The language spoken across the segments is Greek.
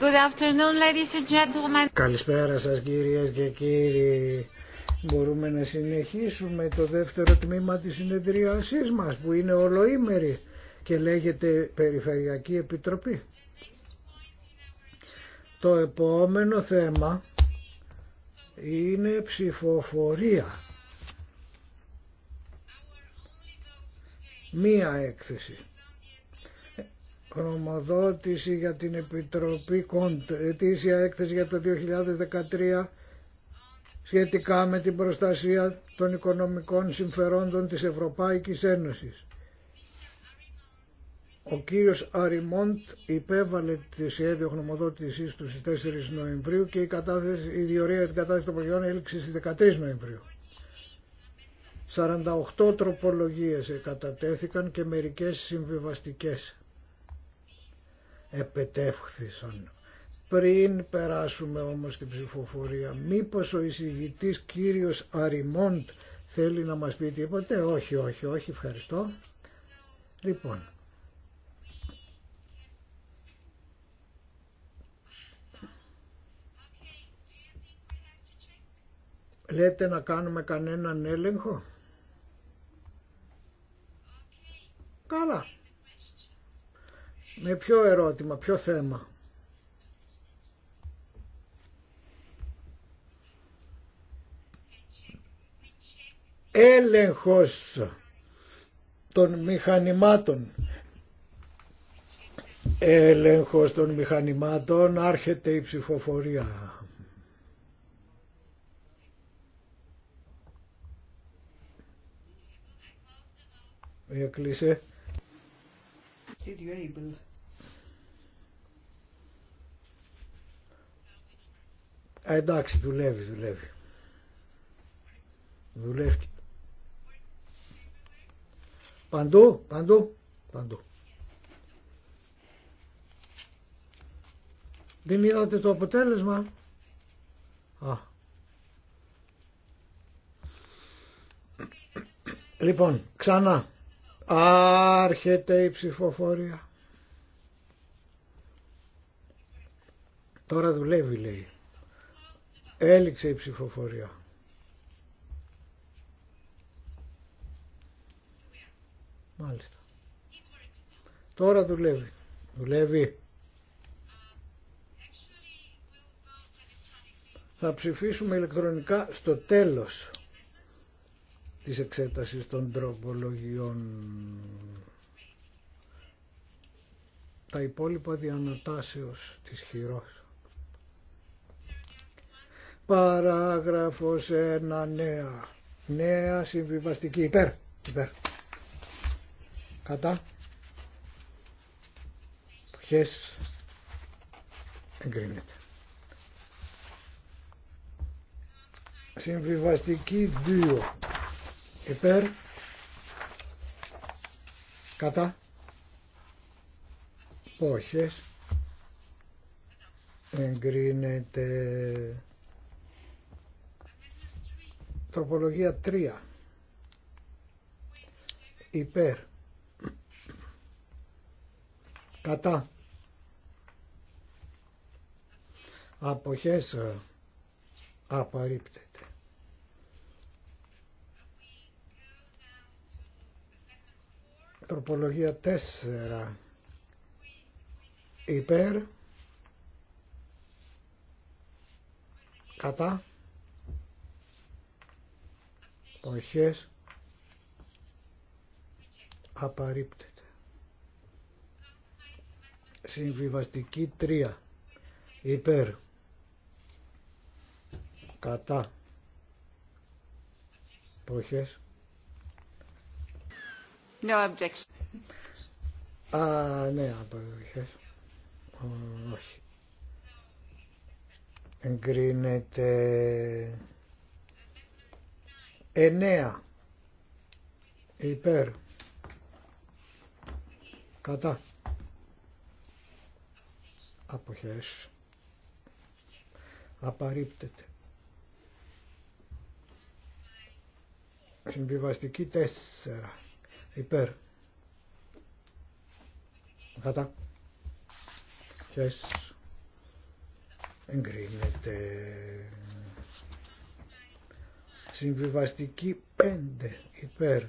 Good afternoon, ladies and gentlemen. Καλησπέρα σας κυρίες και κύριοι. Μπορούμε να συνεχίσουμε το δεύτερο τμήμα της συνεδρίασής μας που είναι ολοήμερη και λέγεται Περιφερειακή Επιτροπή. Το επόμενο θέμα είναι ψηφοφορία. Μία έκθεση. Γνωμοδότηση για την Επιτροπή Κοντ, ετήσια έκθεση για το 2013 σχετικά με την προστασία των οικονομικών συμφερόντων της Ευρωπαϊκής Ένωσης. Ο κύριος Αριμόντ υπέβαλε τη σχέδιο γνωμοδότησής του στις 4 Νοεμβρίου και η, κατάθεση, η διορία για την κατάθεση των προϊόντων έλξη στις 13 Νοεμβρίου. 48 τροπολογίες κατατέθηκαν και μερικές συμβιβαστικές επετεύχθησαν. Πριν περάσουμε όμως την ψηφοφορία, μήπως ο εισηγητής κύριος Αριμόντ θέλει να μας πει τίποτε. Όχι, όχι, όχι, ευχαριστώ. Λοιπόν, Λέτε να κάνουμε κανέναν έλεγχο. Καλά. Με ποιο ερώτημα, ποιο θέμα. Έλεγχος των μηχανημάτων. Έλεγχος των μηχανημάτων άρχεται η ψηφοφορία. Έκλεισε. Κύριε εντάξει, δουλεύει, δουλεύει. Δουλεύει. Παντού, παντού, παντού. Δεν είδατε το αποτέλεσμα. Α. Λοιπόν, ξανά. Άρχεται η ψηφοφορία. Τώρα δουλεύει λέει. Έληξε η ψηφοφορία. Μάλιστα. Τώρα δουλεύει. Δουλεύει. Θα ψηφίσουμε ηλεκτρονικά στο τέλος της εξέτασης των τροπολογιών. Τα υπόλοιπα διανοτάσεως της χειρός. Παράγραφος ένα νέα. Νέα συμβιβαστική υπέρ. Υπέρ. Κατά. Ποιες εγκρίνεται. Συμβιβαστική 2. Υπέρ. Κατά. Πόχες. Εγκρίνεται. Τροπολογία 3. Υπέρ. Κατά. Αποχές ε, απαρρίπτεται. Τροπολογία 4. Υπέρ. Κατά αποχές απαρρίπτεται. Συμβιβαστική τρία. υπέρ κατά αποχές No objection. Α, ναι, απορρίπτεται. Όχι. Εγκρίνεται Εννέα υπέρ κατά αποχές απαρρίπτεται συμβιβαστική τέσσερα υπέρ κατά χές εγκρίνεται Συμβιβαστική 5 υπέρ.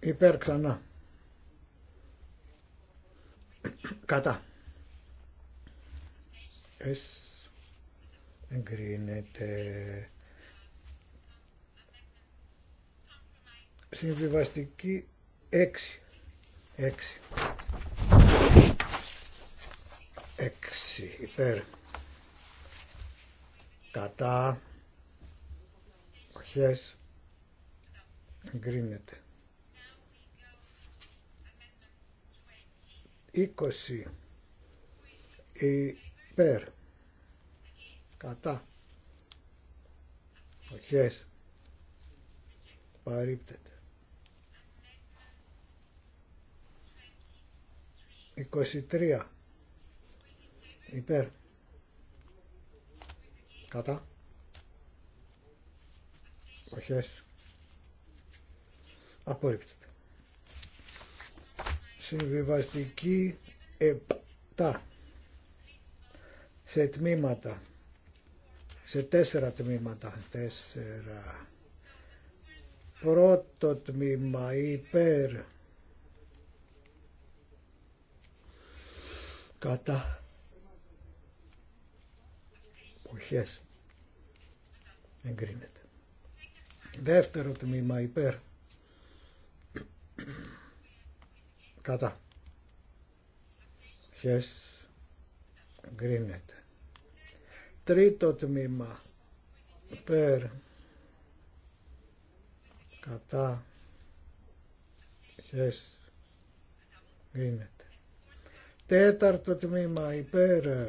Υπέρ ξανά. Κατά. Εσ εγκρίνεται. Συμβιβαστική 6. 6. 6 υπέρ κατά οχές εγκρίνεται 20 υπέρ κατά αποχές παρήπτεται 23 υπέρ κατά αποχές απορρίπτεται συμβιβαστική 7 σε τμήματα σε τέσσερα τμήματα. Τέσσερα. Πρώτο τμήμα υπέρ κατά εποχές εγκρίνεται. Δεύτερο τμήμα υπέρ κατά εποχές εγκρίνεται. Τρίτο τμήμα. υπέρ Κατά. Χες. Γίνεται. Τέταρτο τμήμα. Υπέρ.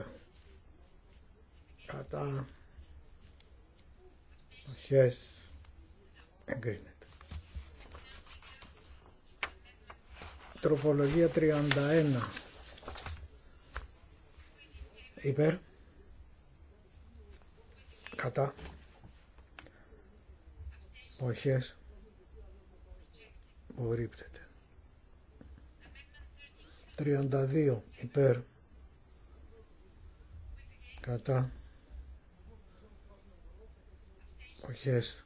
Κατά. Χες. Εγκρίνεται. Τροφολογία 31. Υπέρ κατά που ρίπτεται. 32 υπέρ κατά αποχές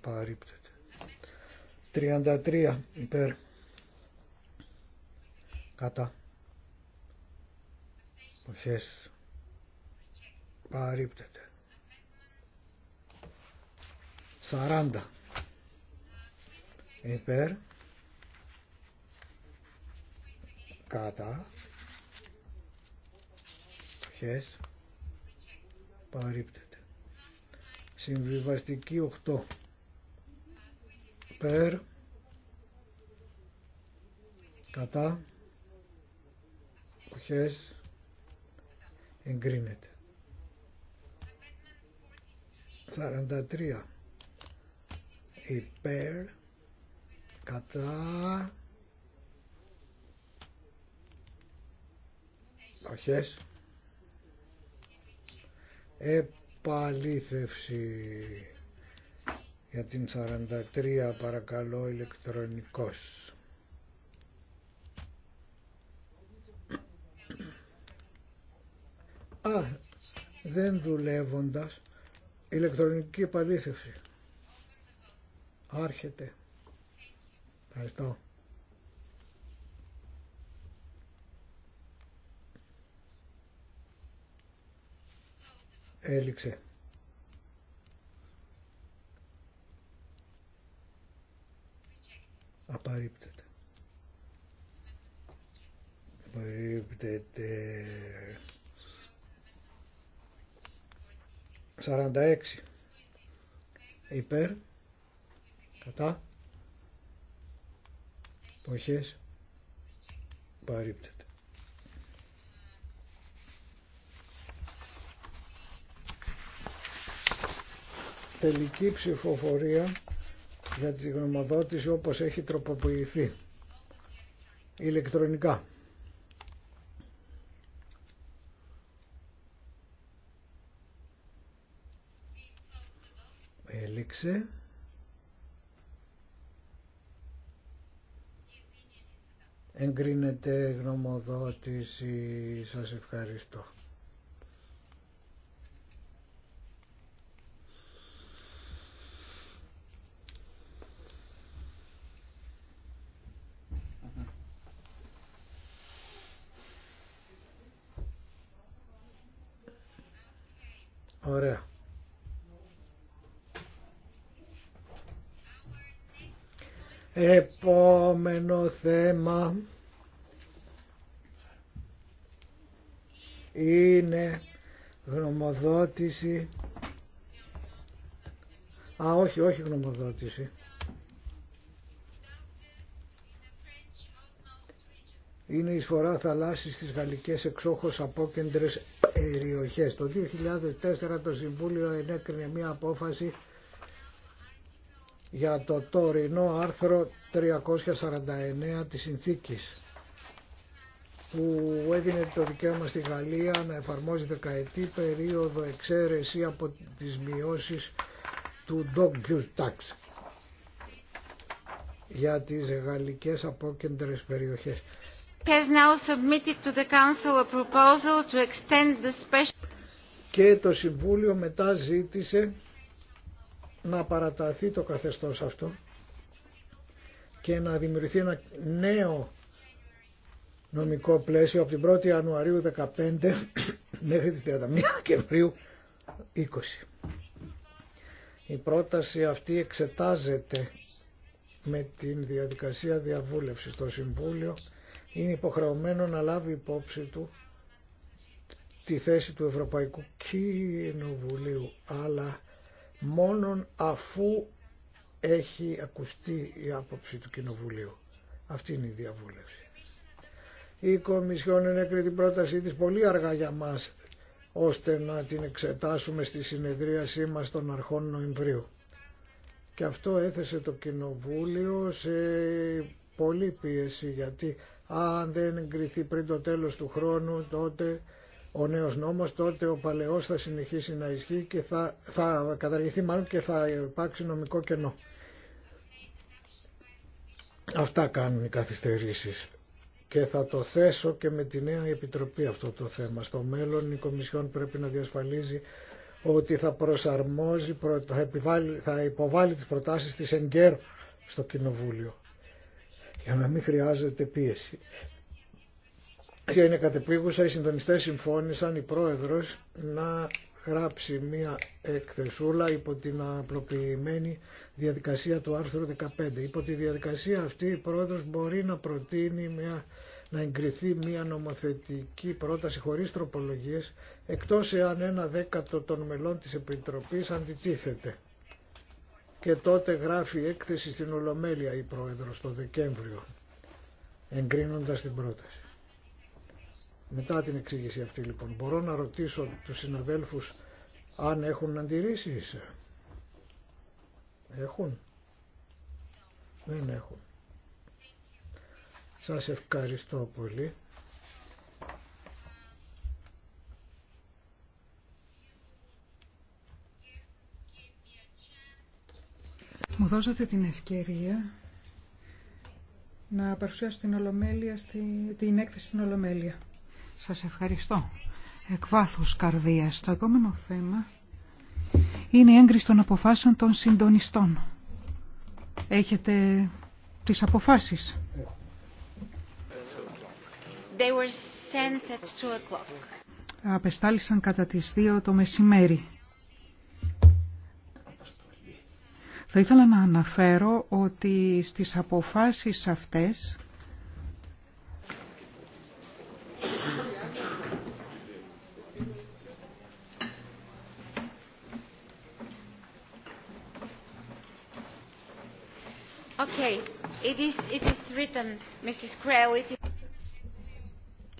παρίπτεται 33 υπέρ κατά παρίπτεται Απαρρίπτεται. 40 υπέρ κατά χες παρρίπτεται συμβιβαστική 8 υπέρ κατά χες εγκρίνεται 43 υπέρ κατά αρχές επαλήθευση για την 43 παρακαλώ ηλεκτρονικός Α, δεν δουλεύοντας ηλεκτρονική επαλήθευση. Άρχεται. Ευχαριστώ. Έληξε. Απαρρίπτεται. Απαρρίπτεται. 46 υπέρ κατά εποχές παρύπτεται. Τελική ψηφοφορία για τη γνωμοδότηση όπως έχει τροποποιηθεί ηλεκτρονικά. Εγκρίνεται γνωμοδότηση. Σας ευχαριστώ. Α, όχι, όχι γνωμοδότηση. Είναι η σφορά θαλάσσης στις γαλλικές εξόχως απόκεντρες περιοχές. Το 2004 το Συμβούλιο ενέκρινε μία απόφαση για το τωρινό άρθρο 349 της Συνθήκης που έδινε το δικαίωμα στη Γαλλία να εφαρμόζει δεκαετή περίοδο εξαίρεση από τις μειώσεις του Dog Tax για τις γαλλικές απόκεντρες περιοχές. Και το Συμβούλιο μετά ζήτησε να παραταθεί το καθεστώς αυτό και να δημιουργηθεί ένα νέο νομικό πλαίσιο από την 1η Ιανουαρίου 15 μέχρι τη 31 Δεκεμβρίου 20. Η πρόταση αυτή εξετάζεται με την διαδικασία διαβούλευση στο Συμβούλιο είναι υποχρεωμένο να λάβει υπόψη του τη θέση του Ευρωπαϊκού Κοινοβουλίου αλλά μόνον αφού έχει ακουστεί η άποψη του Κοινοβουλίου. Αυτή είναι η διαβούλευση. Η Κομισιόν ενέκρινε την πρότασή της πολύ αργά για μας, ώστε να την εξετάσουμε στη συνεδρίασή μας των αρχών Νοεμβρίου. Και αυτό έθεσε το Κοινοβούλιο σε πολλή πίεση, γιατί αν δεν εγκριθεί πριν το τέλος του χρόνου, τότε ο νέος νόμος, τότε ο παλαιός θα συνεχίσει να ισχύει και θα, θα καταργηθεί μάλλον και θα υπάρξει νομικό κενό. Αυτά κάνουν οι καθυστερήσεις και θα το θέσω και με τη νέα Επιτροπή αυτό το θέμα. Στο μέλλον η Κομισιόν πρέπει να διασφαλίζει ότι θα προσαρμόζει, θα, επιβάλλει, θα υποβάλει τις προτάσεις της ΕΝΚΕΡ στο Κοινοβούλιο για να μην χρειάζεται πίεση. Και είναι κατεπίγουσα, οι συντονιστές συμφώνησαν, η πρόεδρος, να γράψει μία εκθεσούλα υπό την απλοποιημένη διαδικασία του άρθρου 15. Υπό τη διαδικασία αυτή η πρόεδρος μπορεί να προτείνει μια, να εγκριθεί μία νομοθετική πρόταση χωρίς τροπολογίες εκτός εάν ένα δέκατο των μελών της Επιτροπής αντιτίθεται. Και τότε γράφει έκθεση στην Ολομέλεια η πρόεδρος το Δεκέμβριο εγκρίνοντας την πρόταση. Μετά την εξήγηση αυτή λοιπόν. Μπορώ να ρωτήσω τους συναδέλφους αν έχουν αντιρρήσεις. Έχουν. Δεν έχουν. Σας ευχαριστώ πολύ. Μου δώσατε την ευκαιρία να παρουσιάσω την, ολομέλεια, την έκθεση στην Ολομέλεια. Σας ευχαριστώ. Εκ καρδίας. Το επόμενο θέμα είναι η έγκριση των αποφάσεων των συντονιστών. Έχετε τις αποφάσεις. They were sent at Απεστάλησαν κατά τις 2 το μεσημέρι. Θα ήθελα να αναφέρω ότι στις αποφάσεις αυτές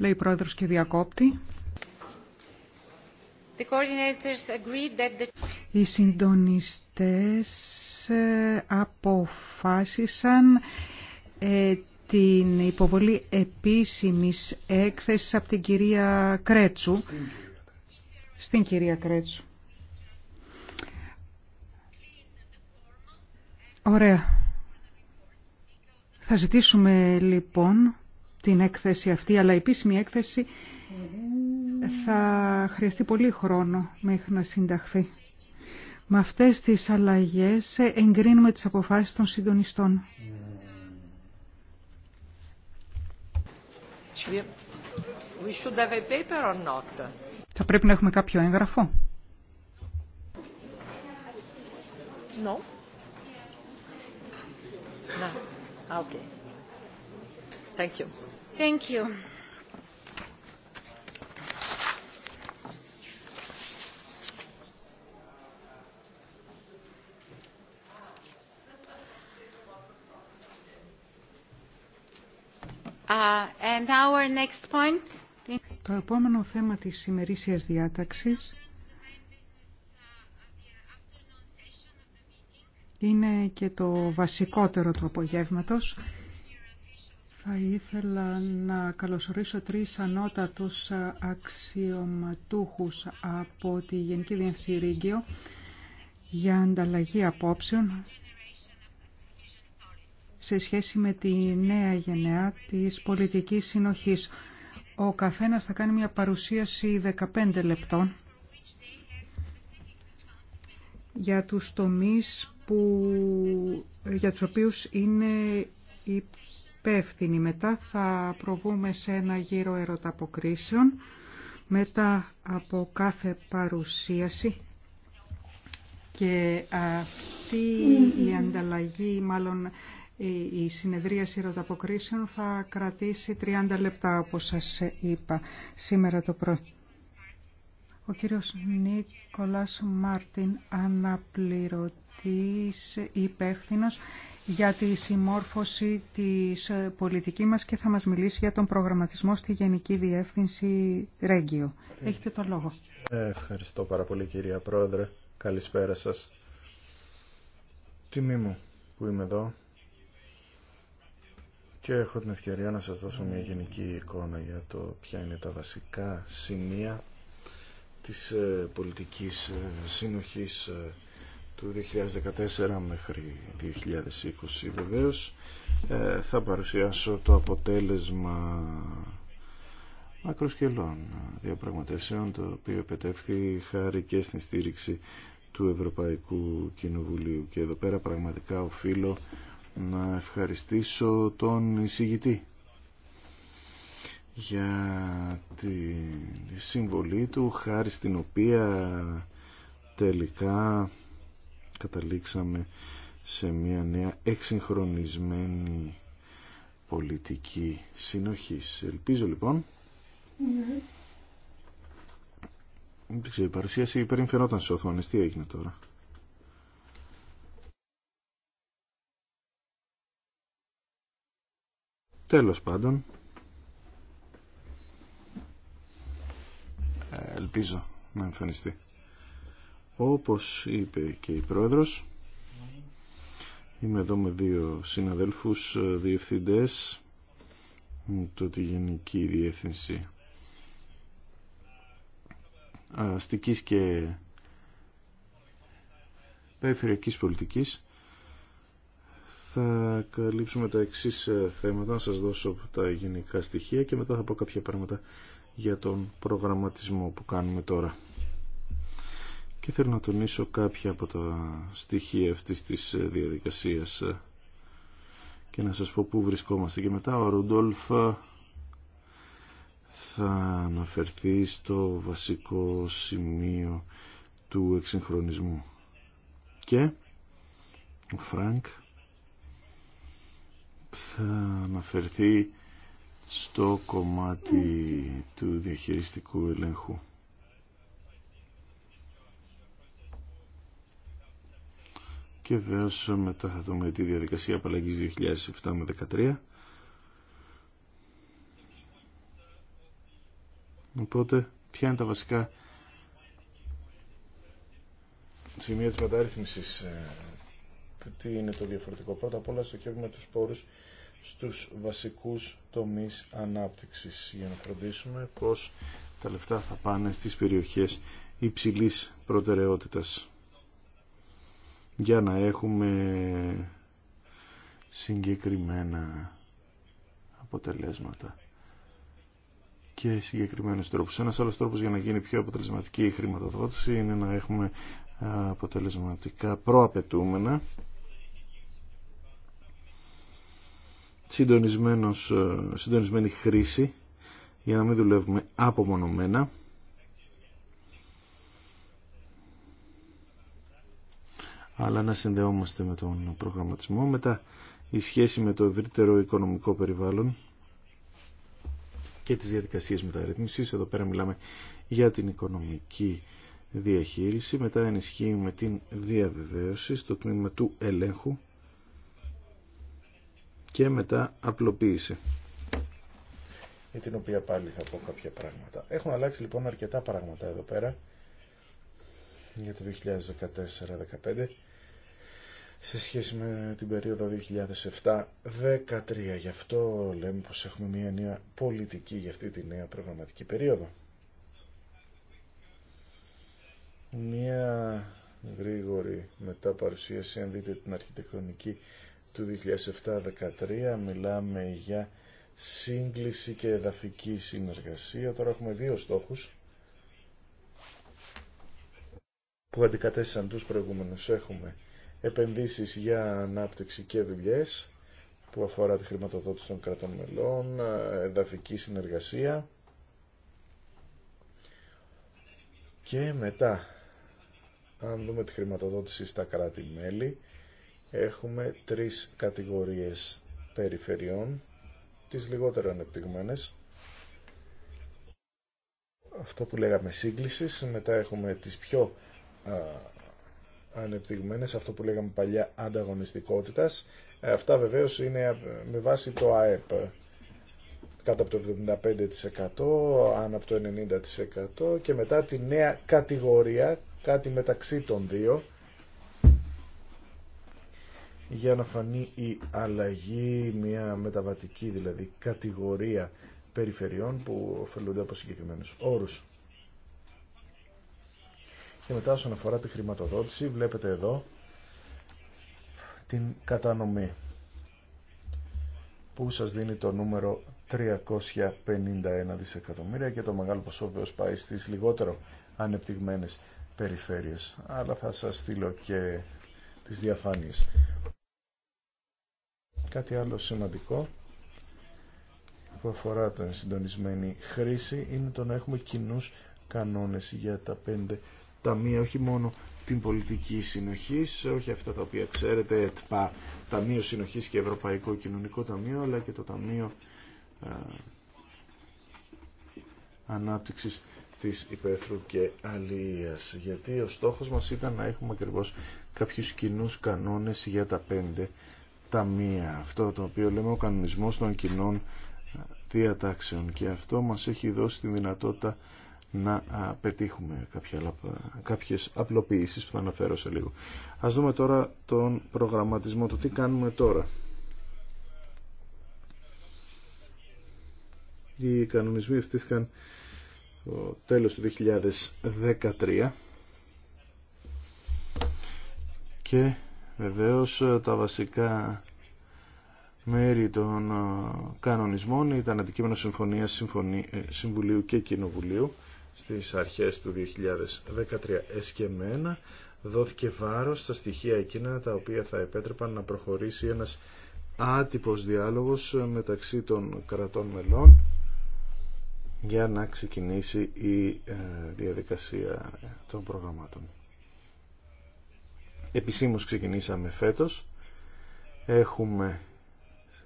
Λέει η πρόεδρος και διακόπτη. Οι συντονιστές ε, αποφάσισαν ε, την υποβολή επίσημης έκθεσης από την κυρία Κρέτσου. Στην κυρία Κρέτσου. Ωραία. Θα ζητήσουμε λοιπόν την έκθεση αυτή, αλλά η επίσημη έκθεση θα χρειαστεί πολύ χρόνο μέχρι να συνταχθεί. Με αυτές τις αλλαγές εγκρίνουμε τις αποφάσεις των συντονιστών. Θα πρέπει να έχουμε κάποιο έγγραφο. No. Okay. Thank you. Thank you. And our next point. Το επόμενο θέμα της ημερήσιας διάταξης Είναι και το βασικότερο του απογεύματος. Θα ήθελα να καλωσορίσω τρεις ανώτατους αξιωματούχους από τη Γενική Διεύθυνση Ρίγκιο για ανταλλαγή απόψεων σε σχέση με τη νέα γενεά της πολιτικής συνοχής. Ο καθένας θα κάνει μια παρουσίαση 15 λεπτών για τους τομείς που, για τους οποίους είναι υπεύθυνοι. Μετά θα προβούμε σε ένα γύρο ερωταποκρίσεων μετά από κάθε παρουσίαση και αυτή η ανταλλαγή, μάλλον η συνεδρίαση ερωταποκρίσεων θα κρατήσει 30 λεπτά όπως σας είπα σήμερα το πρωί. Ο κύριος Νίκολας Μάρτιν, αναπληρωτής υπεύθυνο για τη συμμόρφωση της πολιτικής μας και θα μας μιλήσει για τον προγραμματισμό στη Γενική Διεύθυνση Ρέγγιο. Έχετε το λόγο. Ε, ευχαριστώ πάρα πολύ κυρία Πρόεδρε. Καλησπέρα σας. Τιμή μου που είμαι εδώ και έχω την ευκαιρία να σας δώσω μια γενική εικόνα για το ποια είναι τα βασικά σημεία της ε, πολιτικής ε, συνοχής ε, του 2014 μέχρι 2020 βεβαίως θα παρουσιάσω το αποτέλεσμα μακροσκελών διαπραγματεύσεων το οποίο επετεύχθη χάρη και στην στήριξη του Ευρωπαϊκού Κοινοβουλίου και εδώ πέρα πραγματικά οφείλω να ευχαριστήσω τον εισηγητή για τη συμβολή του χάρη στην οποία τελικά καταλήξαμε σε μια νέα εξυγχρονισμένη πολιτική συνοχής. Ελπίζω λοιπόν mm η παρουσίαση υπεριμφερόταν σε Τι έγινε τώρα. Τέλος πάντων. ελπίζω να εμφανιστεί. Όπως είπε και η Πρόεδρος, είμαι εδώ με δύο συναδέλφους διευθυντές το τη Γενική Διεύθυνση Αστικής και Περιφερειακής Πολιτικής θα καλύψουμε τα εξής θέματα, να σας δώσω τα γενικά στοιχεία και μετά θα πω κάποια πράγματα για τον προγραμματισμό που κάνουμε τώρα. Και θέλω να τονίσω κάποια από τα στοιχεία αυτής της διαδικασίας και να σας πω πού βρισκόμαστε. Και μετά ο Ρουντόλφ θα αναφερθεί στο βασικό σημείο του εξυγχρονισμού. Και ο Φρανκ θα αναφερθεί στο κομμάτι του διαχειριστικού ελέγχου. Και βέβαια μετά θα δούμε τη διαδικασία απαλλαγής 2007 με 2013. Οπότε, ποια είναι τα βασικά σημεία της μεταρρύθμισης. Ε, τι είναι το διαφορετικό. Πρώτα απ' όλα στοχεύουμε τους πόρους στους βασικούς τομείς ανάπτυξης για να φροντίσουμε πως τα λεφτά θα πάνε στις περιοχές υψηλής προτεραιότητας για να έχουμε συγκεκριμένα αποτελέσματα και συγκεκριμένους τρόπους. Ένας άλλος τρόπος για να γίνει πιο αποτελεσματική η χρηματοδότηση είναι να έχουμε αποτελεσματικά προαπαιτούμενα Ε, συντονισμένη χρήση για να μην δουλεύουμε απομονωμένα. αλλά να συνδεόμαστε με τον προγραμματισμό. Μετά η σχέση με το ευρύτερο οικονομικό περιβάλλον και τις διαδικασίες μεταρρύθμισης. Εδώ πέρα μιλάμε για την οικονομική διαχείριση. Μετά ενισχύουμε την διαβεβαίωση στο τμήμα του ελέγχου και μετά απλοποίηση. Για την οποία πάλι θα πω κάποια πράγματα. Έχουν αλλάξει λοιπόν αρκετά πράγματα εδώ πέρα για το 2014-2015 σε σχέση με την περίοδο 2017-2013. Γι' αυτό λέμε πως έχουμε μια νέα πολιτική για αυτή τη νέα προγραμματική περίοδο. Μια γρήγορη μετά παρουσίαση, αν δείτε την αρχιτεκτονική του 2007-2013 μιλάμε για σύγκληση και εδαφική συνεργασία. Τώρα έχουμε δύο στόχους που αντικατέστησαν τους προηγούμενους. Έχουμε επενδύσεις για ανάπτυξη και δουλειές που αφορά τη χρηματοδότηση των κρατών μελών, εδαφική συνεργασία και μετά αν δούμε τη χρηματοδότηση στα κράτη-μέλη έχουμε τρεις κατηγορίες περιφερειών, τις λιγότερο ανεπτυγμένες. Αυτό που λέγαμε σύγκληση, μετά έχουμε τις πιο ανεπτυγμένες, αυτό που λέγαμε παλιά ανταγωνιστικότητας. Ε, αυτά βεβαίως είναι ε, με βάση το ΑΕΠ κάτω από το 75%, άνω από το 90% και μετά τη νέα κατηγορία, κάτι μεταξύ των δύο, για να φανεί η αλλαγή, μια μεταβατική δηλαδή κατηγορία περιφερειών που ωφελούνται από συγκεκριμένους όρους. Και μετά όσον αφορά τη χρηματοδότηση βλέπετε εδώ την κατανομή που σας δίνει το νούμερο 351 δισεκατομμύρια και το μεγάλο ποσό βεβαίως πάει στις λιγότερο ανεπτυγμένες περιφέρειες. Αλλά θα σας στείλω και της διαφάνειας. Κάτι άλλο σημαντικό που αφορά την συντονισμένη χρήση είναι το να έχουμε κοινού κανόνες για τα πέντε ταμεία, όχι μόνο την πολιτική συνοχή. όχι αυτά τα οποία ξέρετε, ΕΤΠΑ, Ταμείο συνοχή και Ευρωπαϊκό Κοινωνικό Ταμείο, αλλά και το Ταμείο ε, Ανάπτυξης της υπαίθρου και αλίας. Γιατί ο στόχος μας ήταν να έχουμε ακριβώ κάποιους κοινού κανόνες για τα πέντε ταμεία. Αυτό το οποίο λέμε ο κανονισμός των κοινών ε, διατάξεων. Και αυτό μας έχει δώσει τη δυνατότητα να πετύχουμε ε, κάποιες απλοποιήσεις που θα αναφέρω σε λίγο. Ας δούμε τώρα τον προγραμματισμό, το τι κάνουμε τώρα. Οι κανονισμοί ευθύθηκαν το τέλος του 2013 και βεβαίως ε, τα βασικά μέρη των ε, κανονισμών ήταν αντικείμενο συμφωνίας ε, Συμβουλίου και Κοινοβουλίου στις αρχές του 2013 εσκεμένα δόθηκε βάρος στα στοιχεία εκείνα τα οποία θα επέτρεπαν να προχωρήσει ένας άτυπος διάλογος μεταξύ των κρατών μελών για να ξεκινήσει η ε, διαδικασία των προγραμμάτων. Επισήμως ξεκινήσαμε φέτος. Έχουμε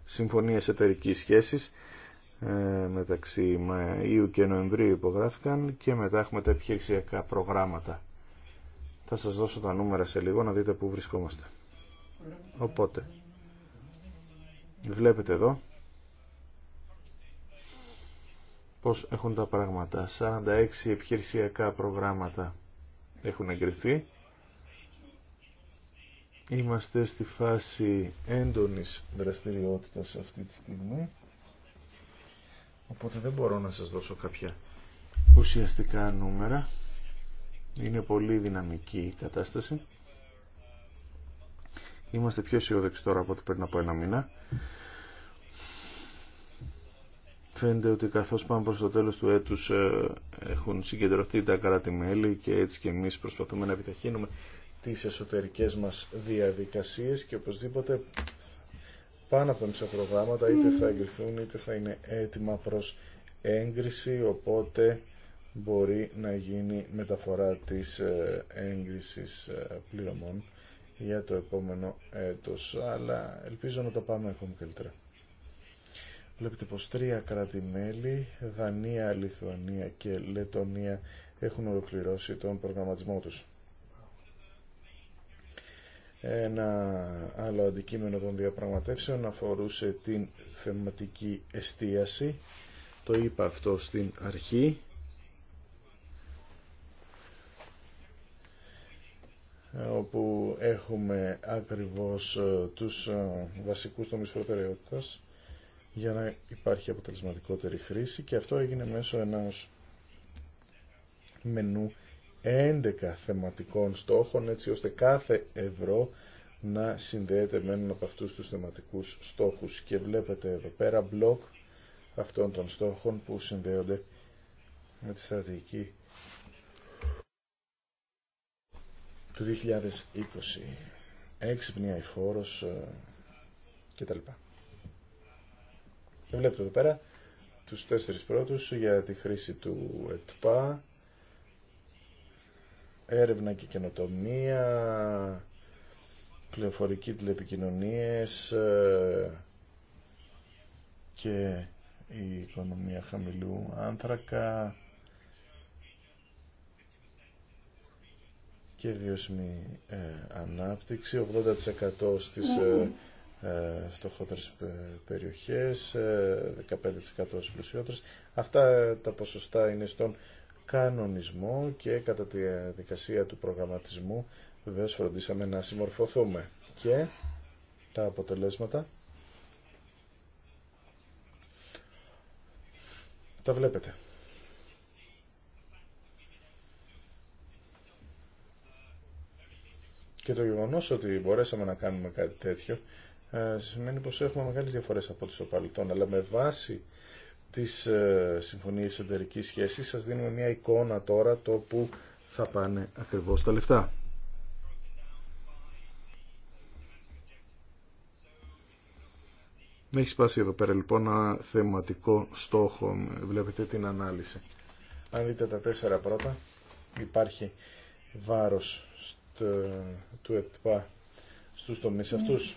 συμφωνίες εταιρικής σχέσης ε, μεταξύ Μαΐου και Νοεμβρίου υπογράφηκαν και μετά έχουμε τα επιχειρησιακά προγράμματα. Θα σας δώσω τα νούμερα σε λίγο να δείτε πού βρισκόμαστε. Οπότε, βλέπετε εδώ πώς έχουν τα πράγματα. 46 επιχειρησιακά προγράμματα έχουν εγκριθεί. Είμαστε στη φάση έντονης δραστηριότητας αυτή τη στιγμή, οπότε δεν μπορώ να σας δώσω κάποια ουσιαστικά νούμερα. Είναι πολύ δυναμική η κατάσταση. Είμαστε πιο αισιόδοξοι τώρα από ό,τι πριν από ένα μήνα. Φαίνεται ότι καθώς πάμε προς το τέλος του έτους ε, έχουν συγκεντρωθεί τα κράτη-μέλη και έτσι και εμείς προσπαθούμε να επιταχύνουμε τις εσωτερικές μας διαδικασίες και οπωσδήποτε πάνω από τα μισά προγράμματα είτε θα εγκριθούν είτε θα είναι έτοιμα προς έγκριση οπότε μπορεί να γίνει μεταφορά της ε, έγκρισης ε, πληρωμών για το επόμενο έτος αλλά ελπίζω να τα πάμε ακόμη καλύτερα. Βλέπετε πως τρία κράτη-μέλη, Δανία, Λιθουανία και Λετωνία έχουν ολοκληρώσει τον προγραμματισμό τους. Ένα άλλο αντικείμενο των διαπραγματεύσεων αφορούσε την θεματική εστίαση. Το είπα αυτό στην αρχή. όπου έχουμε ακριβώς ε, τους ε, βασικούς τομείς προτεραιότητας για να υπάρχει αποτελεσματικότερη χρήση και αυτό έγινε μέσω ενός μενού 11 θεματικών στόχων έτσι ώστε κάθε ευρώ να συνδέεται με έναν από αυτούς τους θεματικούς στόχους και βλέπετε εδώ πέρα μπλοκ αυτών των στόχων που συνδέονται με τη στρατηγική του 2020 έξυπνη αηφόρος ε, λοιπά και βλέπετε εδώ πέρα τους τέσσερις πρώτους για τη χρήση του ΕΤΠΑ, έρευνα και καινοτομία, πληροφορική τηλεπικοινωνίες ε, και η οικονομία χαμηλού άνθρακα και βιώσιμη ε, ανάπτυξη, 80% στις ναι, ναι. Ε, ε, φτωχότερες ε, περιοχές, 15% ε, Αυτά τα ποσοστά είναι στον κανονισμό και κατά τη διαδικασία του προγραμματισμού βεβαίως φροντίσαμε να συμμορφωθούμε. Και τα αποτελέσματα τα βλέπετε. Και το γεγονός ότι μπορέσαμε να κάνουμε κάτι τέτοιο ε, σημαίνει πως έχουμε μεγάλες διαφορές από το παρελθόν, αλλά με βάση τις ε, συμφωνίες εταιρικής σχέσης σας δίνουμε μια εικόνα τώρα το που θα πάνε ακριβώς τα λεφτά. Έχει σπάσει εδώ πέρα λοιπόν ένα θεματικό στόχο, βλέπετε την ανάλυση. Αν δείτε τα τέσσερα πρώτα, υπάρχει βάρος στο, του ΕΤΠΑ στους τομείς ναι. αυτούς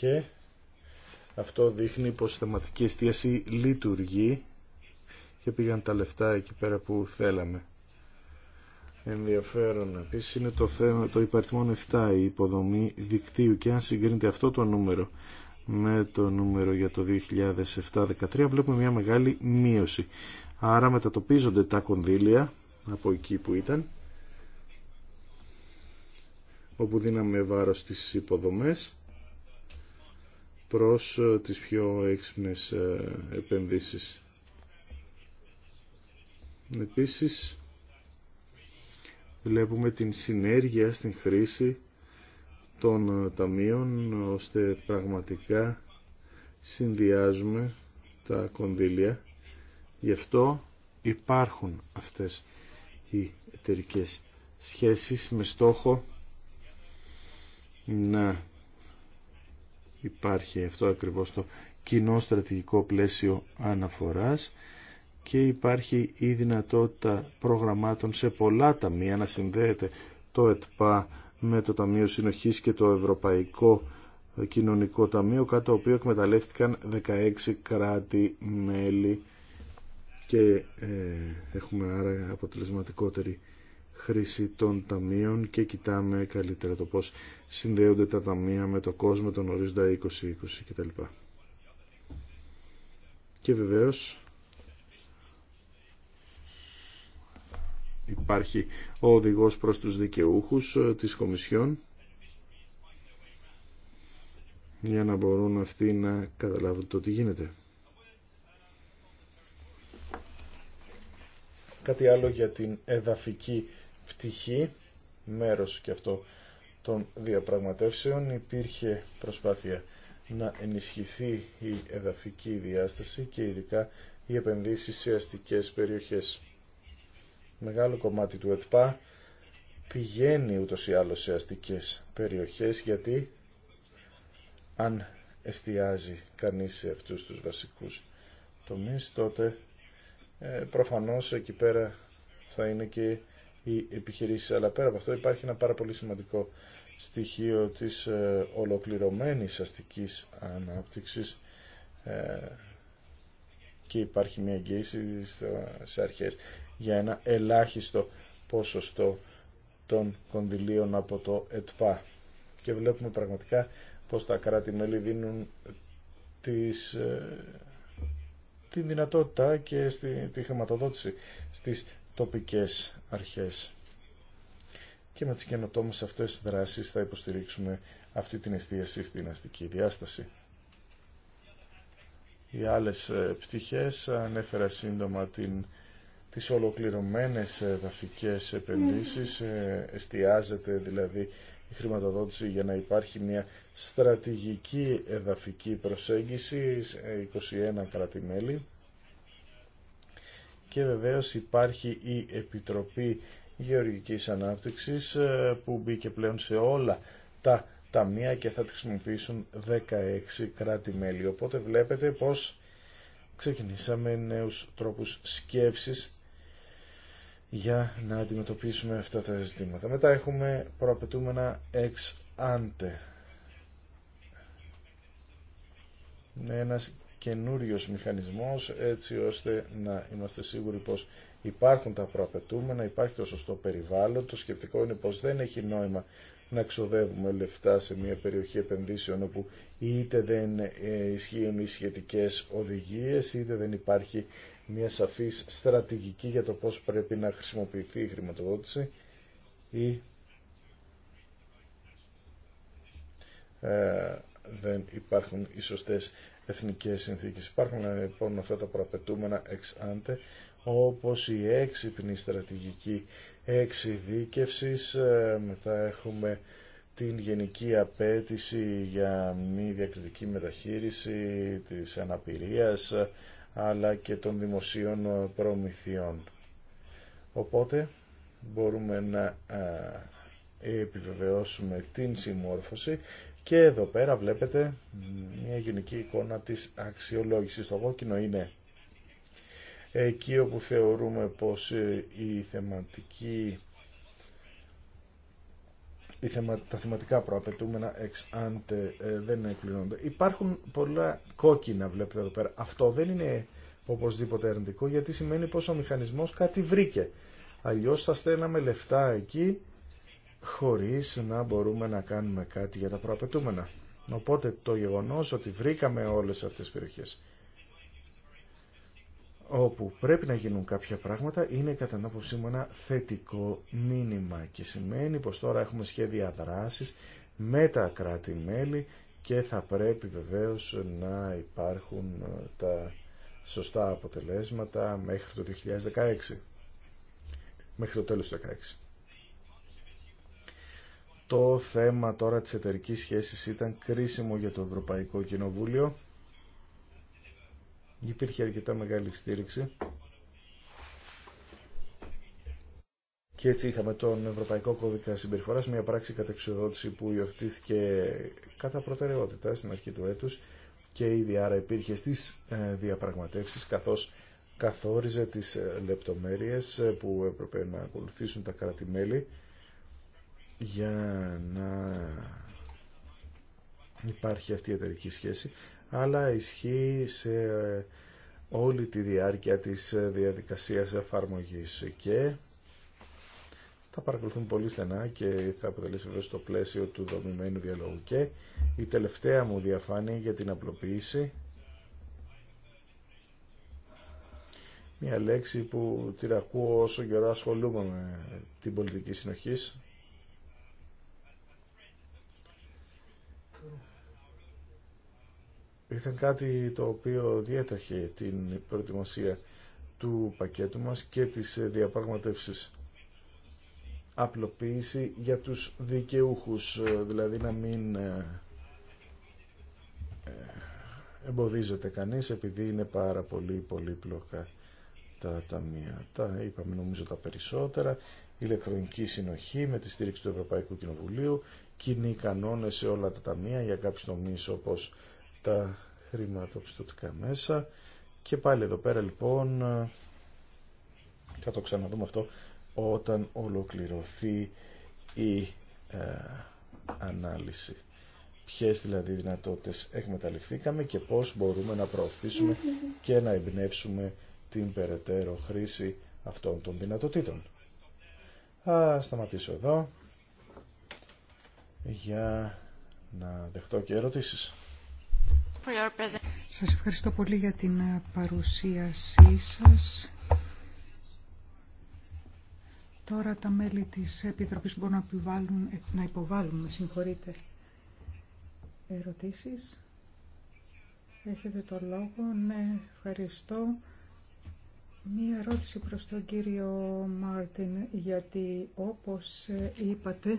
και αυτό δείχνει πως η θεματική εστίαση λειτουργεί και πήγαν τα λεφτά εκεί πέρα που θέλαμε. Ενδιαφέρον επίσης είναι το θέμα το υπαριθμόν 7 η υποδομή δικτύου και αν συγκρίνεται αυτό το νούμερο με το νούμερο για το 2007-2013 βλέπουμε μια μεγάλη μείωση. Άρα μετατοπίζονται τα κονδύλια από εκεί που ήταν όπου δίναμε βάρος στις υποδομές προς ε, τις πιο έξυπνες ε, επενδύσεις. Επίσης, βλέπουμε την συνέργεια στην χρήση των ε, ταμείων, ώστε πραγματικά συνδυάζουμε τα κονδύλια. Γι' αυτό υπάρχουν αυτές οι εταιρικέ σχέσεις με στόχο να υπάρχει αυτό ακριβώς το κοινό στρατηγικό πλαίσιο αναφοράς και υπάρχει η δυνατότητα προγραμμάτων σε πολλά ταμεία να συνδέεται το ΕΤΠΑ με το Ταμείο Συνοχής και το Ευρωπαϊκό Κοινωνικό Ταμείο κατά το οποίο εκμεταλλεύτηκαν 16 κράτη-μέλη και ε, έχουμε άρα αποτελεσματικότερη χρήση των ταμείων και κοιτάμε καλύτερα το πώς συνδέονται τα ταμεία με το κόσμο, τον ορίζοντα 2020 κτλ. Και βεβαίως υπάρχει ο οδηγός προς τους δικαιούχους ε, της Κομισιόν για να μπορούν αυτοί να καταλάβουν το τι γίνεται. Κάτι άλλο για την εδαφική πτυχή, μέρος και αυτό των διαπραγματεύσεων, υπήρχε προσπάθεια να ενισχυθεί η εδαφική διάσταση και ειδικά οι επενδύσεις σε αστικές περιοχές. Μεγάλο κομμάτι του ΕΤΠΑ πηγαίνει ούτως ή άλλως σε αστικές περιοχές γιατί αν εστιάζει κανείς σε αυτούς τους βασικούς τομείς τότε ε, προφανώς εκεί πέρα θα είναι και οι επιχειρήσεις. Αλλά πέρα από αυτό υπάρχει ένα πάρα πολύ σημαντικό στοιχείο της ε, ολοκληρωμένης αστικής ανάπτυξης ε, και υπάρχει μια εγγύηση σε αρχές για ένα ελάχιστο ποσοστό των κονδυλίων από το ΕΤΠΑ. Και βλέπουμε πραγματικά πως τα κράτη-μέλη δίνουν τις, ε, την δυνατότητα και στη, τη χρηματοδότηση στις τοπικές αρχές. Και με τις καινοτόμες αυτές τις δράσεις θα υποστηρίξουμε αυτή την εστίαση στην αστική διάσταση. Οι άλλες ε, πτυχές ανέφερα σύντομα την, τις ολοκληρωμένες ε, δαφικές επενδύσεις, ε, εστιάζεται δηλαδή η χρηματοδότηση για να υπάρχει μια στρατηγική εδαφική προσέγγιση 21 κράτη-μέλη και βεβαίως υπάρχει η Επιτροπή Γεωργικής Ανάπτυξης ε, που μπήκε πλέον σε όλα τα ταμεία και θα τη χρησιμοποιήσουν 16 κράτη-μέλη. Οπότε βλέπετε πως ξεκινήσαμε νέους τρόπους σκέψης για να αντιμετωπίσουμε αυτά τα ζητήματα. Μετά έχουμε προαπαιτούμενα ex ante. Ένας καινούριο μηχανισμός έτσι ώστε να είμαστε σίγουροι πως υπάρχουν τα προαπαιτούμενα, υπάρχει το σωστό περιβάλλον. Το σκεπτικό είναι πως δεν έχει νόημα να ξοδεύουμε λεφτά σε μια περιοχή επενδύσεων όπου είτε δεν ε, ισχύουν οι σχετικές οδηγίες είτε δεν υπάρχει μια σαφής στρατηγική για το πώς πρέπει να χρησιμοποιηθεί η χρηματοδότηση ή ε, δεν υπάρχουν οι σωστές εθνικές Υπάρχουν λοιπόν αυτά τα προαπαιτούμενα εξ άντε, όπως η έξυπνη στρατηγική εξειδίκευση. Ε, μετά έχουμε την γενική απέτηση για μη διακριτική μεταχείριση της αναπηρίας, αλλά και των δημοσίων προμηθειών. Οπότε μπορούμε να ε, επιβεβαιώσουμε την συμμόρφωση και εδώ πέρα βλέπετε μια γενική εικόνα της αξιολόγησης. Το κόκκινο είναι εκεί όπου θεωρούμε πως ε, η θεματική η τα θεματικά προαπαιτούμενα εξ άντε ε, δεν εκπληρώνονται. Υπάρχουν πολλά κόκκινα βλέπετε εδώ πέρα. Αυτό δεν είναι οπωσδήποτε αρνητικό γιατί σημαίνει πως ο μηχανισμός κάτι βρήκε. Αλλιώς θα στέλναμε λεφτά εκεί χωρίς να μπορούμε να κάνουμε κάτι για τα προαπαιτούμενα. Οπότε το γεγονός ότι βρήκαμε όλες αυτές τις περιοχές όπου πρέπει να γίνουν κάποια πράγματα είναι κατά την άποψή μου ένα θετικό μήνυμα και σημαίνει πως τώρα έχουμε σχέδια δράσης με τα κράτη-μέλη και θα πρέπει βεβαίως να υπάρχουν ε, τα σωστά αποτελέσματα μέχρι το 2016 μέχρι το τέλος του 2016 το θέμα τώρα της εταιρική σχέσης ήταν κρίσιμο για το Ευρωπαϊκό Κοινοβούλιο. Υπήρχε αρκετά μεγάλη στήριξη. Και έτσι είχαμε τον Ευρωπαϊκό Κώδικα Συμπεριφοράς, μια πράξη κατεξοδότηση που υιοθετήθηκε κατά προτεραιότητα στην αρχή του έτους και ήδη άρα υπήρχε στις ε, διαπραγματεύσεις καθώς καθόριζε τις ε, λεπτομέρειες ε, που έπρεπε να ακολουθήσουν τα κράτη-μέλη για να υπάρχει αυτή η εταιρική σχέση, αλλά ισχύει σε ε, όλη τη διάρκεια της ε, διαδικασίας εφαρμογής και θα παρακολουθούν πολύ στενά και θα αποτελέσει βέβαια στο πλαίσιο του δομημένου διαλόγου. Και η τελευταία μου διαφάνεια για την απλοποίηση, μια λέξη που τη ακούω όσο καιρό ασχολούμαι με την πολιτική συνοχής, ήταν κάτι το οποίο διέταχε την προετοιμασία του πακέτου μας και της διαπραγματεύσεις απλοποίηση για τους δικαιούχους, δηλαδή να μην ε, ε, εμποδίζεται κανείς επειδή είναι πάρα πολύ πολύπλοκα τα ταμεία. Τα είπαμε νομίζω τα περισσότερα, ηλεκτρονική συνοχή με τη στήριξη του Ευρωπαϊκού Κοινοβουλίου, κοινή κανόνες σε όλα τα ταμεία για κάποιους τομείς όπως τα χρηματοπιστωτικά μέσα. Και πάλι εδώ πέρα λοιπόν θα το ξαναδούμε αυτό όταν ολοκληρωθεί η ε, ανάλυση. Ποιες δηλαδή δυνατότητες εκμεταλλευθήκαμε και πώς μπορούμε να προωθήσουμε και να εμπνεύσουμε την περαιτέρω χρήση αυτών των δυνατοτήτων. Θα σταματήσω εδώ για να δεχτώ και ερωτήσεις. Σας ευχαριστώ πολύ για την ε, παρουσίασή σας. Τώρα τα μέλη της Επιτροπής μπορούν να, επιβάλλουν, ε, να υποβάλουν, με συγχωρείτε, ερωτήσεις. Έχετε το λόγο. Ναι, ευχαριστώ. Μία ερώτηση προς τον κύριο Μάρτιν, γιατί όπως ε, είπατε,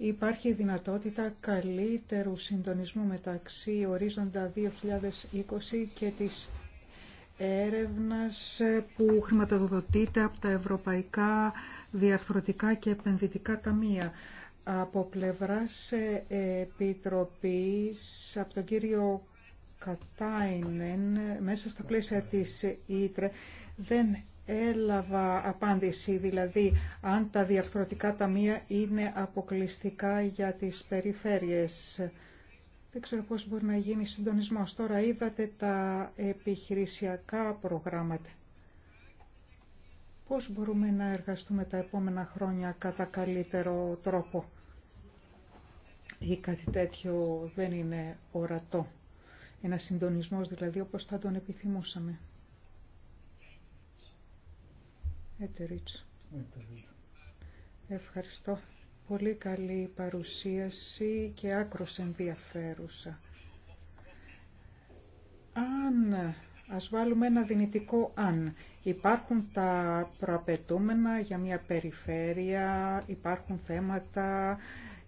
Υπάρχει δυνατότητα καλύτερου συντονισμού μεταξύ ορίζοντα 2020 και της έρευνας που χρηματοδοτείται από τα Ευρωπαϊκά Διαρθρωτικά και Επενδυτικά Ταμεία. Από πλευράς Επιτροπής, από τον κύριο Κατάινεν, μέσα στα πλαίσια της Ήτρε, δεν έλαβα απάντηση, δηλαδή αν τα διαρθρωτικά ταμεία είναι αποκλειστικά για τις περιφέρειες. Δεν ξέρω πώς μπορεί να γίνει συντονισμός. Τώρα είδατε τα επιχειρησιακά προγράμματα. Πώς μπορούμε να εργαστούμε τα επόμενα χρόνια κατά καλύτερο τρόπο ή κάτι τέτοιο δεν είναι ορατό. Ένα συντονισμός δηλαδή όπως θα τον επιθυμούσαμε. Έτεριτς. Ευχαριστώ. Πολύ καλή παρουσίαση και άκρος ενδιαφέρουσα. Αν, ας βάλουμε ένα δυνητικό αν, υπάρχουν τα προαπαιτούμενα για μια περιφέρεια, υπάρχουν θέματα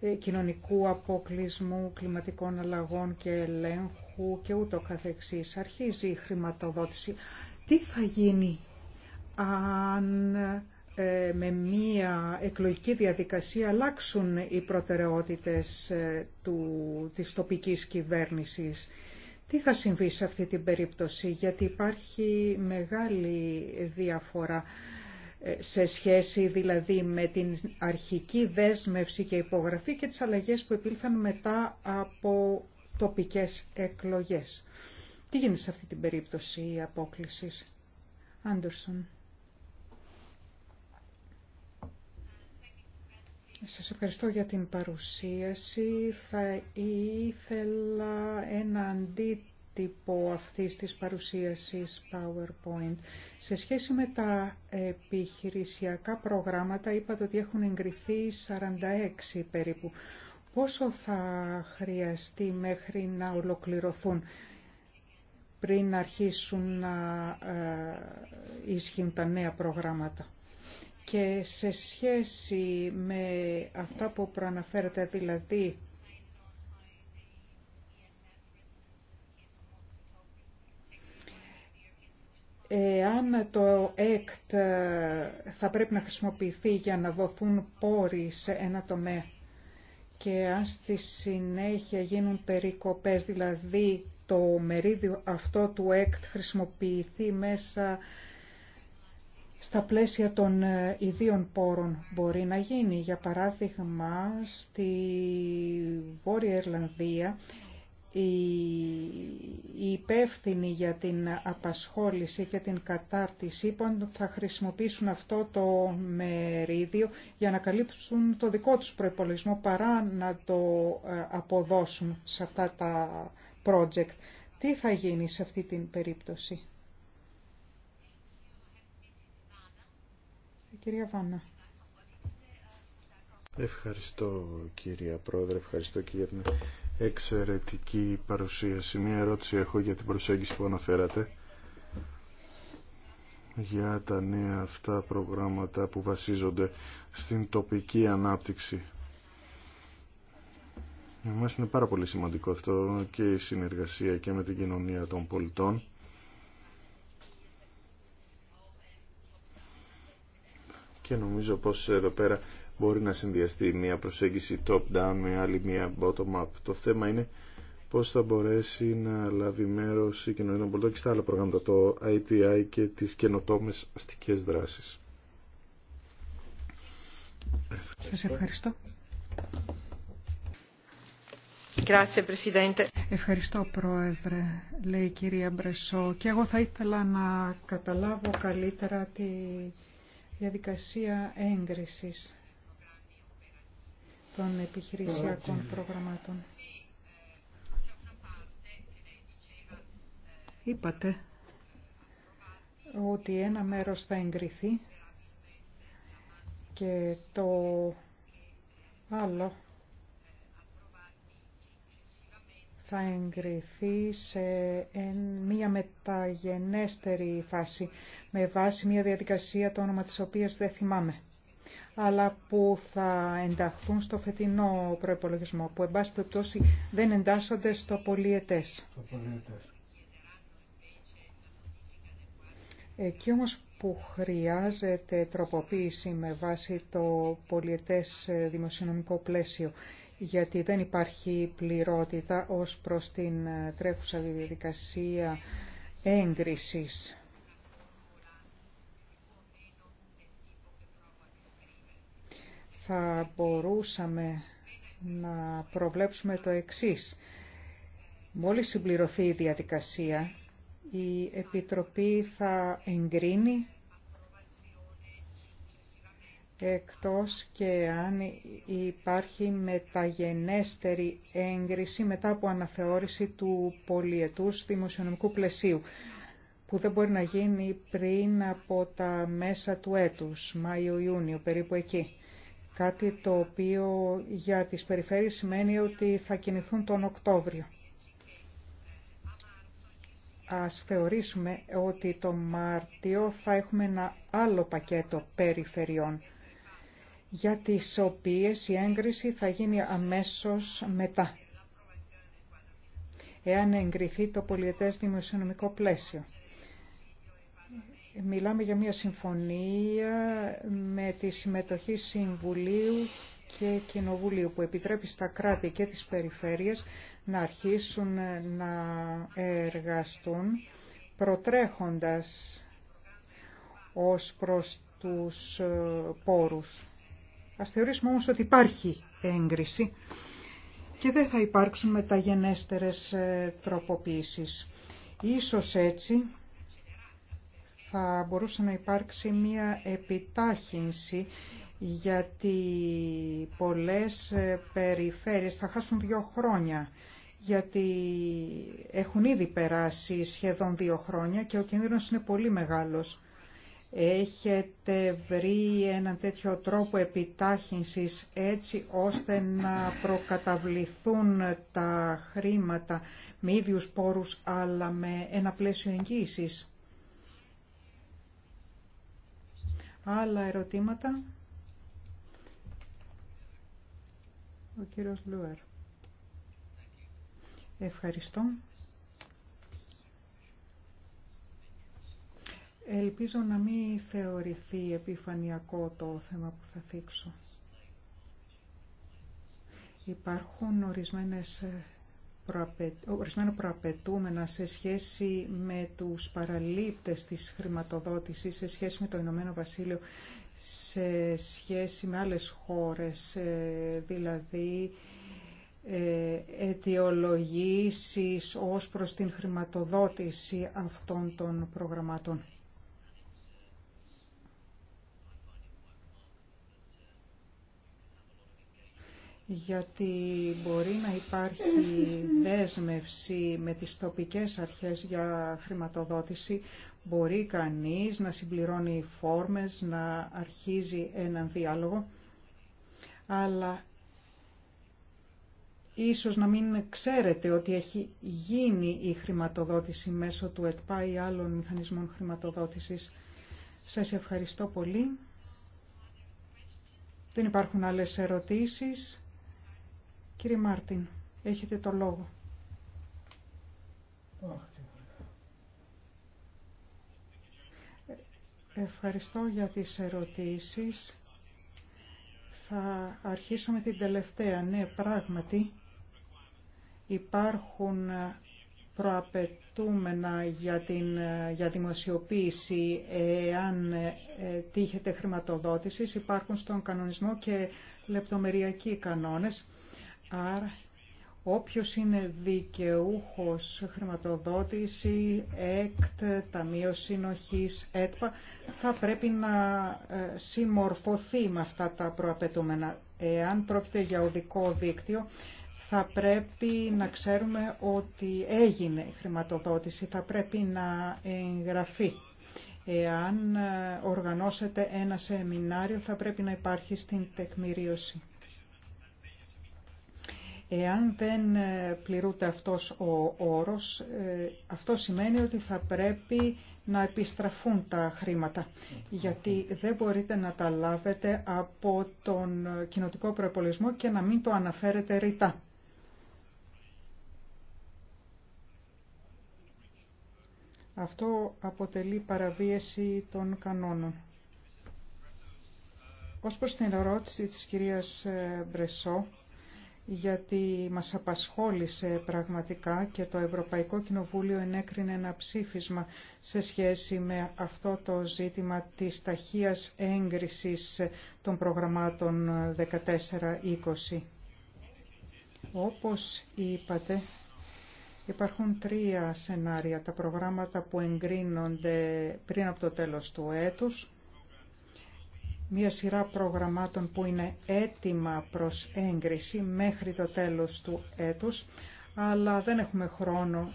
ε, κοινωνικού αποκλεισμού, κλιματικών αλλαγών και ελέγχου και ούτω καθεξής. Αρχίζει η χρηματοδότηση. Τι θα γίνει αν ε, με μία εκλογική διαδικασία αλλάξουν οι προτεραιότητες ε, του, της τοπικής κυβέρνησης. Τι θα συμβεί σε αυτή την περίπτωση, γιατί υπάρχει μεγάλη διαφορά ε, σε σχέση δηλαδή με την αρχική δέσμευση και υπογραφή και τις αλλαγές που επήλθαν μετά από τοπικές εκλογές. Τι γίνεται σε αυτή την περίπτωση η απόκληση, Άντερσον. Σας ευχαριστώ για την παρουσίαση. Θα ήθελα ένα αντίτυπο αυτής της παρουσίασης PowerPoint. Σε σχέση με τα επιχειρησιακά προγράμματα είπατε ότι έχουν εγκριθεί 46 περίπου. Πόσο θα χρειαστεί μέχρι να ολοκληρωθούν πριν αρχίσουν να ε, ισχύουν τα νέα προγράμματα. Και σε σχέση με αυτά που προαναφέρατε, δηλαδή εάν το ΕΚΤ θα πρέπει να χρησιμοποιηθεί για να δοθούν πόροι σε ένα τομέα και αν στη συνέχεια γίνουν περικοπές, δηλαδή το μερίδιο αυτό του ΕΚΤ χρησιμοποιηθεί μέσα στα πλαίσια των ε, ιδίων πόρων μπορεί να γίνει. Για παράδειγμα, στη Βόρεια Ιρλανδία οι υπεύθυνοι για την απασχόληση και την κατάρτιση είπαν θα χρησιμοποιήσουν αυτό το μερίδιο για να καλύψουν το δικό τους προϋπολογισμό παρά να το ε, αποδώσουν σε αυτά τα project. Τι θα γίνει σε αυτή την περίπτωση. κυρία Βάνα. Ευχαριστώ κυρία Πρόεδρε, ευχαριστώ και για την εξαιρετική παρουσίαση. Μία ερώτηση έχω για την προσέγγιση που αναφέρατε για τα νέα αυτά προγράμματα που βασίζονται στην τοπική ανάπτυξη. Μας είναι πάρα πολύ σημαντικό αυτό και η συνεργασία και με την κοινωνία των πολιτών και νομίζω πως εδώ πέρα μπορεί να συνδυαστεί μια προσέγγιση top-down με άλλη μια bottom-up. Το θέμα είναι πώς θα μπορέσει να λάβει μέρος η κοινωνία των πολιτών και στα άλλα προγράμματα, το ITI και τις καινοτόμες αστικές δράσεις. Σας ευχαριστώ. Ευχαριστώ Πρόεδρε, λέει η κυρία Μπρεσό. Και εγώ θα ήθελα να καταλάβω καλύτερα τη διαδικασία έγκρισης των επιχειρησιακών προγραμμάτων. Είπατε ότι ένα μέρος θα εγκριθεί και το άλλο θα εγκριθεί σε μία μεταγενέστερη φάση με βάση μία διαδικασία το όνομα της οποίας δεν θυμάμαι αλλά που θα ενταχθούν στο φετινό προϋπολογισμό, που εν πάση περιπτώσει δεν εντάσσονται στο πολιετές. Εκεί όμως που χρειάζεται τροποποίηση με βάση το πολιετές δημοσιονομικό πλαίσιο γιατί δεν υπάρχει πληρότητα ως προς την ε, τρέχουσα διαδικασία έγκρισης. Θα μπορούσαμε να προβλέψουμε το εξής. Μόλις συμπληρωθεί η διαδικασία, η Επιτροπή θα εγκρίνει εκτός και αν υπάρχει μεταγενέστερη έγκριση μετά από αναθεώρηση του πολιετούς δημοσιονομικού πλαισίου που δεν μπορεί να γίνει πριν από τα μέσα του έτους, Μάιο-Ιούνιο, περίπου εκεί. Κάτι το οποίο για τις περιφέρειες σημαίνει ότι θα κινηθούν τον Οκτώβριο. Ας θεωρήσουμε ότι το Μάρτιο θα έχουμε ένα άλλο πακέτο περιφερειών για τις οποίες η έγκριση θα γίνει αμέσως μετά, εάν εγκριθεί το πολιετές δημοσιονομικό πλαίσιο. Μιλάμε για μια συμφωνία με τη συμμετοχή Συμβουλίου και Κοινοβουλίου που επιτρέπει στα κράτη και τις περιφέρειες να αρχίσουν να εργαστούν προτρέχοντας ως προς τους πόρους. Ας θεωρήσουμε όμως ότι υπάρχει έγκριση και δεν θα υπάρξουν μεταγενέστερες ε, τροποποίησεις. Ίσως έτσι θα μπορούσε να υπάρξει μία επιτάχυνση γιατί πολλές ε, περιφέρειες θα χάσουν δύο χρόνια γιατί έχουν ήδη περάσει σχεδόν δύο χρόνια και ο κίνδυνος είναι πολύ μεγάλος έχετε βρει έναν τέτοιο τρόπο επιτάχυνσης έτσι ώστε να προκαταβληθούν τα χρήματα με ίδιους πόρους αλλά με ένα πλαίσιο εγγύησης. Άλλα ερωτήματα. Ο κύριος Λούερ. Ευχαριστώ. Ελπίζω να μην θεωρηθεί επιφανειακό το θέμα που θα θίξω. Υπάρχουν ορισμένες ε, προαπαι... ορισμένα προαπαιτούμενα σε σχέση με τους παραλήπτες της χρηματοδότησης, σε σχέση με το Ηνωμένο Βασίλειο, σε σχέση με άλλες χώρες, ε, δηλαδή ε, αιτιολογήσεις ως προς την χρηματοδότηση αυτών των προγραμμάτων. γιατί μπορεί να υπάρχει δέσμευση με τις τοπικές αρχές για χρηματοδότηση. Μπορεί κανείς να συμπληρώνει φόρμες, να αρχίζει έναν διάλογο, αλλά ίσως να μην ξέρετε ότι έχει γίνει η χρηματοδότηση μέσω του ΕΤΠΑ ή άλλων μηχανισμών χρηματοδότησης. Σας ευχαριστώ πολύ. Δεν υπάρχουν άλλες ερωτήσεις. Κύριε Μάρτιν, έχετε το λόγο. Ευχαριστώ για τις ερωτήσεις. Θα αρχίσω με την τελευταία. Ναι, πράγματι υπάρχουν προαπαιτούμενα για, την, για δημοσιοποίηση εάν ε, τύχεται χρηματοδότησης. Υπάρχουν στον κανονισμό και λεπτομεριακοί κανόνες Άρα όποιος είναι δικαιούχος χρηματοδότηση, ΕΚΤ, Ταμείο Συνοχής, ΕΤΠΑ, θα πρέπει να ε, συμμορφωθεί με αυτά τα προαπαιτούμενα. Εάν πρόκειται για οδικό δίκτυο, θα πρέπει να ξέρουμε ότι έγινε χρηματοδότηση, θα πρέπει να εγγραφεί. Εάν ε, οργανώσετε ένα σεμινάριο θα πρέπει να υπάρχει στην τεκμηρίωση. Εάν δεν ε, πληρούνται αυτός ο όρος, ε, αυτό σημαίνει ότι θα πρέπει να επιστραφούν τα χρήματα, γιατί δεν μπορείτε να τα λάβετε από τον ε, κοινοτικό προεπολισμό και να μην το αναφέρετε ρητά. Αυτό αποτελεί παραβίαση των κανόνων. Ως προς την ερώτηση της κυρίας Μπρεσό, γιατί μας απασχόλησε πραγματικά και το Ευρωπαϊκό Κοινοβούλιο ενέκρινε ένα ψήφισμα σε σχέση με αυτό το ζήτημα της ταχείας έγκρισης των προγραμμάτων 14-20. Όπως είπατε, υπάρχουν τρία σενάρια. Τα προγράμματα που εγκρίνονται πριν από το τέλος του έτους, μία σειρά προγραμμάτων που είναι έτοιμα προς έγκριση μέχρι το τέλος του έτους, αλλά δεν έχουμε χρόνο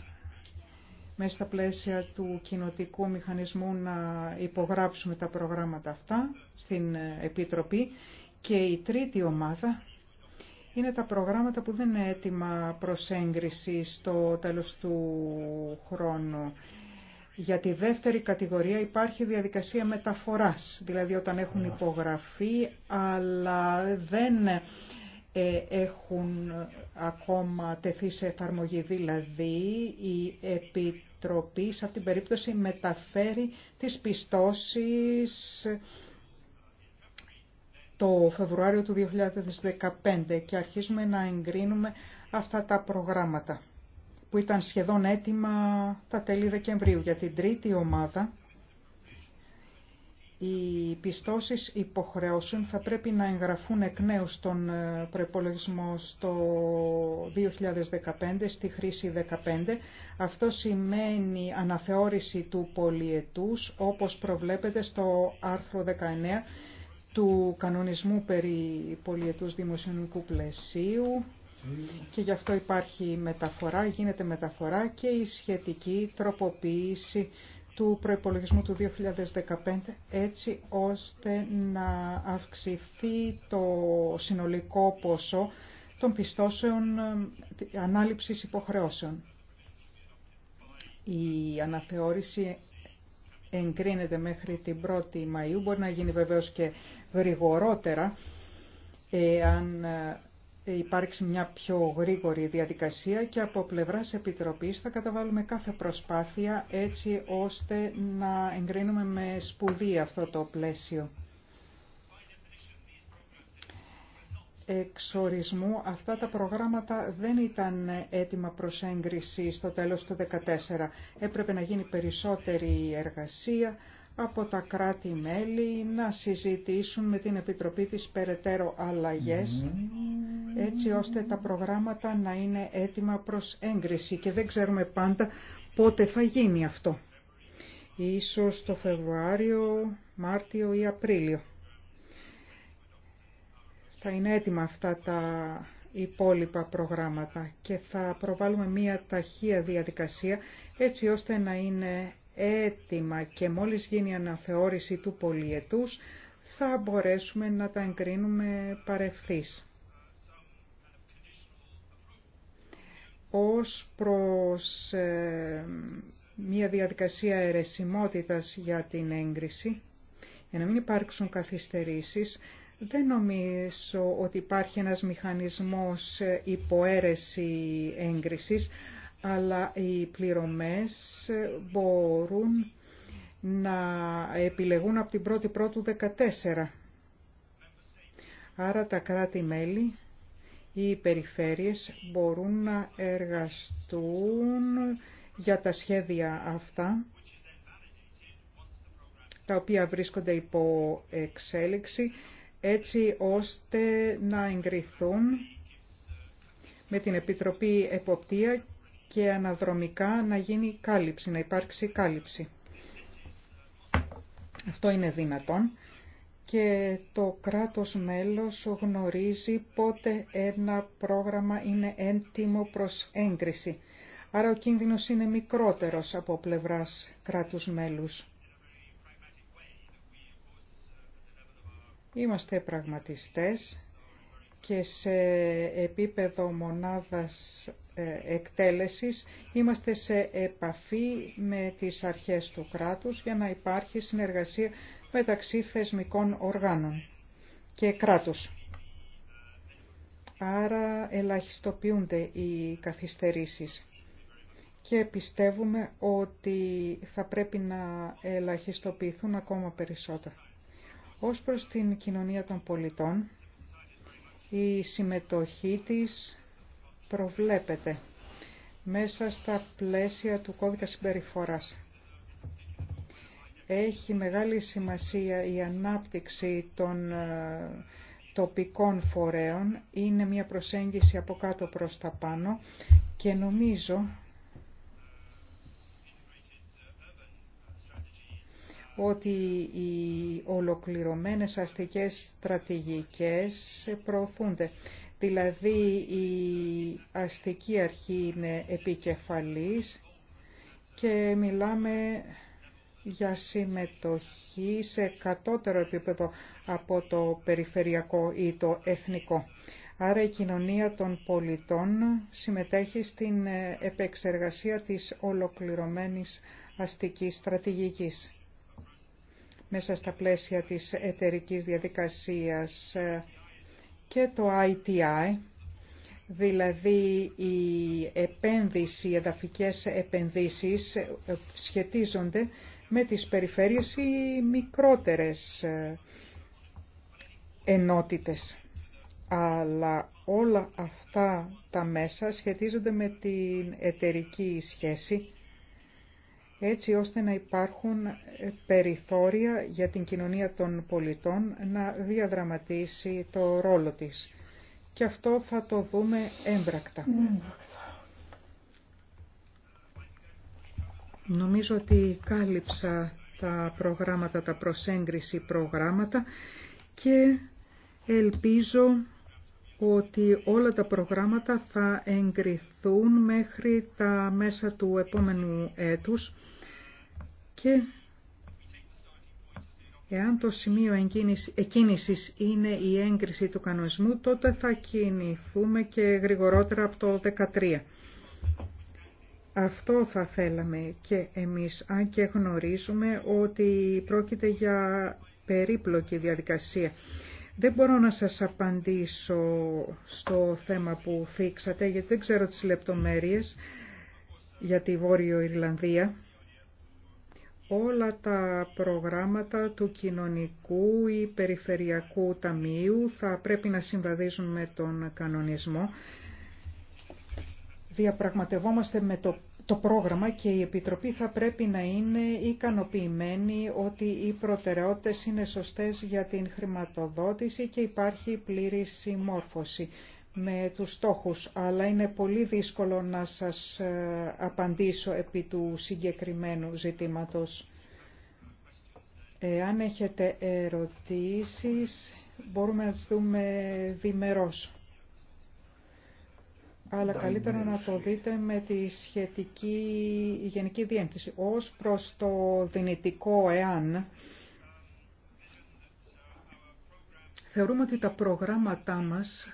μέσα στα πλαίσια του κοινοτικού μηχανισμού να υπογράψουμε τα προγράμματα αυτά στην Επιτροπή. Και η τρίτη ομάδα είναι τα προγράμματα που δεν είναι έτοιμα προς έγκριση στο τέλος του χρόνου. Για τη δεύτερη κατηγορία υπάρχει διαδικασία μεταφοράς, δηλαδή όταν έχουν υπογραφεί αλλά δεν ε, έχουν ακόμα τεθεί σε εφαρμογή. Δηλαδή η Επιτροπή σε αυτήν την περίπτωση μεταφέρει τις πιστώσεις το Φεβρουάριο του 2015 και αρχίζουμε να εγκρίνουμε αυτά τα προγράμματα που ήταν σχεδόν έτοιμα τα τέλη Δεκεμβρίου. Για την τρίτη ομάδα, οι πιστώσεις υποχρεώσεων θα πρέπει να εγγραφούν εκ νέου στον ε, προπολογισμό στο 2015, στη χρήση 15. Αυτό σημαίνει αναθεώρηση του πολιετούς, όπως προβλέπεται στο άρθρο 19 του κανονισμού περί πολιετούς δημοσιονομικού πλαισίου και γι' αυτό υπάρχει μεταφορά, γίνεται μεταφορά και η σχετική τροποποίηση του προϋπολογισμού του 2015 έτσι ώστε να αυξηθεί το συνολικό ποσό των πιστώσεων ε, ανάληψης υποχρεώσεων. Η αναθεώρηση εγκρίνεται μέχρι την 1η Μαΐου, μπορεί να γίνει βεβαίως και γρηγορότερα, εάν ε, υπάρξει μια πιο γρήγορη διαδικασία και από πλευράς Επιτροπής θα καταβάλουμε κάθε προσπάθεια έτσι ώστε να εγκρίνουμε με σπουδή αυτό το πλαίσιο. εξορισμού αυτά τα προγράμματα δεν ήταν έτοιμα προς έγκριση στο τέλος του 2014. Έπρεπε να γίνει περισσότερη εργασία, από τα κράτη-μέλη να συζητήσουν με την Επιτροπή της Περαιτέρω Αλλαγές έτσι ώστε τα προγράμματα να είναι έτοιμα προς έγκριση και δεν ξέρουμε πάντα πότε θα γίνει αυτό. Ίσως το Φεβρουάριο, Μάρτιο ή Απρίλιο. Θα είναι έτοιμα αυτά τα υπόλοιπα προγράμματα και θα προβάλλουμε μία ταχεία διαδικασία έτσι ώστε να είναι έτοιμα και μόλις γίνει αναθεώρηση του πολιετούς θα μπορέσουμε να τα εγκρίνουμε παρευθύς. Ως προς ε, μια διαδικασία αιρεσιμότητας για την έγκριση, για να μην υπάρξουν καθυστερήσεις, δεν νομίζω ότι υπάρχει ένας μηχανισμός ε, υποαίρεση έγκρισης, αλλά οι πληρωμές μπορούν να επιλεγούν από την πρώτη Πρώτου 14. Άρα τα κράτη-μέλη ή οι περιφέρειες μπορούν να εργαστούν για τα σχέδια αυτά, τα οποία βρίσκονται υπό εξέλιξη, έτσι ώστε να εγκριθούν με την Επιτροπή Εποπτεία και αναδρομικά να γίνει κάλυψη, να υπάρξει κάλυψη. Αυτό είναι δυνατόν και το κράτος μέλος γνωρίζει πότε ένα πρόγραμμα είναι έντιμο προς έγκριση. Άρα ο κίνδυνος είναι μικρότερος από πλευράς κράτους μέλους. Είμαστε πραγματιστές και σε επίπεδο μονάδας ε, εκτέλεσης είμαστε σε επαφή με τις αρχές του κράτους για να υπάρχει συνεργασία μεταξύ θεσμικών οργάνων και κράτους. Άρα ελαχιστοποιούνται οι καθυστερήσεις και πιστεύουμε ότι θα πρέπει να ελαχιστοποιηθούν ακόμα περισσότερο. Ως προς την κοινωνία των πολιτών, η συμμετοχή της προβλέπεται μέσα στα πλαίσια του κώδικα συμπεριφοράς. Έχει μεγάλη σημασία η ανάπτυξη των ε, τοπικών φορέων. Είναι μια προσέγγιση από κάτω προς τα πάνω και νομίζω ότι οι ολοκληρωμένες αστικές στρατηγικές προωθούνται. Δηλαδή η αστική αρχή είναι επικεφαλής και μιλάμε για συμμετοχή σε κατώτερο επίπεδο από το περιφερειακό ή το εθνικό. Άρα η κοινωνία των πολιτών συμμετέχει στην επεξεργασία της ολοκληρωμένης αστικής στρατηγικής μέσα στα πλαίσια της εταιρικής διαδικασίας και το ITI, δηλαδή η επένδυση, οι εδαφικές επενδύσεις σχετίζονται με τις περιφέρειες ή μικρότερες ενότητες. Αλλά όλα αυτά τα μέσα σχετίζονται με την εταιρική σχέση έτσι ώστε να υπάρχουν ε, περιθώρια για την κοινωνία των πολιτών να διαδραματίσει το ρόλο της. Και αυτό θα το δούμε έμπρακτα. Νομίζω ότι κάλυψα τα προγράμματα, τα προσέγγιση προγράμματα και ελπίζω ότι όλα τα προγράμματα θα εγκριθούν μέχρι τα μέσα του επόμενου έτους και εάν το σημείο εκκίνησης είναι η έγκριση του κανονισμού, τότε θα κινηθούμε και γρηγορότερα από το 13. Αυτό θα θέλαμε και εμείς, αν και γνωρίζουμε ότι πρόκειται για περίπλοκη διαδικασία. Δεν μπορώ να σας απαντήσω στο θέμα που θίξατε, γιατί δεν ξέρω τις λεπτομέρειες για τη Βόρειο Ιρλανδία όλα τα προγράμματα του κοινωνικού ή περιφερειακού ταμείου θα πρέπει να συμβαδίζουν με τον κανονισμό. Διαπραγματευόμαστε με το, το πρόγραμμα και η Επιτροπή θα πρέπει να είναι ικανοποιημένη ότι οι προτεραιότητες είναι σωστές για την χρηματοδότηση και υπάρχει πλήρη συμμόρφωση με τους στόχους, αλλά είναι πολύ δύσκολο να σας ε, απαντήσω επί του συγκεκριμένου ζητήματος. Αν έχετε ερωτήσεις, μπορούμε να τις δούμε διμερώς. Αλλά καλύτερα να το δείτε με τη σχετική γενική διένθεση. Ως προς το δυνητικό εάν, θεωρούμε ότι τα προγράμματά μας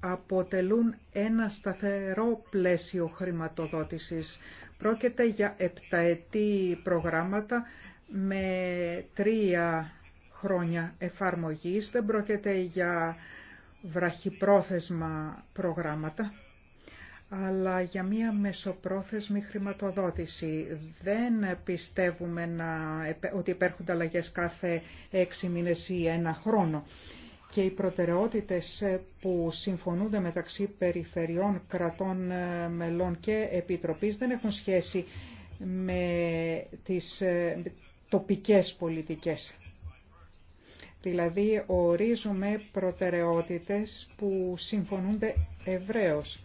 αποτελούν ένα σταθερό πλαίσιο χρηματοδότησης. Πρόκειται για επταετή προγράμματα με τρία χρόνια εφαρμογής. Δεν πρόκειται για βραχυπρόθεσμα προγράμματα, αλλά για μία μεσοπρόθεσμη χρηματοδότηση. Δεν πιστεύουμε να, ότι υπέρχουν αλλαγές κάθε έξι μήνες ή ένα χρόνο και οι προτεραιότητες ε, που συμφωνούνται μεταξύ περιφερειών, κρατών, ε, μελών και επιτροπής δεν έχουν σχέση με τις ε, τοπικές πολιτικές. Δηλαδή ορίζουμε προτεραιότητες που συμφωνούνται ευρέως.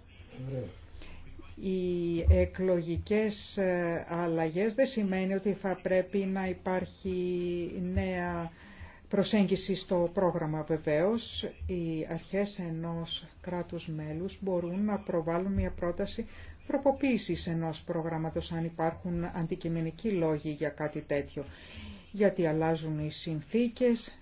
Οι εκλογικές αλλαγές δεν σημαίνει ότι θα πρέπει να υπάρχει νέα προσέγγιση στο πρόγραμμα βεβαίως. Οι αρχές ενός κράτους μέλους μπορούν να προβάλλουν μια πρόταση τροποποίησης ενός προγράμματος αν υπάρχουν αντικειμενικοί λόγοι για κάτι τέτοιο. Γιατί αλλάζουν οι συνθήκες,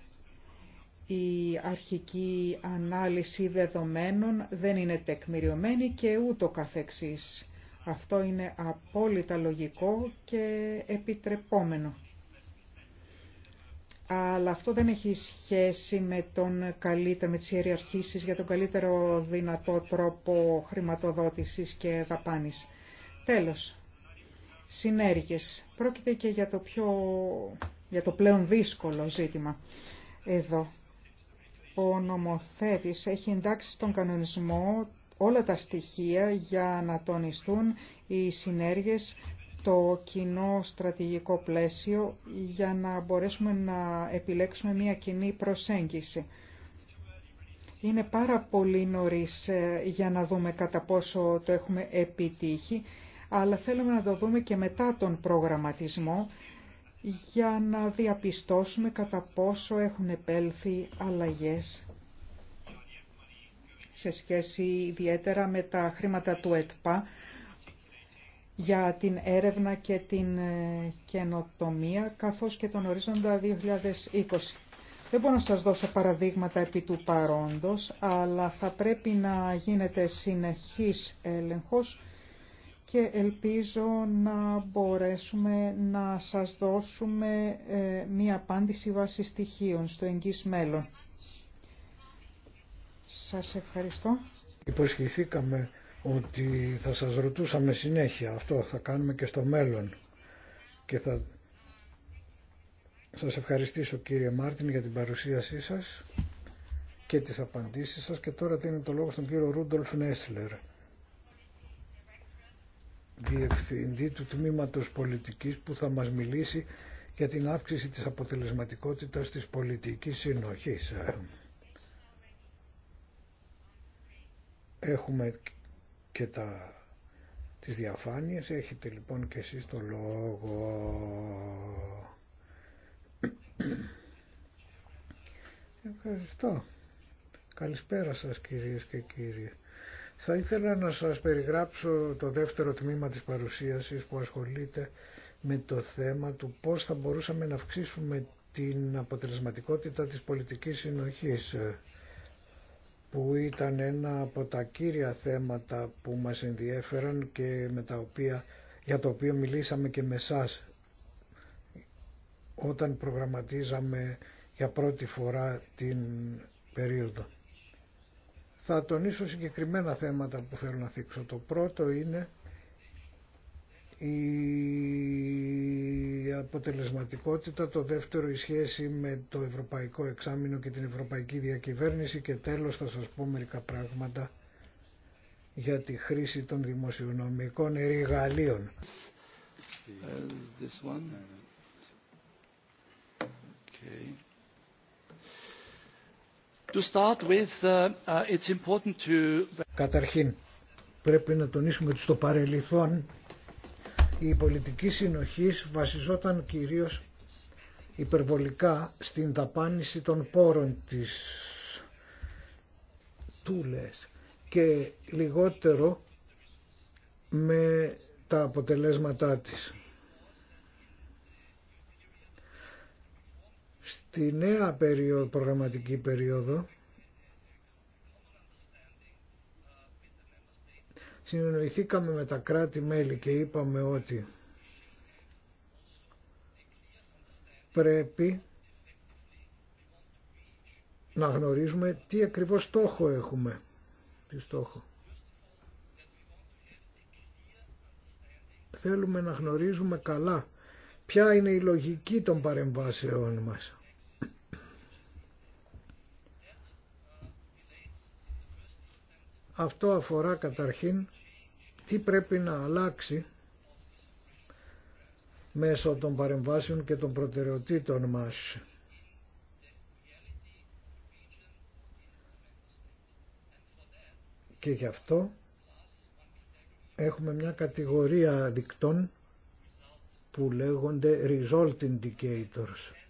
η αρχική ανάλυση δεδομένων δεν είναι τεκμηριωμένη και ούτω καθεξής. Αυτό είναι απόλυτα λογικό και επιτρεπόμενο αλλά αυτό δεν έχει σχέση με, τον καλύτερο, με τις για τον καλύτερο δυνατό τρόπο χρηματοδότησης και δαπάνης. Τέλος, συνέργειες. Πρόκειται και για το, πιο, για το πλέον δύσκολο ζήτημα εδώ. Ο νομοθέτης έχει εντάξει στον κανονισμό όλα τα στοιχεία για να τονιστούν οι συνέργειες το κοινό στρατηγικό πλαίσιο για να μπορέσουμε να επιλέξουμε μια κοινή προσέγγιση. Είναι πάρα πολύ νωρίς ε, για να δούμε κατά πόσο το έχουμε επιτύχει, αλλά θέλουμε να το δούμε και μετά τον προγραμματισμό για να διαπιστώσουμε κατά πόσο έχουν επέλθει αλλαγές σε σχέση ιδιαίτερα με τα χρήματα του ΕΤΠΑ για την έρευνα και την ε, καινοτομία, καθώς και τον ορίζοντα 2020. Δεν μπορώ να σας δώσω παραδείγματα επί του παρόντος, αλλά θα πρέπει να γίνεται συνεχής έλεγχος και ελπίζω να μπορέσουμε να σας δώσουμε ε, μία απάντηση βάση στοιχείων στο εγγύς μέλλον. Σας ευχαριστώ. Υποσχεθήκαμε ότι θα σας ρωτούσαμε συνέχεια. Αυτό θα κάνουμε και στο μέλλον. Και θα σας ευχαριστήσω κύριε Μάρτιν για την παρουσίασή σας και τις απαντήσεις σας και τώρα δίνω το λόγο στον κύριο Ρούντολφ Νέσλερ διευθυντή του τμήματος πολιτικής που θα μας μιλήσει για την αύξηση της αποτελεσματικότητας της πολιτικής συνοχής. Έχουμε και τα, τις διαφάνειες. Έχετε λοιπόν και εσείς το λόγο. Ευχαριστώ. Καλησπέρα σας κυρίες και κύριοι. Θα ήθελα να σας περιγράψω το δεύτερο τμήμα της παρουσίασης που ασχολείται με το θέμα του πώς θα μπορούσαμε να αυξήσουμε την αποτελεσματικότητα της πολιτικής συνοχής που ήταν ένα από τα κύρια θέματα που μας ενδιέφεραν και με οποία, για το οποίο μιλήσαμε και με σας όταν προγραμματίζαμε για πρώτη φορά την περίοδο. Θα τονίσω συγκεκριμένα θέματα που θέλω να θίξω. Το πρώτο είναι η αποτελεσματικότητα, το δεύτερο η σχέση με το Ευρωπαϊκό Εξάμεινο και την Ευρωπαϊκή Διακυβέρνηση και τέλος θα σας πω μερικά πράγματα για τη χρήση των δημοσιονομικών εργαλείων. To start with, uh, uh, it's Καταρχήν, πρέπει να τονίσουμε ότι στο παρελθόν η πολιτική συνοχής βασιζόταν κυρίως υπερβολικά στην δαπάνηση των πόρων της τούλες και λιγότερο με τα αποτελέσματά της. Στη νέα περίοδο, προγραμματική περίοδο συνεννοηθήκαμε με τα κράτη-μέλη και είπαμε ότι πρέπει να γνωρίζουμε τι ακριβώς στόχο έχουμε. Τι στόχο. Θέλουμε να γνωρίζουμε καλά ποια είναι η λογική των παρεμβάσεών μας. Αυτό αφορά καταρχήν τι πρέπει να αλλάξει μέσω των παρεμβάσεων και των προτεραιοτήτων μας. Και γι' αυτό έχουμε μια κατηγορία δικτών που λέγονται «Result indicators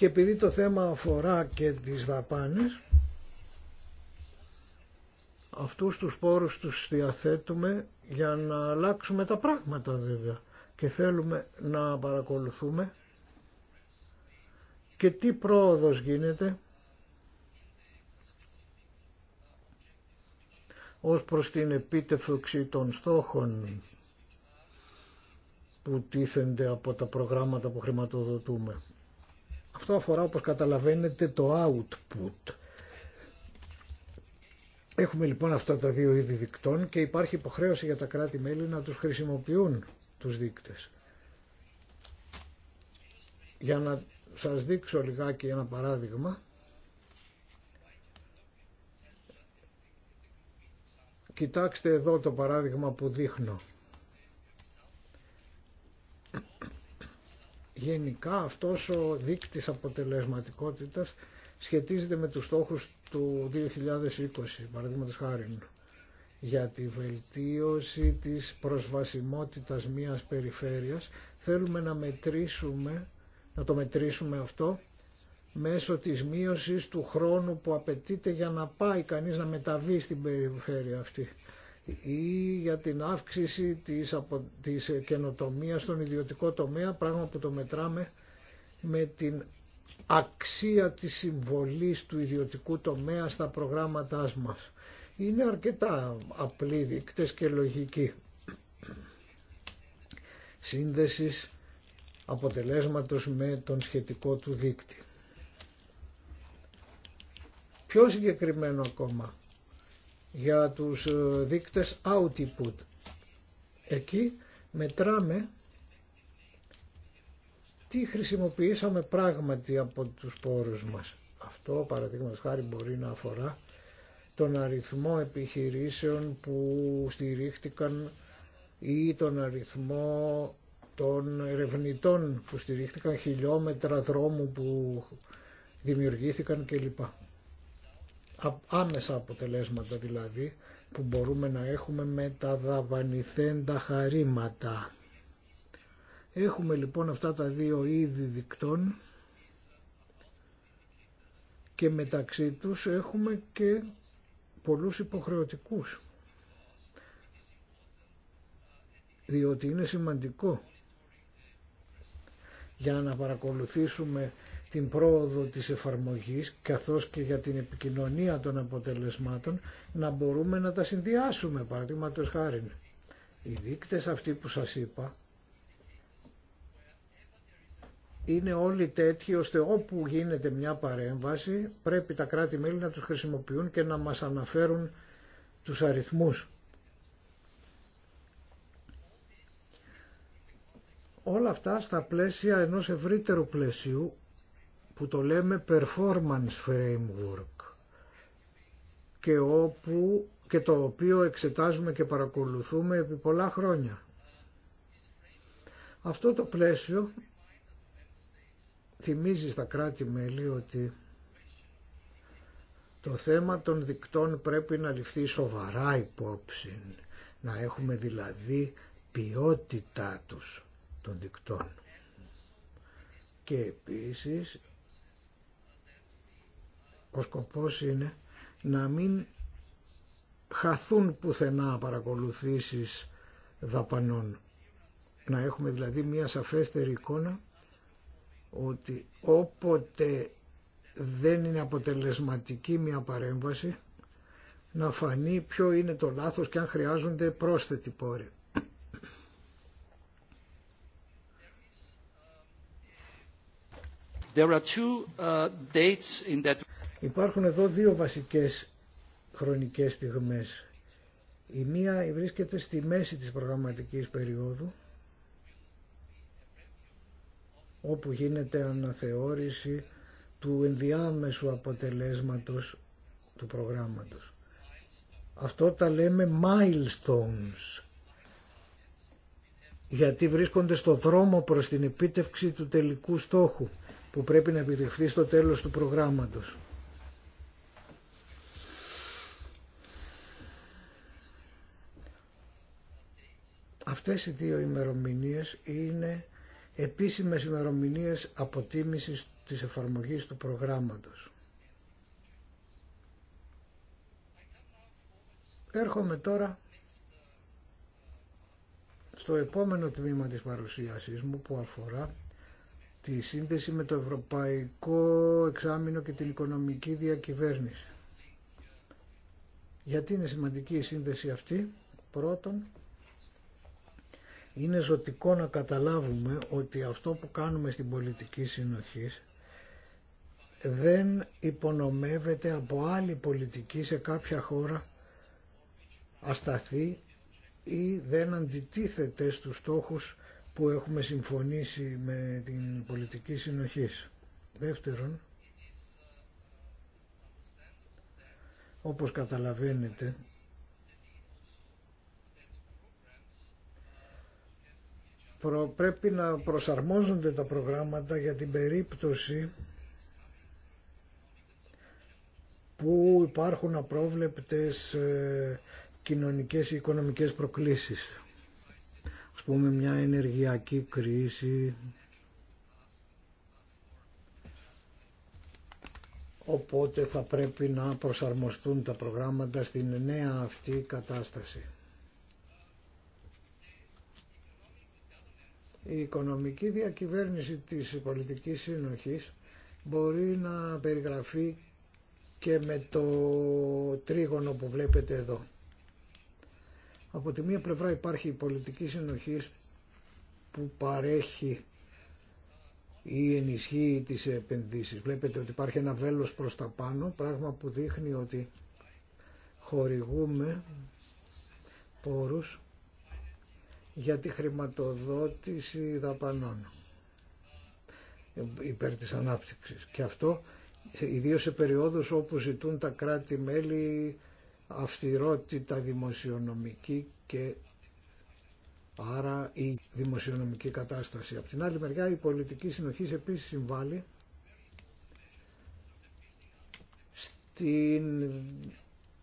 Και επειδή το θέμα αφορά και τις δαπάνες, αυτούς τους πόρους τους διαθέτουμε για να αλλάξουμε τα πράγματα βέβαια και θέλουμε να παρακολουθούμε και τι πρόοδος γίνεται ως προς την επίτευξη των στόχων που τίθενται από τα προγράμματα που χρηματοδοτούμε. Αυτό αφορά όπως καταλαβαίνετε το output. Έχουμε λοιπόν αυτά τα δύο είδη δικτών και υπάρχει υποχρέωση για τα κράτη-μέλη να τους χρησιμοποιούν τους δείκτες. Για να σας δείξω λιγάκι ένα παράδειγμα. Κοιτάξτε εδώ το παράδειγμα που δείχνω. Γενικά αυτός ο δείκτης αποτελεσματικότητας σχετίζεται με τους στόχους του 2020, παραδείγματος χάρη, για τη βελτίωση της προσβασιμότητας μιας περιφέρειας. Θέλουμε να, μετρήσουμε, να το μετρήσουμε αυτό μέσω της μείωσης του χρόνου που απαιτείται για να πάει κανείς να μεταβεί στην περιφέρεια αυτή ή για την αύξηση της, απο... της καινοτομίας στον ιδιωτικό τομέα, πράγμα που το μετράμε με την αξία της συμβολής του ιδιωτικού τομέα στα προγράμματά μας. Είναι αρκετά απλοί δείκτες και λογική Σύνδεσης αποτελέσματος με τον σχετικό του δείκτη. Πιο συγκεκριμένο ακόμα, για τους ε, δείκτες output. Εκεί μετράμε τι χρησιμοποιήσαμε πράγματι από τους πόρους μας. Αυτό παραδείγματο χάρη μπορεί να αφορά τον αριθμό επιχειρήσεων που στηρίχτηκαν ή τον αριθμό των ερευνητών που στηρίχτηκαν χιλιόμετρα δρόμου που δημιουργήθηκαν κλπ άμεσα αποτελέσματα δηλαδή που μπορούμε να έχουμε με τα δαβανηθέντα χαρήματα. Έχουμε λοιπόν αυτά τα δύο είδη δικτών και μεταξύ τους έχουμε και πολλούς υποχρεωτικούς. Διότι είναι σημαντικό για να παρακολουθήσουμε την πρόοδο της εφαρμογής καθώς και για την επικοινωνία των αποτελεσμάτων να μπορούμε να τα συνδυάσουμε παραδείγματος χάρη. Οι δείκτες αυτοί που σας είπα είναι όλοι τέτοιοι ώστε όπου γίνεται μια παρέμβαση πρέπει τα κράτη-μέλη να τους χρησιμοποιούν και να μας αναφέρουν τους αριθμούς. Όλα αυτά στα πλαίσια ενός ευρύτερου πλαισίου που το λέμε performance framework και, όπου, το οποίο εξετάζουμε και παρακολουθούμε επί πολλά χρόνια. Αυτό το πλαίσιο θυμίζει στα κράτη-μέλη ότι το θέμα των δικτών πρέπει να ληφθεί σοβαρά υπόψη, να έχουμε δηλαδή ποιότητά τους των δικτών. Και επίσης ο σκοπός είναι να μην χαθούν πουθενά παρακολουθήσεις δαπανών. Να έχουμε δηλαδή μια σαφέστερη εικόνα ότι όποτε δεν είναι αποτελεσματική μια παρέμβαση να φανεί ποιο είναι το λάθος και αν χρειάζονται πρόσθετη πόρη. There are two, uh, dates in that... Υπάρχουν εδώ δύο βασικές χρονικές στιγμές. Η μία βρίσκεται στη μέση της προγραμματικής περίοδου όπου γίνεται αναθεώρηση του ενδιάμεσου αποτελέσματος του προγράμματος. Αυτό τα λέμε milestones γιατί βρίσκονται στο δρόμο προς την επίτευξη του τελικού στόχου που πρέπει να επιτευχθεί στο τέλος του προγράμματος. Αυτές οι δύο ημερομηνίες είναι επίσημες ημερομηνίες αποτίμησης της εφαρμογής του προγράμματος. Έρχομαι τώρα στο επόμενο τμήμα της παρουσίασής μου που αφορά τη σύνδεση με το Ευρωπαϊκό Εξάμεινο και την Οικονομική Διακυβέρνηση. Γιατί είναι σημαντική η σύνδεση αυτή, πρώτον, είναι ζωτικό να καταλάβουμε ότι αυτό που κάνουμε στην πολιτική συνοχή δεν υπονομεύεται από άλλη πολιτική σε κάποια χώρα ασταθή ή δεν αντιτίθεται στους στόχους που έχουμε συμφωνήσει με την πολιτική συνοχής. Δεύτερον, όπως καταλαβαίνετε, πρέπει να προσαρμόζονται τα προγράμματα για την περίπτωση που υπάρχουν απρόβλεπτες ε, κοινωνικές ή οικονομικές προκλήσεις. Ας πούμε μια ενεργειακή κρίση, οπότε θα πρέπει να προσαρμοστούν τα προγράμματα στην νέα αυτή κατάσταση. Η οικονομική διακυβέρνηση της πολιτικής σύνοχης μπορεί να περιγραφεί και με το τρίγωνο που βλέπετε εδώ. Από τη μία πλευρά υπάρχει η πολιτική συνοχή που παρέχει ή ενισχύει τις επενδύσεις. Βλέπετε ότι υπάρχει ένα βέλος προς τα πάνω, πράγμα που δείχνει ότι χορηγούμε πόρους για τη χρηματοδότηση δαπανών υπέρ της ανάπτυξης. Και αυτό ιδίως σε περιόδους όπου ζητούν τα κράτη-μέλη αυστηρότητα δημοσιονομική και άρα η δημοσιονομική κατάσταση. Απ' την άλλη μεριά η πολιτική συνοχή επίσης συμβάλλει στην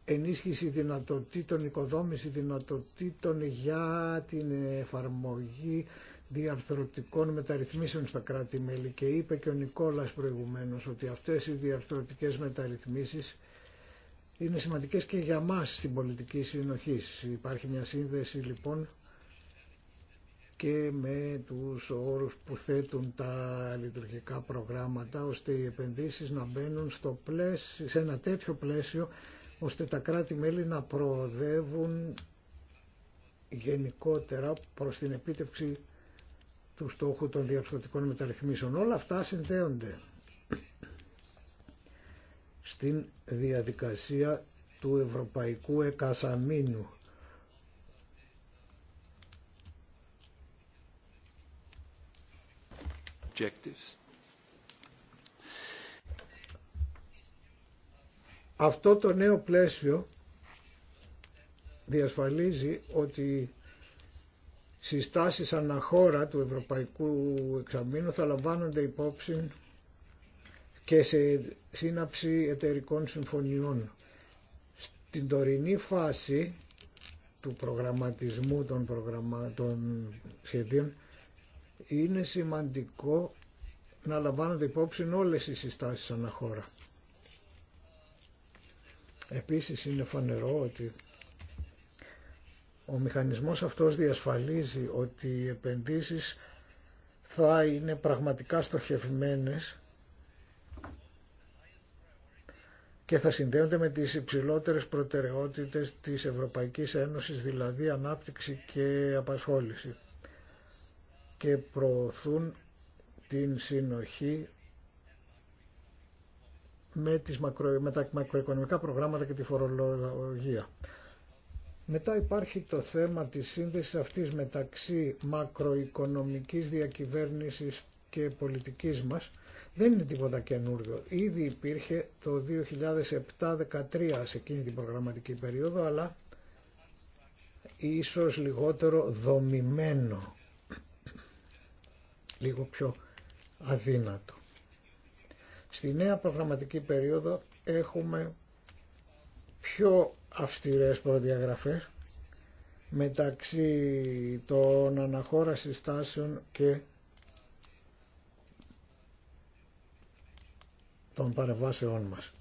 ενίσχυση δυνατοτήτων, οικοδόμηση δυνατοτήτων για την εφαρμογή διαρθρωτικών μεταρρυθμίσεων στα κράτη-μέλη και είπε και ο Νικόλας προηγουμένως ότι αυτές οι διαρθρωτικές μεταρρυθμίσεις είναι σημαντικές και για μας στην πολιτική συνοχή. Υπάρχει μια σύνδεση λοιπόν και με τους όρους που θέτουν τα λειτουργικά προγράμματα ώστε οι επενδύσεις να μπαίνουν στο πλαίσιο, σε ένα τέτοιο πλαίσιο ώστε τα κράτη-μέλη να προοδεύουν γενικότερα προς την επίτευξη του στόχου των διαρθρωτικών μεταρρυθμίσεων. Όλα αυτά συνδέονται στην διαδικασία του Ευρωπαϊκού Εκασαμίνου. Αυτό το νέο πλαίσιο διασφαλίζει ότι συστάσεις αναχώρα του Ευρωπαϊκού Εξαμήνου θα λαμβάνονται υπόψη και σε σύναψη εταιρικών συμφωνιών. Στην τωρινή φάση του προγραμματισμού των, προγραμμα... των σχεδίων είναι σημαντικό να λαμβάνονται υπόψη όλες οι συστάσεις αναχώρα. Επίσης είναι φανερό ότι ο μηχανισμός αυτός διασφαλίζει ότι οι επενδύσεις θα είναι πραγματικά στοχευμένες και θα συνδέονται με τις υψηλότερες προτεραιότητες της Ευρωπαϊκής Ένωσης, δηλαδή ανάπτυξη και απασχόληση και προωθούν την συνοχή με, τις τα μακροοικονομικά προγράμματα και τη φορολογία. Μετά υπάρχει το θέμα της σύνδεσης αυτής μεταξύ μακροοικονομικής διακυβέρνησης και πολιτικής μας. Δεν είναι τίποτα καινούριο. Ήδη υπήρχε το 2007-2013 σε εκείνη την προγραμματική περίοδο, αλλά ίσως λιγότερο δομημένο, λίγο πιο αδύνατο. Στη νέα προγραμματική περίοδο έχουμε πιο αυστηρές προδιαγραφές μεταξύ των αναχώρασης τάσεων και των παρεμβάσεών μας.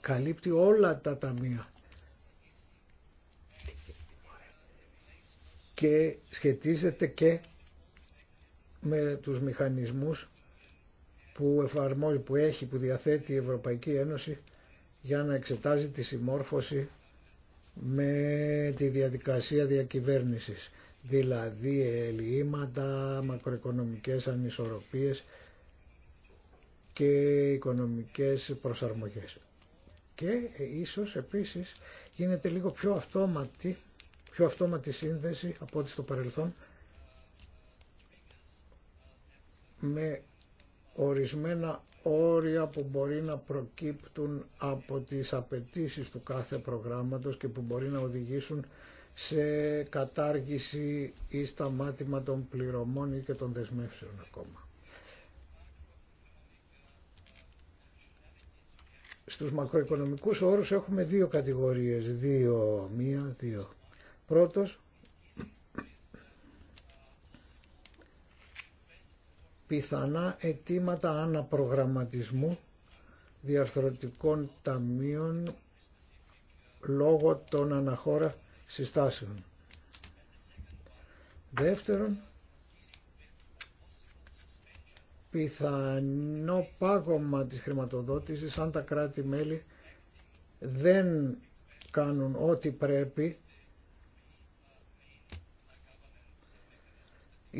Καλύπτει όλα τα ταμεία και σχετίζεται και με τους μηχανισμούς που εφαρμόζει, που έχει, που διαθέτει η Ευρωπαϊκή Ένωση για να εξετάζει τη συμμόρφωση με τη διαδικασία διακυβέρνησης, δηλαδή ελλείμματα, μακροοικονομικές ανισορροπίες και οικονομικές προσαρμογές. Και ίσως επίσης γίνεται λίγο πιο αυτόματη, πιο αυτόματη σύνδεση από ό,τι στο παρελθόν με ορισμένα όρια που μπορεί να προκύπτουν από τις απαιτήσει του κάθε προγράμματος και που μπορεί να οδηγήσουν σε κατάργηση ή σταμάτημα των πληρωμών ή και των δεσμεύσεων ακόμα. Στους μακροοικονομικούς όρους έχουμε δύο κατηγορίες, δύο, μία, δύο. Πρώτος, πιθανά αιτήματα αναπρογραμματισμού διαρθρωτικών ταμείων λόγω των αναχώρα συστάσεων. Δεύτερον, πιθανό πάγωμα της χρηματοδότησης αν τα κράτη-μέλη δεν κάνουν ό,τι πρέπει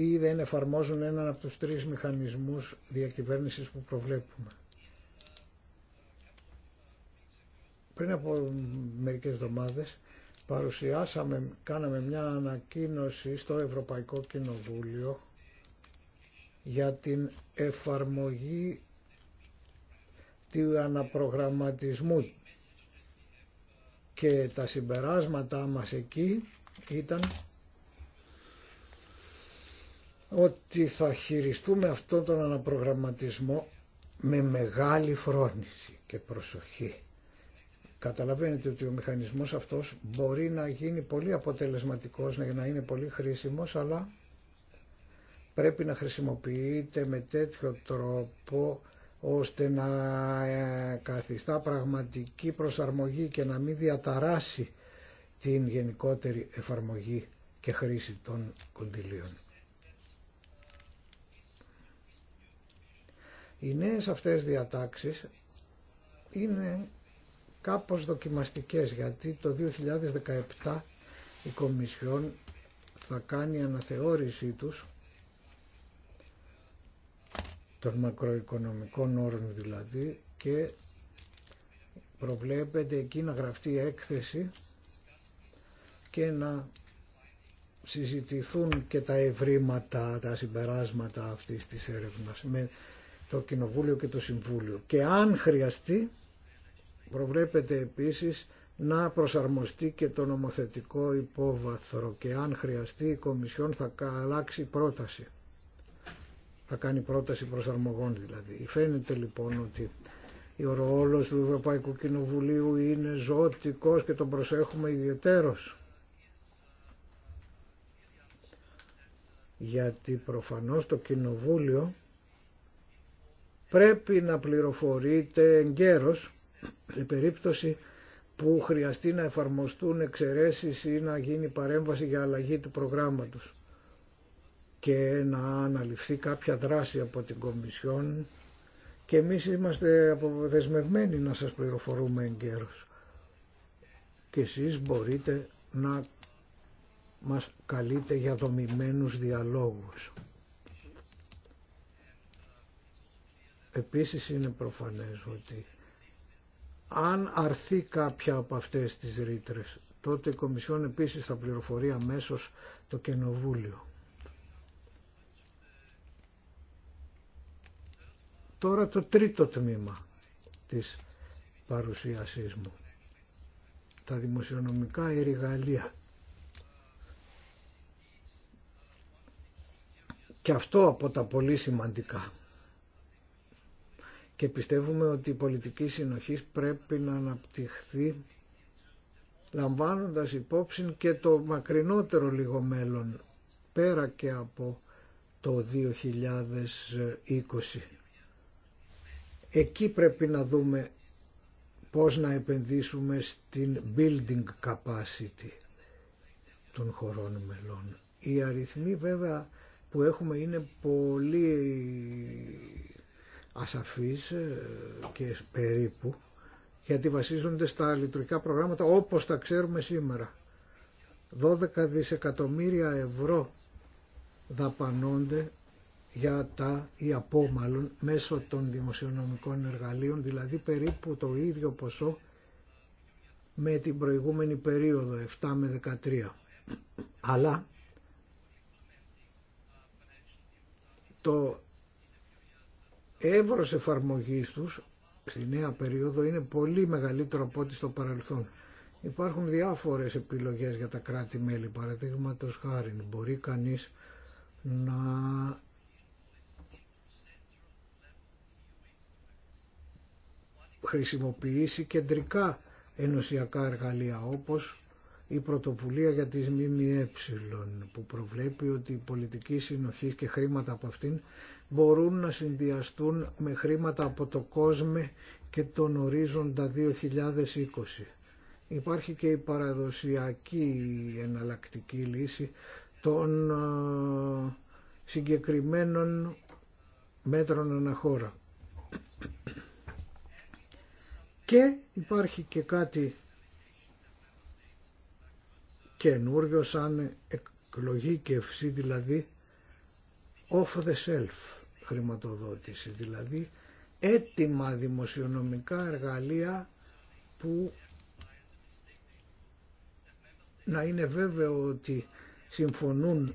ή δεν εφαρμόζουν έναν από τους τρεις μηχανισμούς διακυβέρνησης που προβλέπουμε. Πριν από μερικές εβδομάδες παρουσιάσαμε, κάναμε μια ανακοίνωση στο Ευρωπαϊκό Κοινοβούλιο για την εφαρμογή του αναπρογραμματισμού και τα συμπεράσματά μας εκεί ήταν ότι θα χειριστούμε αυτόν τον αναπρογραμματισμό με μεγάλη φρόνηση και προσοχή. Καταλαβαίνετε ότι ο μηχανισμός αυτός μπορεί να γίνει πολύ αποτελεσματικός, να είναι πολύ χρήσιμος, αλλά πρέπει να χρησιμοποιείται με τέτοιο τρόπο ώστε να ε, καθιστά πραγματική προσαρμογή και να μην διαταράσει την γενικότερη εφαρμογή και χρήση των κοντιλίων. Οι νέες αυτές διατάξεις είναι κάπως δοκιμαστικές γιατί το 2017 η Κομισιόν θα κάνει αναθεώρησή τους των μακροοικονομικών όρων δηλαδή και προβλέπεται εκεί να γραφτεί έκθεση και να συζητηθούν και τα ευρήματα, τα συμπεράσματα αυτής της έρευνας το Κοινοβούλιο και το Συμβούλιο. Και αν χρειαστεί, προβλέπεται επίσης να προσαρμοστεί και το νομοθετικό υπόβαθρο και αν χρειαστεί η Κομισιόν θα αλλάξει πρόταση. Θα κάνει πρόταση προσαρμογών δηλαδή. Φαίνεται λοιπόν ότι ο ρόλος του Ευρωπαϊκού Κοινοβουλίου είναι ζωτικός και τον προσέχουμε ιδιαιτέρως. Γιατί προφανώς το Κοινοβούλιο πρέπει να πληροφορείτε εγκαίρως σε περίπτωση που χρειαστεί να εφαρμοστούν εξαιρέσεις ή να γίνει παρέμβαση για αλλαγή του προγράμματος και να αναλυφθεί κάποια δράση από την Κομισιόν και εμείς είμαστε αποδεσμευμένοι να σας πληροφορούμε εγκαίρως και εσείς μπορείτε να μας καλείτε για δομημένους διαλόγους. Επίσης είναι προφανές ότι αν αρθεί κάποια από αυτές τις ρήτρε, τότε η Κομισιόν επίσης θα πληροφορεί αμέσω το Κοινοβούλιο. Τώρα το τρίτο τμήμα της παρουσίασής μου. Τα δημοσιονομικά εργαλεία. Και αυτό από τα πολύ σημαντικά και πιστεύουμε ότι η πολιτική συνοχή πρέπει να αναπτυχθεί λαμβάνοντας υπόψη και το μακρινότερο λίγο μέλλον πέρα και από το 2020. Εκεί πρέπει να δούμε πώς να επενδύσουμε στην building capacity των χωρών μελών. Οι αριθμοί βέβαια που έχουμε είναι πολύ ασαφείς ε, και περίπου γιατί βασίζονται στα λειτουργικά προγράμματα όπως τα ξέρουμε σήμερα. 12 δισεκατομμύρια ευρώ δαπανώνται για τα ή από μάλλον μέσω των δημοσιονομικών εργαλείων, δηλαδή περίπου το ίδιο ποσό με την προηγούμενη περίοδο 7 με 13. Αλλά το εύρος εφαρμογής τους στη νέα περίοδο είναι πολύ μεγαλύτερο από ό,τι στο παρελθόν. Υπάρχουν διάφορες επιλογές για τα κράτη-μέλη, παραδείγματος χάρη. Μπορεί κανείς να χρησιμοποιήσει κεντρικά ενωσιακά εργαλεία όπως η πρωτοβουλία για τις ΜΜΕ που προβλέπει ότι η πολιτική συνοχή και χρήματα από αυτήν μπορούν να συνδυαστούν με χρήματα από το κόσμο και τον ορίζοντα 2020. Υπάρχει και η παραδοσιακή εναλλακτική λύση των ε, συγκεκριμένων μέτρων αναχώρα. Και υπάρχει και κάτι καινούριο σαν εκλογή και ευσύ δηλαδή off the self χρηματοδότηση, δηλαδή έτοιμα δημοσιονομικά εργαλεία που να είναι βέβαιο ότι συμφωνούν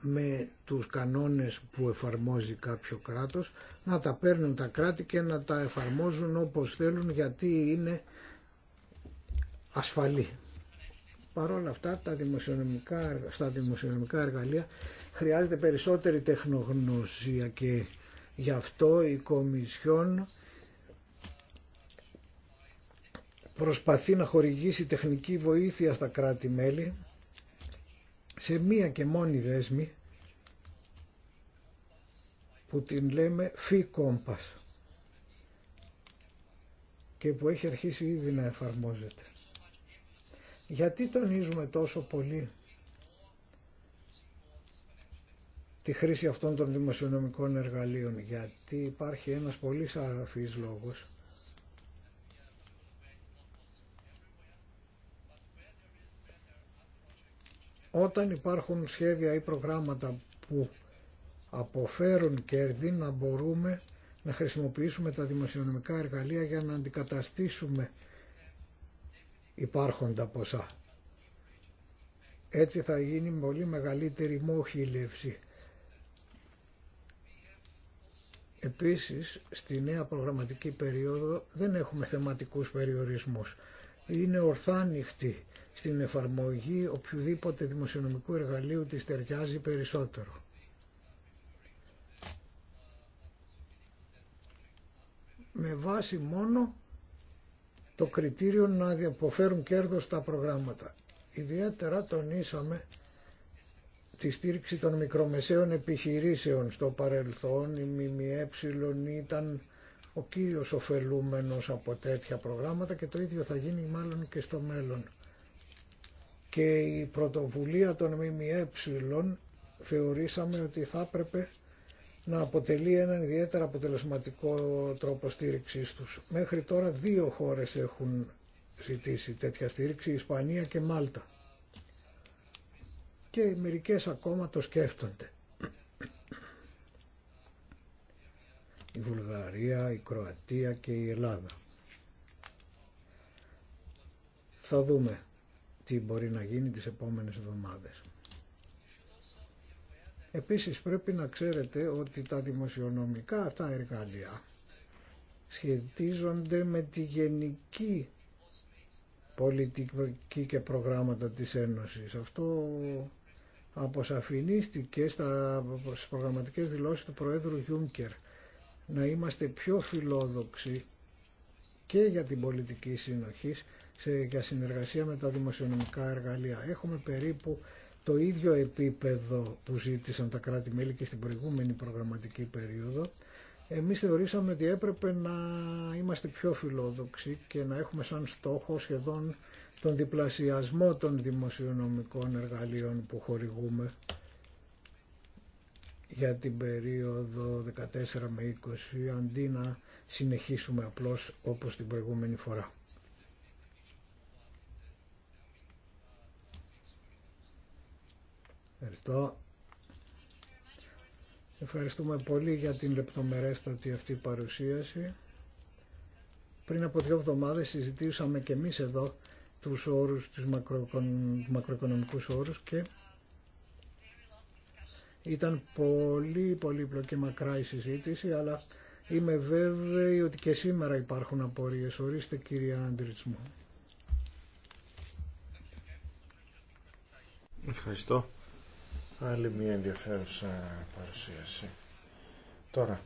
με τους κανόνες που εφαρμόζει κάποιο κράτος, να τα παίρνουν τα κράτη και να τα εφαρμόζουν όπως θέλουν γιατί είναι ασφαλή. Παρ' όλα αυτά τα δημοσιονομικά, στα δημοσιονομικά εργαλεία χρειάζεται περισσότερη τεχνογνωσία και γι' αυτό η Κομισιόν προσπαθεί να χορηγήσει τεχνική βοήθεια στα κράτη-μέλη σε μία και μόνη δέσμη που την λέμε Φι Κόμπας και που έχει αρχίσει ήδη να εφαρμόζεται. Γιατί τονίζουμε τόσο πολύ τη χρήση αυτών των δημοσιονομικών εργαλείων, γιατί υπάρχει ένας πολύ σαφής λόγος. Όταν υπάρχουν σχέδια ή προγράμματα που αποφέρουν κέρδη, να μπορούμε να χρησιμοποιήσουμε τα δημοσιονομικά εργαλεία για να αντικαταστήσουμε υπάρχοντα ποσά. Έτσι θα γίνει πολύ μεγαλύτερη μόχυλευση. Επίσης, στη νέα προγραμματική περίοδο δεν έχουμε θεματικούς περιορισμούς. Είναι ορθάνυχτη στην εφαρμογή οποιοδήποτε δημοσιονομικού εργαλείου της ταιριάζει περισσότερο. Με βάση μόνο το κριτήριο να αποφέρουν κέρδος στα προγράμματα. Ιδιαίτερα τονίσαμε τη στήριξη των μικρομεσαίων επιχειρήσεων στο παρελθόν. Η ΜΜΕ ήταν ο κύριος ωφελούμενος από τέτοια προγράμματα και το ίδιο θα γίνει μάλλον και στο μέλλον. Και η πρωτοβουλία των ΜΜΕ θεωρήσαμε ότι θα έπρεπε να αποτελεί έναν ιδιαίτερα αποτελεσματικό τρόπο στήριξής τους. Μέχρι τώρα δύο χώρες έχουν ζητήσει τέτοια στήριξη, Ισπανία και Μάλτα. Και μερικές ακόμα το σκέφτονται. Η Βουλγαρία, η Κροατία και η Ελλάδα. Θα δούμε τι μπορεί να γίνει τις επόμενες εβδομάδες. Επίσης πρέπει να ξέρετε ότι τα δημοσιονομικά αυτά εργαλεία σχετίζονται με τη γενική πολιτική και προγράμματα της Ένωσης. Αυτό αποσαφηνίστηκε στα προγραμματικές δηλώσεις του Προέδρου Γιούνκερ να είμαστε πιο φιλόδοξοι και για την πολιτική συνοχή για συνεργασία με τα δημοσιονομικά εργαλεία. Έχουμε περίπου το ίδιο επίπεδο που ζήτησαν τα κράτη-μέλη και στην προηγούμενη προγραμματική περίοδο, εμείς θεωρήσαμε ότι έπρεπε να είμαστε πιο φιλόδοξοι και να έχουμε σαν στόχο σχεδόν τον διπλασιασμό των δημοσιονομικών εργαλείων που χορηγούμε για την περίοδο 14 με 20 αντί να συνεχίσουμε απλώς όπως την προηγούμενη φορά. Ευχαριστώ. Ευχαριστούμε πολύ για την λεπτομερέστατη αυτή παρουσίαση. Πριν από δύο εβδομάδες συζητήσαμε και εμείς εδώ τους όρους, τους μακροοικονομικούς όρους και ήταν πολύ πολύ πλοκή μακρά η συζήτηση, αλλά είμαι βέβαιη ότι και σήμερα υπάρχουν απορίες. Ορίστε κύριε Άντριτσμό. Ευχαριστώ. Άλλη μια ενδιαφέρουσα παρουσίαση. Τώρα,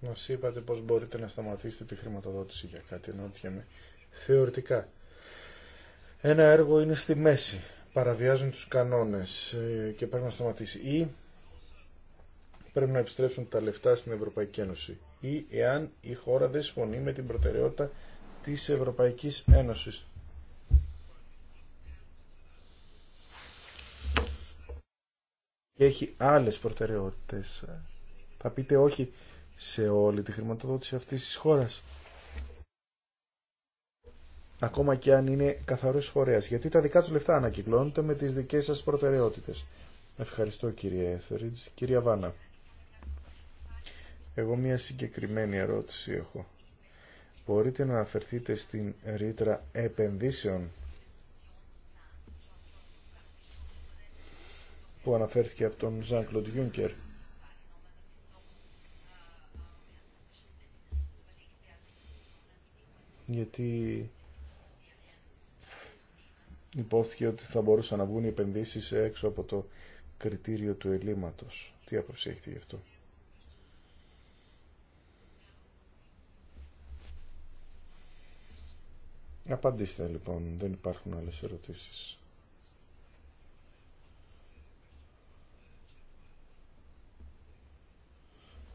μα είπατε πώς μπορείτε να σταματήσετε τη χρηματοδότηση για κάτι, ενώ θεωρητικά. Ένα έργο είναι στη μέση, παραβιάζουν τους κανόνες ε, και πρέπει να σταματήσει. Ή πρέπει να επιστρέψουν τα λεφτά στην Ευρωπαϊκή Ένωση. Ή εάν η χώρα δεν συμφωνεί με την προτεραιότητα της Ευρωπαϊκής Ένωσης. και έχει άλλες προτεραιότητες. Θα πείτε όχι σε όλη τη χρηματοδότηση αυτής της χώρας. Ακόμα και αν είναι καθαρός φορέας, γιατί τα δικά του λεφτά ανακυκλώνονται με τις δικές σας προτεραιότητες. Ευχαριστώ κύριε Έθεριτς. Κυρία Βάνα, εγώ μια συγκεκριμένη ερώτηση έχω. Μπορείτε να αναφερθείτε στην ρήτρα επενδύσεων που αναφέρθηκε από τον Ζαν Κλοντ Γιούνκερ. Γιατί υπόθηκε ότι θα μπορούσαν να βγουν οι επενδύσεις έξω από το κριτήριο του ελλείμματος. Τι άποψη έχετε γι' αυτό. Απαντήστε λοιπόν, δεν υπάρχουν άλλες ερωτήσεις.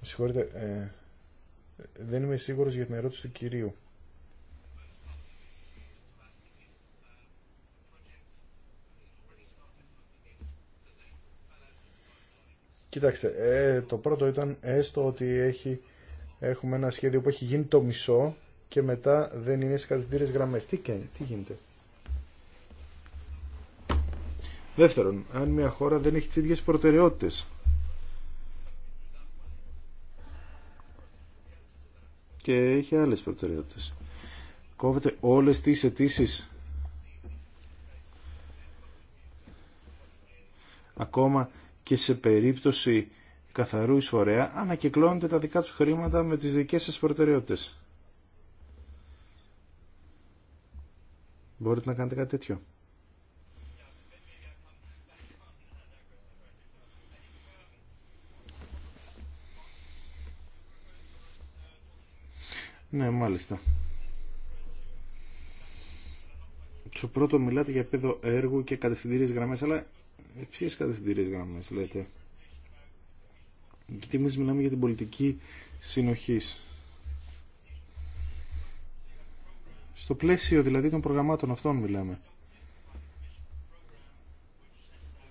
Με συγχωρείτε, ε, δεν είμαι σίγουρος για την ερώτηση του κυρίου. Κοιτάξτε, ε, το πρώτο ήταν έστω ότι έχει, έχουμε ένα σχέδιο που έχει γίνει το μισό και μετά δεν είναι σε γραμμέ. γραμμές. Τι, τι γίνεται. Δεύτερον, αν μια χώρα δεν έχει τις ίδιες προτεραιότητες και έχει άλλες προτεραιότητες. Κόβεται όλες τις αιτήσει. Ακόμα και σε περίπτωση καθαρού εισφορέα ανακυκλώνετε τα δικά τους χρήματα με τις δικές σας προτεραιότητες. Μπορείτε να κάνετε κάτι τέτοιο. Ναι, μάλιστα. Στο πρώτο μιλάτε για επίπεδο έργου και κατευθυντήριες γραμμές, αλλά ποιες κατευθυντήριες γραμμές λέτε. Γιατί εμείς μιλάμε για την πολιτική συνοχής. Στο πλαίσιο δηλαδή των προγραμμάτων αυτών μιλάμε.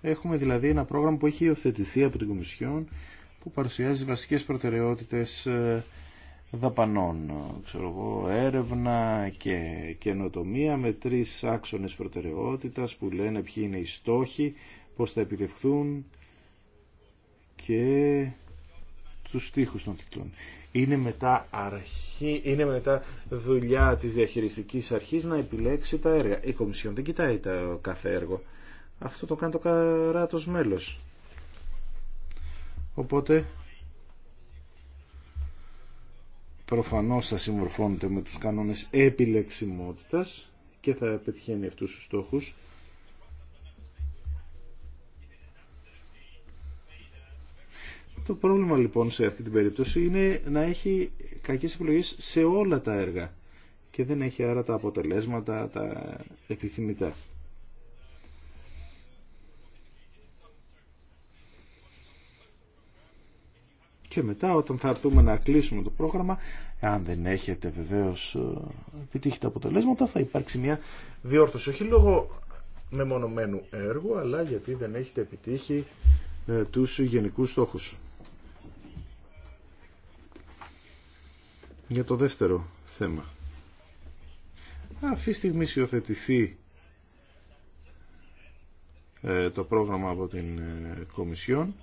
Έχουμε δηλαδή ένα πρόγραμμα που έχει υιοθετηθεί από την Κομισιόν που παρουσιάζει βασικές προτεραιότητες ε, δαπανών, ξέρω εγώ, έρευνα και καινοτομία με τρεις άξονες προτεραιότητας που λένε ποιοι είναι οι στόχοι, πώς θα επιτευχθούν και τους στίχους των τίτλων. Είναι μετά, αρχή, είναι μετά δουλειά της διαχειριστικής αρχής να επιλέξει τα έργα. Η Κομισιόν δεν κοιτάει το κάθε έργο. Αυτό το κάνει το καράτος μέλος. Οπότε προφανώς θα συμμορφώνεται με τους κανόνες επιλεξιμότητας και θα πετυχαίνει αυτούς τους στόχους. Το πρόβλημα λοιπόν σε αυτή την περίπτωση είναι να έχει κακές επιλογές σε όλα τα έργα και δεν έχει άρα τα αποτελέσματα τα επιθυμητά. και μετά όταν θα έρθουμε να κλείσουμε το πρόγραμμα, αν δεν έχετε βεβαίως ε, επιτύχει τα αποτελέσματα, θα υπάρξει μια διόρθωση. Όχι λόγω μεμονωμένου έργου, αλλά γιατί δεν έχετε επιτύχει ε, τους γενικούς στόχους. Για το δεύτερο θέμα. Αυτή τη στιγμή σιωθετηθεί ε, το πρόγραμμα από την ε, Κομισιόν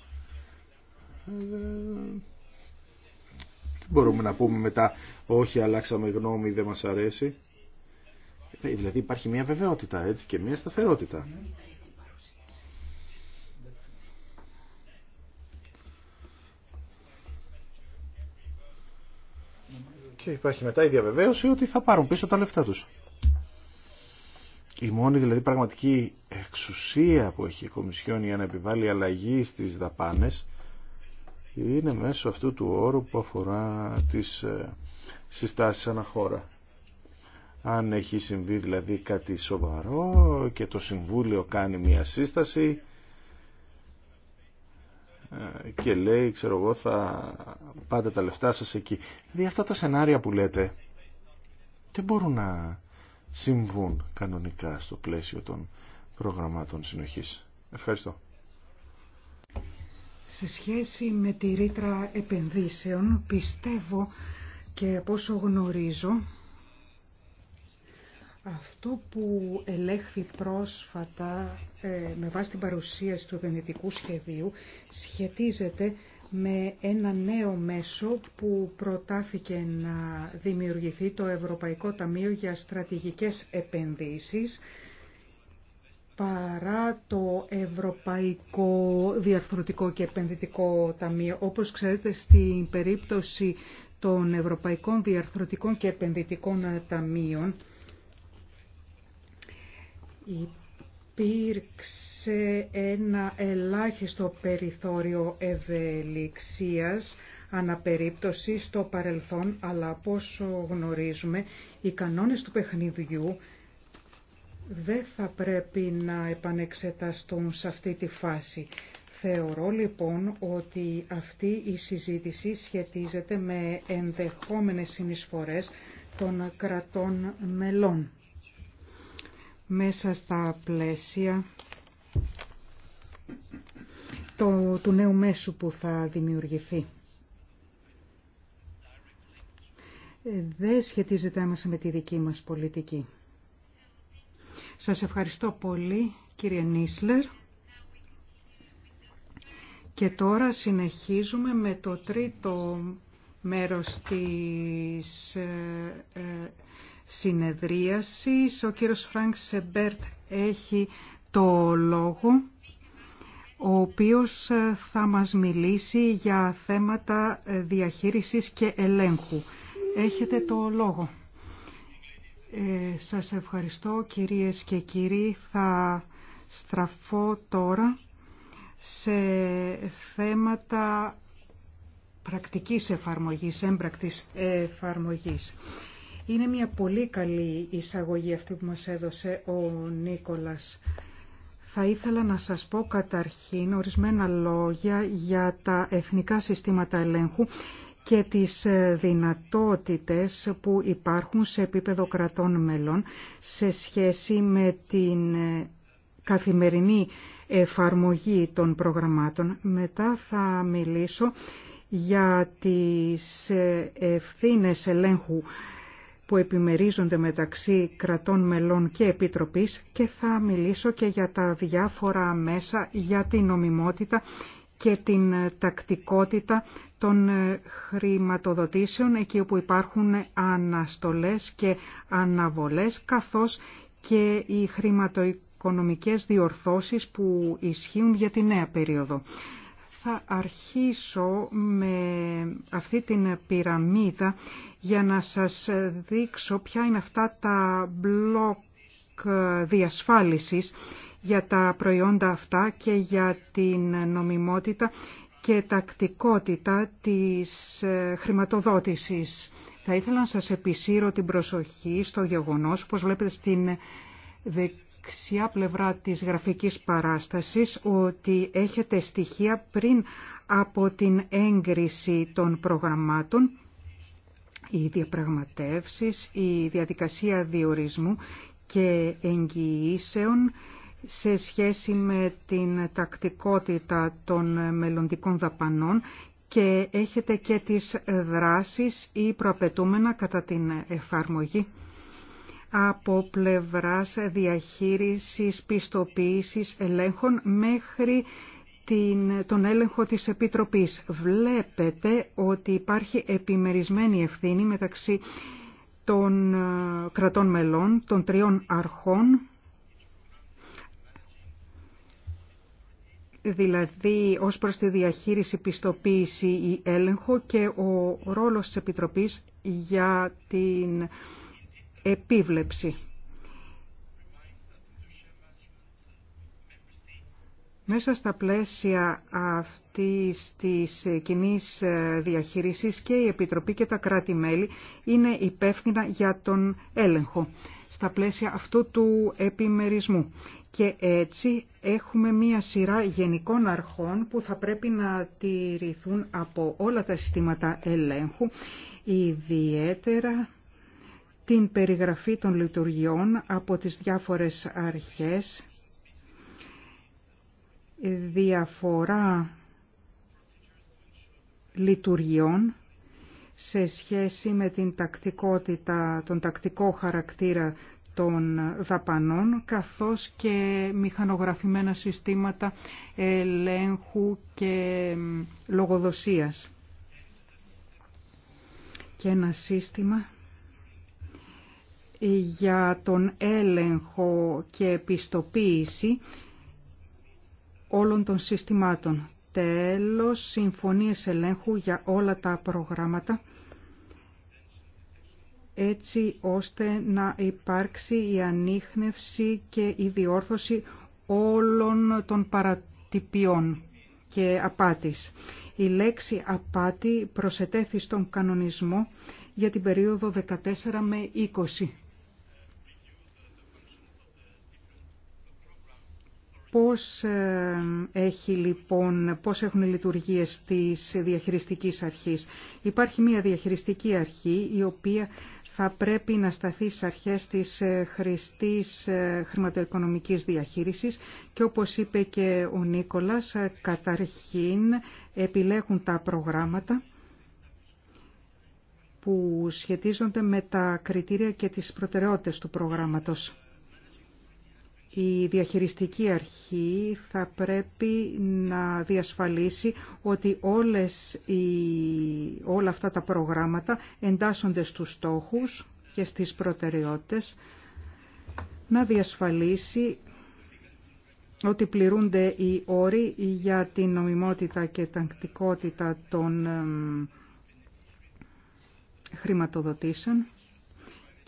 δεν μπορούμε να πούμε μετά όχι αλλάξαμε γνώμη, δεν μας αρέσει. Ε, δηλαδή υπάρχει μια βεβαιότητα έτσι και μια σταθερότητα. Και υπάρχει μετά η διαβεβαίωση ότι θα πάρουν πίσω τα λεφτά τους. Η μόνη δηλαδή πραγματική εξουσία που έχει η Κομισιόν για να επιβάλλει αλλαγή στις δαπάνες είναι μέσω αυτού του όρου που αφορά τις ε, συστάσεις χώρα. Αν έχει συμβεί δηλαδή κάτι σοβαρό και το Συμβούλιο κάνει μια σύσταση ε, και λέει, ξέρω εγώ, θα πάτε τα λεφτά σας εκεί. Δηλαδή αυτά τα σενάρια που λέτε δεν μπορούν να συμβούν κανονικά στο πλαίσιο των προγραμμάτων συνοχής. Ευχαριστώ. Σε σχέση με τη ρήτρα επενδύσεων, πιστεύω και από γνωρίζω, αυτό που ελέγχθη πρόσφατα ε, με βάση την παρουσίαση του επενδυτικού σχεδίου σχετίζεται με ένα νέο μέσο που προτάθηκε να δημιουργηθεί το Ευρωπαϊκό Ταμείο για Στρατηγικές Επενδύσεις παρά το Ευρωπαϊκό Διαρθρωτικό και Επενδυτικό Ταμείο. Όπως ξέρετε, στην περίπτωση των Ευρωπαϊκών Διαρθρωτικών και Επενδυτικών Ταμείων υπήρξε ένα ελάχιστο περιθώριο ευελιξίας αναπερίπτωση στο παρελθόν, αλλά όπως γνωρίζουμε, οι κανόνες του παιχνιδιού δεν θα πρέπει να επανεξεταστούν σε αυτή τη φάση. Θεωρώ λοιπόν ότι αυτή η συζήτηση σχετίζεται με ενδεχόμενες συνεισφορές των κρατών μελών μέσα στα πλαίσια του νέου μέσου που θα δημιουργηθεί. Ε, δεν σχετίζεται άμεσα με τη δική μας πολιτική. Σας ευχαριστώ πολύ κύριε Νίσλερ. Και τώρα συνεχίζουμε με το τρίτο μέρος της ε, ε, συνεδρίασης. Ο κύριος Φρανκ Σεμπέρτ έχει το λόγο, ο οποίος ε, θα μας μιλήσει για θέματα διαχείρισης και ελέγχου. Έχετε το λόγο. Ε, σας ευχαριστώ κυρίες και κύριοι. Θα στραφώ τώρα σε θέματα πρακτικής εφαρμογής, έμπρακτης εφαρμογής. Είναι μια πολύ καλή εισαγωγή αυτή που μας έδωσε ο Νίκολας. Θα ήθελα να σας πω καταρχήν ορισμένα λόγια για τα εθνικά συστήματα ελέγχου και τις ε, δυνατότητες που υπάρχουν σε επίπεδο κρατών μελών σε σχέση με την ε, καθημερινή εφαρμογή των προγραμμάτων. Μετά θα μιλήσω για τις ε, ευθύνες ελέγχου που επιμερίζονται μεταξύ κρατών μελών και επιτροπής και θα μιλήσω και για τα διάφορα μέσα για την νομιμότητα και την τακτικότητα των ε, χρηματοδοτήσεων εκεί όπου υπάρχουν αναστολές και αναβολές καθώς και οι χρηματοοικονομικές διορθώσεις που ισχύουν για τη νέα περίοδο. Θα αρχίσω με αυτή την πυραμίδα για να σας δείξω ποια είναι αυτά τα μπλοκ διασφάλισης για τα προϊόντα αυτά και για την νομιμότητα και τακτικότητα της ε, χρηματοδότησης. Θα ήθελα να σας επισύρω την προσοχή στο γεγονός, όπως βλέπετε στην δεξιά πλευρά της γραφικής παράστασης, ότι έχετε στοιχεία πριν από την έγκριση των προγραμμάτων, οι διαπραγματεύσεις, η διαδικασία διορισμού και εγγυήσεων σε σχέση με την τακτικότητα των μελλοντικών δαπανών και έχετε και τις δράσεις ή προαπαιτούμενα κατά την εφαρμογή από πλευράς διαχείρισης, πιστοποίησης, ελέγχων μέχρι την, τον έλεγχο της Επιτροπής. Βλέπετε ότι υπάρχει επιμερισμένη ευθύνη μεταξύ των ε, κρατών μελών, των τριών αρχών δηλαδή ως προς τη διαχείριση, πιστοποίηση ή έλεγχο και ο ρόλος της Επιτροπής για την επίβλεψη. Μέσα στα πλαίσια αυτής της κοινή διαχείρισης και η Επιτροπή και τα κράτη-μέλη είναι υπεύθυνα για τον έλεγχο στα πλαίσια αυτού του επιμερισμού. Και έτσι έχουμε μία σειρά γενικών αρχών που θα πρέπει να τηρηθούν από όλα τα συστήματα ελέγχου, ιδιαίτερα την περιγραφή των λειτουργιών από τις διάφορες αρχές, διαφορά λειτουργιών σε σχέση με την τακτικότητα, τον τακτικό χαρακτήρα των δαπανών καθώς και μηχανογραφημένα συστήματα ελέγχου και λογοδοσίας. Και ένα σύστημα για τον έλεγχο και επιστοποίηση όλων των συστημάτων. Τέλος, συμφωνίες ελέγχου για όλα τα προγράμματα έτσι ώστε να υπάρξει η ανείχνευση και η διόρθωση όλων των παρατυπιών και απάτης. Η λέξη απάτη προσετέθη στον κανονισμό για την περίοδο 14 με 20. Πώς, ε, έχει, λοιπόν, πώς έχουν οι λειτουργίες της διαχειριστικής αρχής. Υπάρχει μια διαχειριστική αρχή η οποία θα πρέπει να σταθεί στις αρχές της ε, χρηστής ε, χρηματοοικονομικής διαχείρισης και όπως είπε και ο Νίκολας, ε, καταρχήν επιλέγουν τα προγράμματα που σχετίζονται με τα κριτήρια και τις προτεραιότητες του προγράμματος. Η διαχειριστική αρχή θα πρέπει να διασφαλίσει ότι όλες οι, όλα αυτά τα προγράμματα εντάσσονται στους στόχους και στις προτεραιότητες, να διασφαλίσει ότι πληρούνται οι όροι για την νομιμότητα και τακτικότητα των χρηματοδοτήσεων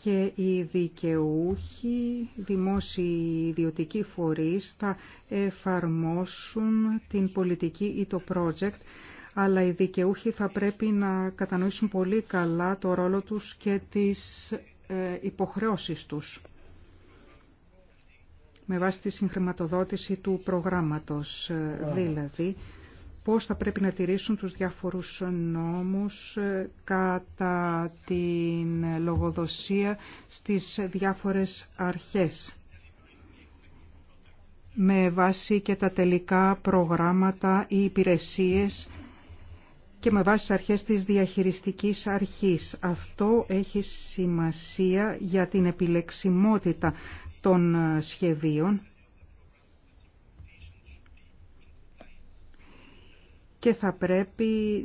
και οι δικαιούχοι, δημόσιοι ιδιωτικοί φορείς θα εφαρμόσουν την πολιτική ή το project, αλλά οι δικαιούχοι θα πρέπει να κατανοήσουν πολύ καλά το ρόλο τους και τις ε, υποχρεώσεις τους με βάση τη συγχρηματοδότηση του προγράμματος, ε, δηλαδή πώς θα πρέπει να τηρήσουν τους διάφορους νόμους ε, κατά την λογοδοσία στις διάφορες αρχές με βάση και τα τελικά προγράμματα ή υπηρεσίες και με βάση τις αρχές της διαχειριστικής αρχής. Αυτό έχει σημασία για την επιλεξιμότητα των ε, σχεδίων και θα πρέπει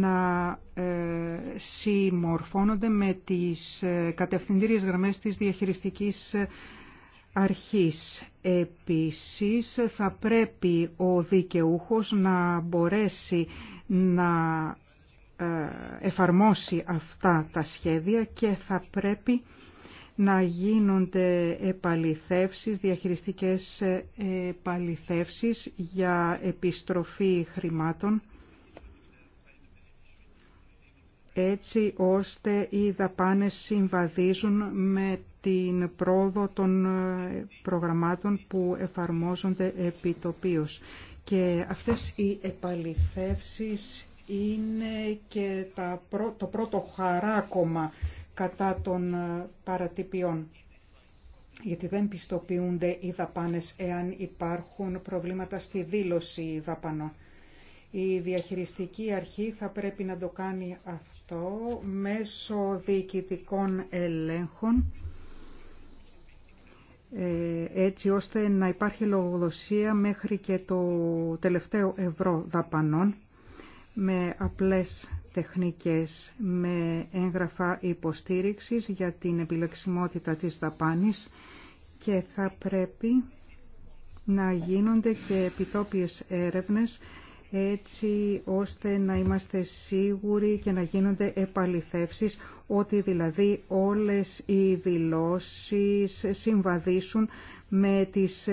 να ε, συμμορφώνονται με τις ε, κατευθυντήριες γραμμές της διαχειριστικής αρχής. Επίσης θα πρέπει ο δικαιούχος να μπορέσει να ε, εφαρμόσει αυτά τα σχέδια και θα πρέπει να γίνονται επαληθεύσεις, διαχειριστικές επαληθεύσεις για επιστροφή χρημάτων έτσι ώστε οι δαπάνες συμβαδίζουν με την πρόοδο των προγραμμάτων που εφαρμόζονται επιτοπίως. Και αυτές οι επαληθεύσεις είναι και το πρώτο χαράκομα κατά των ε, παρατυπιών γιατί δεν πιστοποιούνται οι δαπάνες εάν υπάρχουν προβλήματα στη δήλωση δαπανών. Η διαχειριστική αρχή θα πρέπει να το κάνει αυτό μέσω διοικητικών ελέγχων ε, έτσι ώστε να υπάρχει λογοδοσία μέχρι και το τελευταίο ευρώ δαπανών με απλές τεχνικές με έγγραφα υποστήριξης για την επιλεξιμότητα της δαπάνης και θα πρέπει να γίνονται και επιτόπιες έρευνες έτσι ώστε να είμαστε σίγουροι και να γίνονται επαληθεύσεις ότι δηλαδή όλες οι δηλώσεις συμβαδίσουν με τις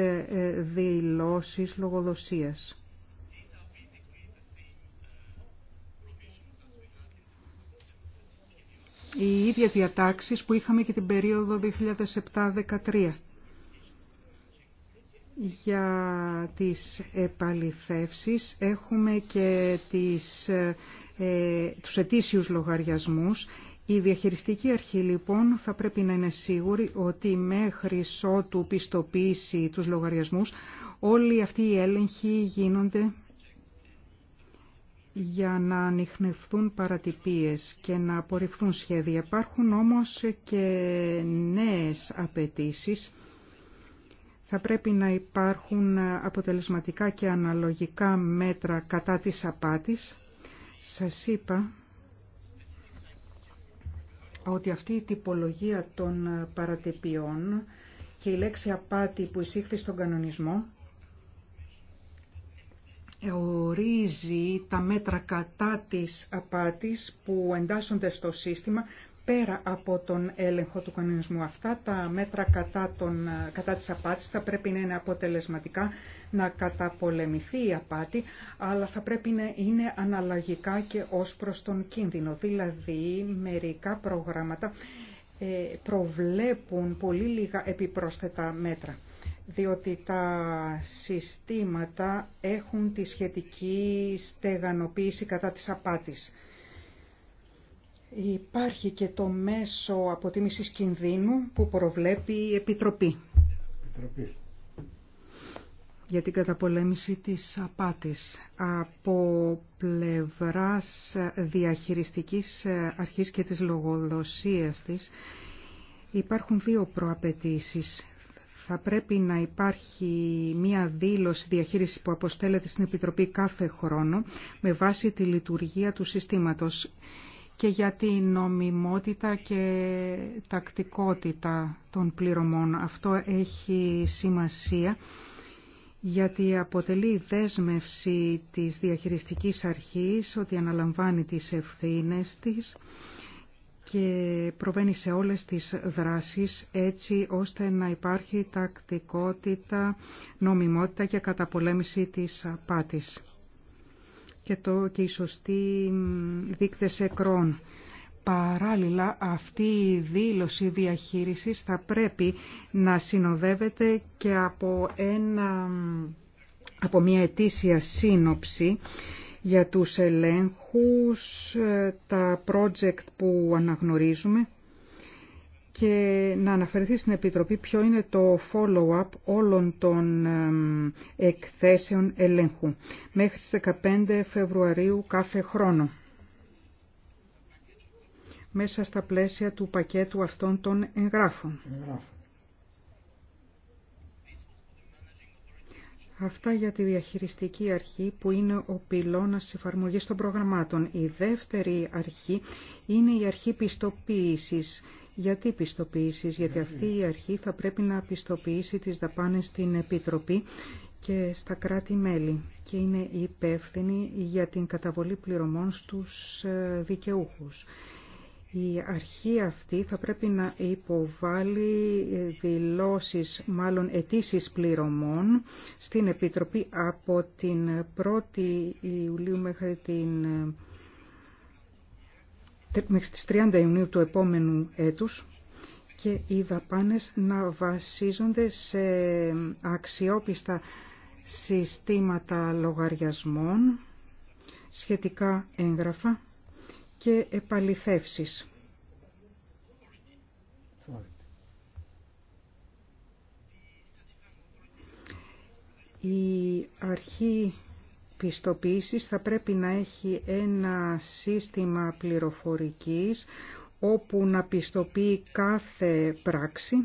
δηλώσεις λογοδοσίας. οι ίδιες διατάξεις που είχαμε και την περίοδο 2007-2013 για τις επαληθεύσεις έχουμε και τις, ε, τους ετήσιους λογαριασμούς. Η διαχειριστική αρχή λοιπόν θα πρέπει να είναι σίγουρη ότι μέχρι ότου πιστοποίηση τους λογαριασμούς όλοι αυτοί οι έλεγχοι γίνονται για να ανοιχνευθούν παρατυπίες και να απορριφθούν σχέδια. Υπάρχουν όμως και νέες απαιτήσει. Θα πρέπει να υπάρχουν αποτελεσματικά και αναλογικά μέτρα κατά της απάτης. Σας είπα ότι αυτή η τυπολογία των παρατυπιών και η λέξη απάτη που εισήχθη στον κανονισμό ορίζει τα μέτρα κατά της απάτης που εντάσσονται στο σύστημα πέρα από τον έλεγχο του κανονισμού. Αυτά τα μέτρα κατά, τον, κατά της απάτης θα πρέπει να είναι αποτελεσματικά να καταπολεμηθεί η απάτη, αλλά θα πρέπει να είναι αναλλαγικά και ως προς τον κίνδυνο. Δηλαδή, μερικά προγράμματα ε, προβλέπουν πολύ λίγα επιπρόσθετα μέτρα διότι τα συστήματα έχουν τη σχετική στεγανοποίηση κατά της απάτης. Υπάρχει και το μέσο αποτίμησης κινδύνου που προβλέπει η Επιτροπή. Επιτροπή. Για την καταπολέμηση της απάτης. Από πλευράς διαχειριστικής αρχής και της λογοδοσίας της υπάρχουν δύο προαπαιτήσεις θα πρέπει να υπάρχει μία δήλωση διαχείριση που αποστέλλεται στην Επιτροπή κάθε χρόνο με βάση τη λειτουργία του συστήματος και για τη νομιμότητα και τακτικότητα των πληρωμών. Αυτό έχει σημασία γιατί αποτελεί δέσμευση της διαχειριστικής αρχής ότι αναλαμβάνει τις ευθύνες της και προβαίνει σε όλες τις δράσεις έτσι ώστε να υπάρχει τακτικότητα, νομιμότητα και καταπολέμηση της απάτης και, το, και οι σωστοί δείκτες εκρών. Παράλληλα, αυτή η δήλωση διαχείρισης θα πρέπει να συνοδεύεται και από, ένα, από μια ετήσια σύνοψη για τους ελέγχους, ε, τα project που αναγνωρίζουμε και να αναφερθεί στην Επιτροπή ποιο είναι το follow-up όλων των ε, εκθέσεων ελέγχου μέχρι τις 15 Φεβρουαρίου κάθε χρόνο μέσα στα πλαίσια του πακέτου αυτών των εγγράφων. Αυτά για τη διαχειριστική αρχή που είναι ο πυλώνας εφαρμογής των προγραμμάτων. Η δεύτερη αρχή είναι η αρχή πιστοποίησης. Γιατί πιστοποίησης, γιατί αυτή η αρχή θα πρέπει να πιστοποιήσει τις δαπάνες στην Επιτροπή και στα κράτη-μέλη και είναι υπεύθυνη για την καταβολή πληρωμών στους ε, δικαιούχους. Η αρχή αυτή θα πρέπει να υποβάλει ε, δηλώσεις, μάλλον αιτήσει πληρωμών στην Επιτροπή από την 1η Ιουλίου μέχρι την ε, μέχρι τις 30 Ιουνίου του επόμενου έτους και οι δαπάνες να βασίζονται σε αξιόπιστα συστήματα λογαριασμών, σχετικά έγγραφα και επαληθεύσεις. Η αρχή πιστοποίησης θα πρέπει να έχει ένα σύστημα πληροφορικής όπου να πιστοποιεί κάθε πράξη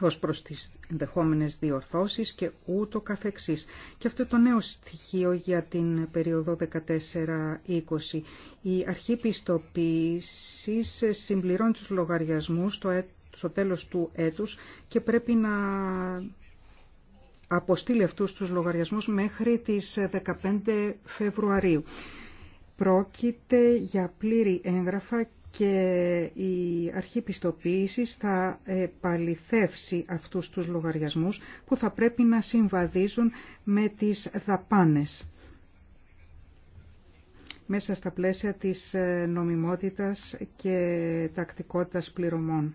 ως προς τις ενδεχόμενες διορθώσεις και ούτω καθεξής. Και αυτό το νέο στοιχείο για την περίοδο 14-20. Η αρχή πιστοποίησης συμπληρώνει τους λογαριασμούς στο, έ, τέλος του έτους και πρέπει να αποστείλει αυτούς τους λογαριασμούς μέχρι τις 15 Φεβρουαρίου. Πρόκειται για πλήρη έγγραφα και η αρχή πιστοποίησης θα παληθεύσει αυτούς τους λογαριασμούς που θα πρέπει να συμβαδίζουν με τις δαπάνες μέσα στα πλαίσια της ε, νομιμότητας και τακτικότητας πληρωμών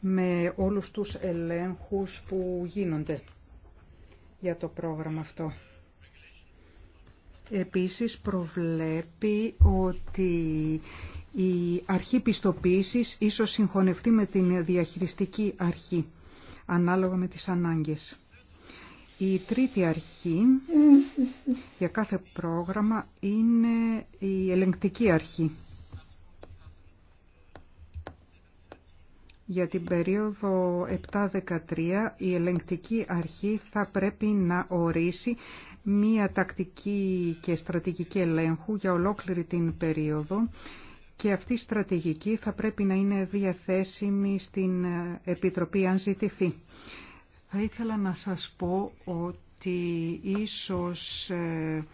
με όλους τους ελέγχους που γίνονται για το πρόγραμμα αυτό. Επίσης προβλέπει ότι η αρχή πιστοποίησης ίσως συγχωνευτεί με την διαχειριστική αρχή, ανάλογα με τις ανάγκες. Η τρίτη αρχή για κάθε πρόγραμμα είναι η ελεγκτική αρχή. Για την περίοδο 7-13 η ελεγκτική αρχή θα πρέπει να ορίσει μία τακτική και στρατηγική ελέγχου για ολόκληρη την περίοδο και αυτή η στρατηγική θα πρέπει να είναι διαθέσιμη στην Επιτροπή αν ζητηθεί. Θα ήθελα να σας πω ότι ίσως ε,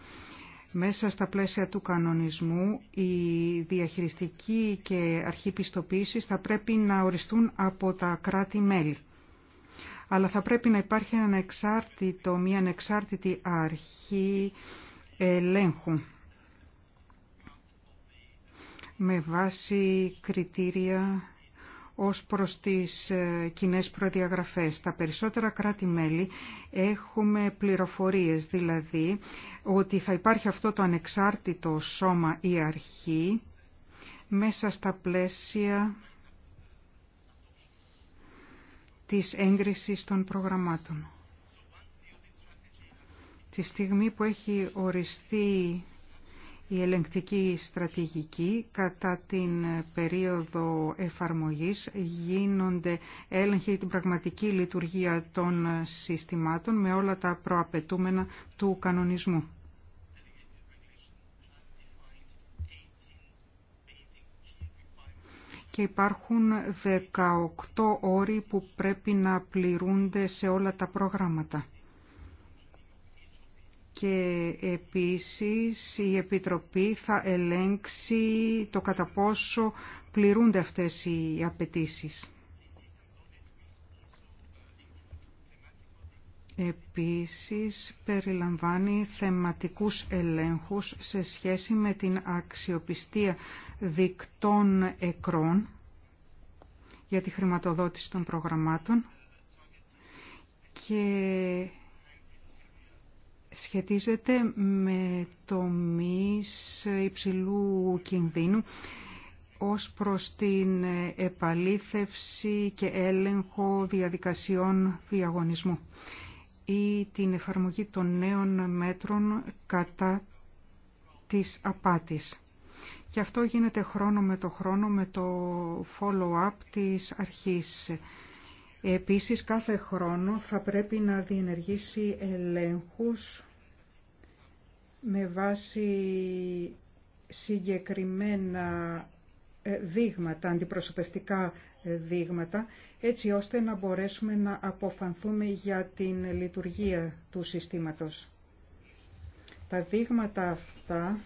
μέσα στα πλαίσια του κανονισμού η διαχειριστική και αρχή πιστοποίησης θα πρέπει να οριστούν από τα κράτη-μέλη αλλά θα πρέπει να υπάρχει ένα εξάρτητο, μια ανεξάρτητη αρχή ελέγχου με βάση κριτήρια ως προς τις ε, κοινέ προδιαγραφές. Τα περισσότερα κράτη-μέλη έχουμε πληροφορίες, δηλαδή ότι θα υπάρχει αυτό το ανεξάρτητο σώμα ή αρχή μέσα στα πλαίσια της έγκρισης των προγραμμάτων. Τη στιγμή που έχει οριστεί η ελεγκτική στρατηγική κατά την περίοδο εφαρμογής γίνονται έλεγχοι την πραγματική λειτουργία των συστημάτων με όλα τα προαπαιτούμενα του κανονισμού. και υπάρχουν 18 όροι που πρέπει να πληρούνται σε όλα τα προγράμματα. Και επίσης η Επιτροπή θα ελέγξει το κατά πόσο πληρούνται αυτές οι απαιτήσεις. Επίσης, περιλαμβάνει θεματικούς ελέγχους σε σχέση με την αξιοπιστία δικτών εκρών για τη χρηματοδότηση των προγραμμάτων και σχετίζεται με τομείς υψηλού κινδύνου ως προς την επαλήθευση και έλεγχο διαδικασιών διαγωνισμού ή την εφαρμογή των νέων μέτρων κατά της απάτης. Και αυτό γίνεται χρόνο με το χρόνο με το follow-up της αρχής. Επίσης κάθε χρόνο θα πρέπει να διενεργήσει ελέγχους με βάση συγκεκριμένα ε, δείγματα, αντιπροσωπευτικά δείγματα έτσι ώστε να μπορέσουμε να αποφανθούμε για την λειτουργία του συστήματος. Τα δείγματα αυτά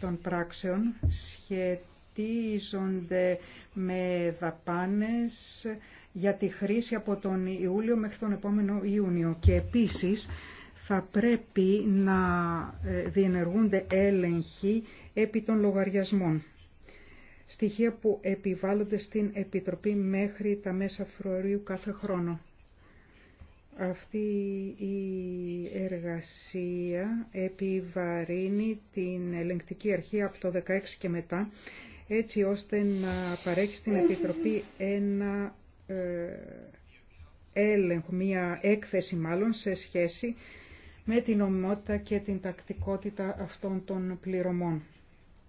των πράξεων σχετίζονται με δαπάνες για τη χρήση από τον Ιούλιο μέχρι τον επόμενο Ιούνιο και επίσης θα πρέπει να ε, διενεργούνται έλεγχοι επί των λογαριασμών στοιχεία που επιβάλλονται στην Επιτροπή μέχρι τα μέσα Φεβρουαρίου κάθε χρόνο. Αυτή η εργασία επιβαρύνει την ελεγκτική αρχή από το 16 και μετά, έτσι ώστε να παρέχει στην Επιτροπή ένα ε, έλεγχο, μία έκθεση μάλλον σε σχέση με την ομότητα και την τακτικότητα αυτών των πληρωμών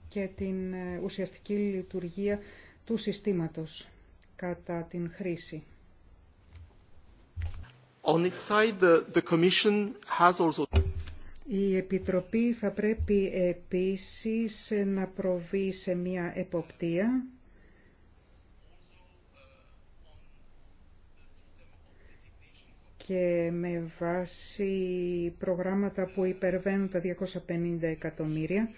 και την ε, ουσιαστική λειτουργία του συστήματος κατά την χρήση. Η Επιτροπή θα πρέπει επίσης να προβεί σε μια εποπτεία και με βάση προγράμματα που υπερβαίνουν τα 250 εκατομμύρια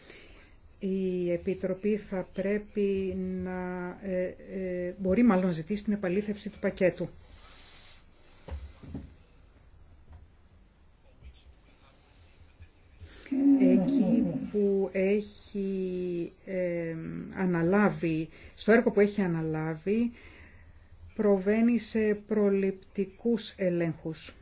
η Επιτροπή θα πρέπει να ε, ε, μπορεί μάλλον να ζητήσει την επαλήθευση του πακέτου. Εκεί που έχει ε, αναλάβει, στο έργο που έχει αναλάβει, προβαίνει σε προληπτικούς ελέγχους.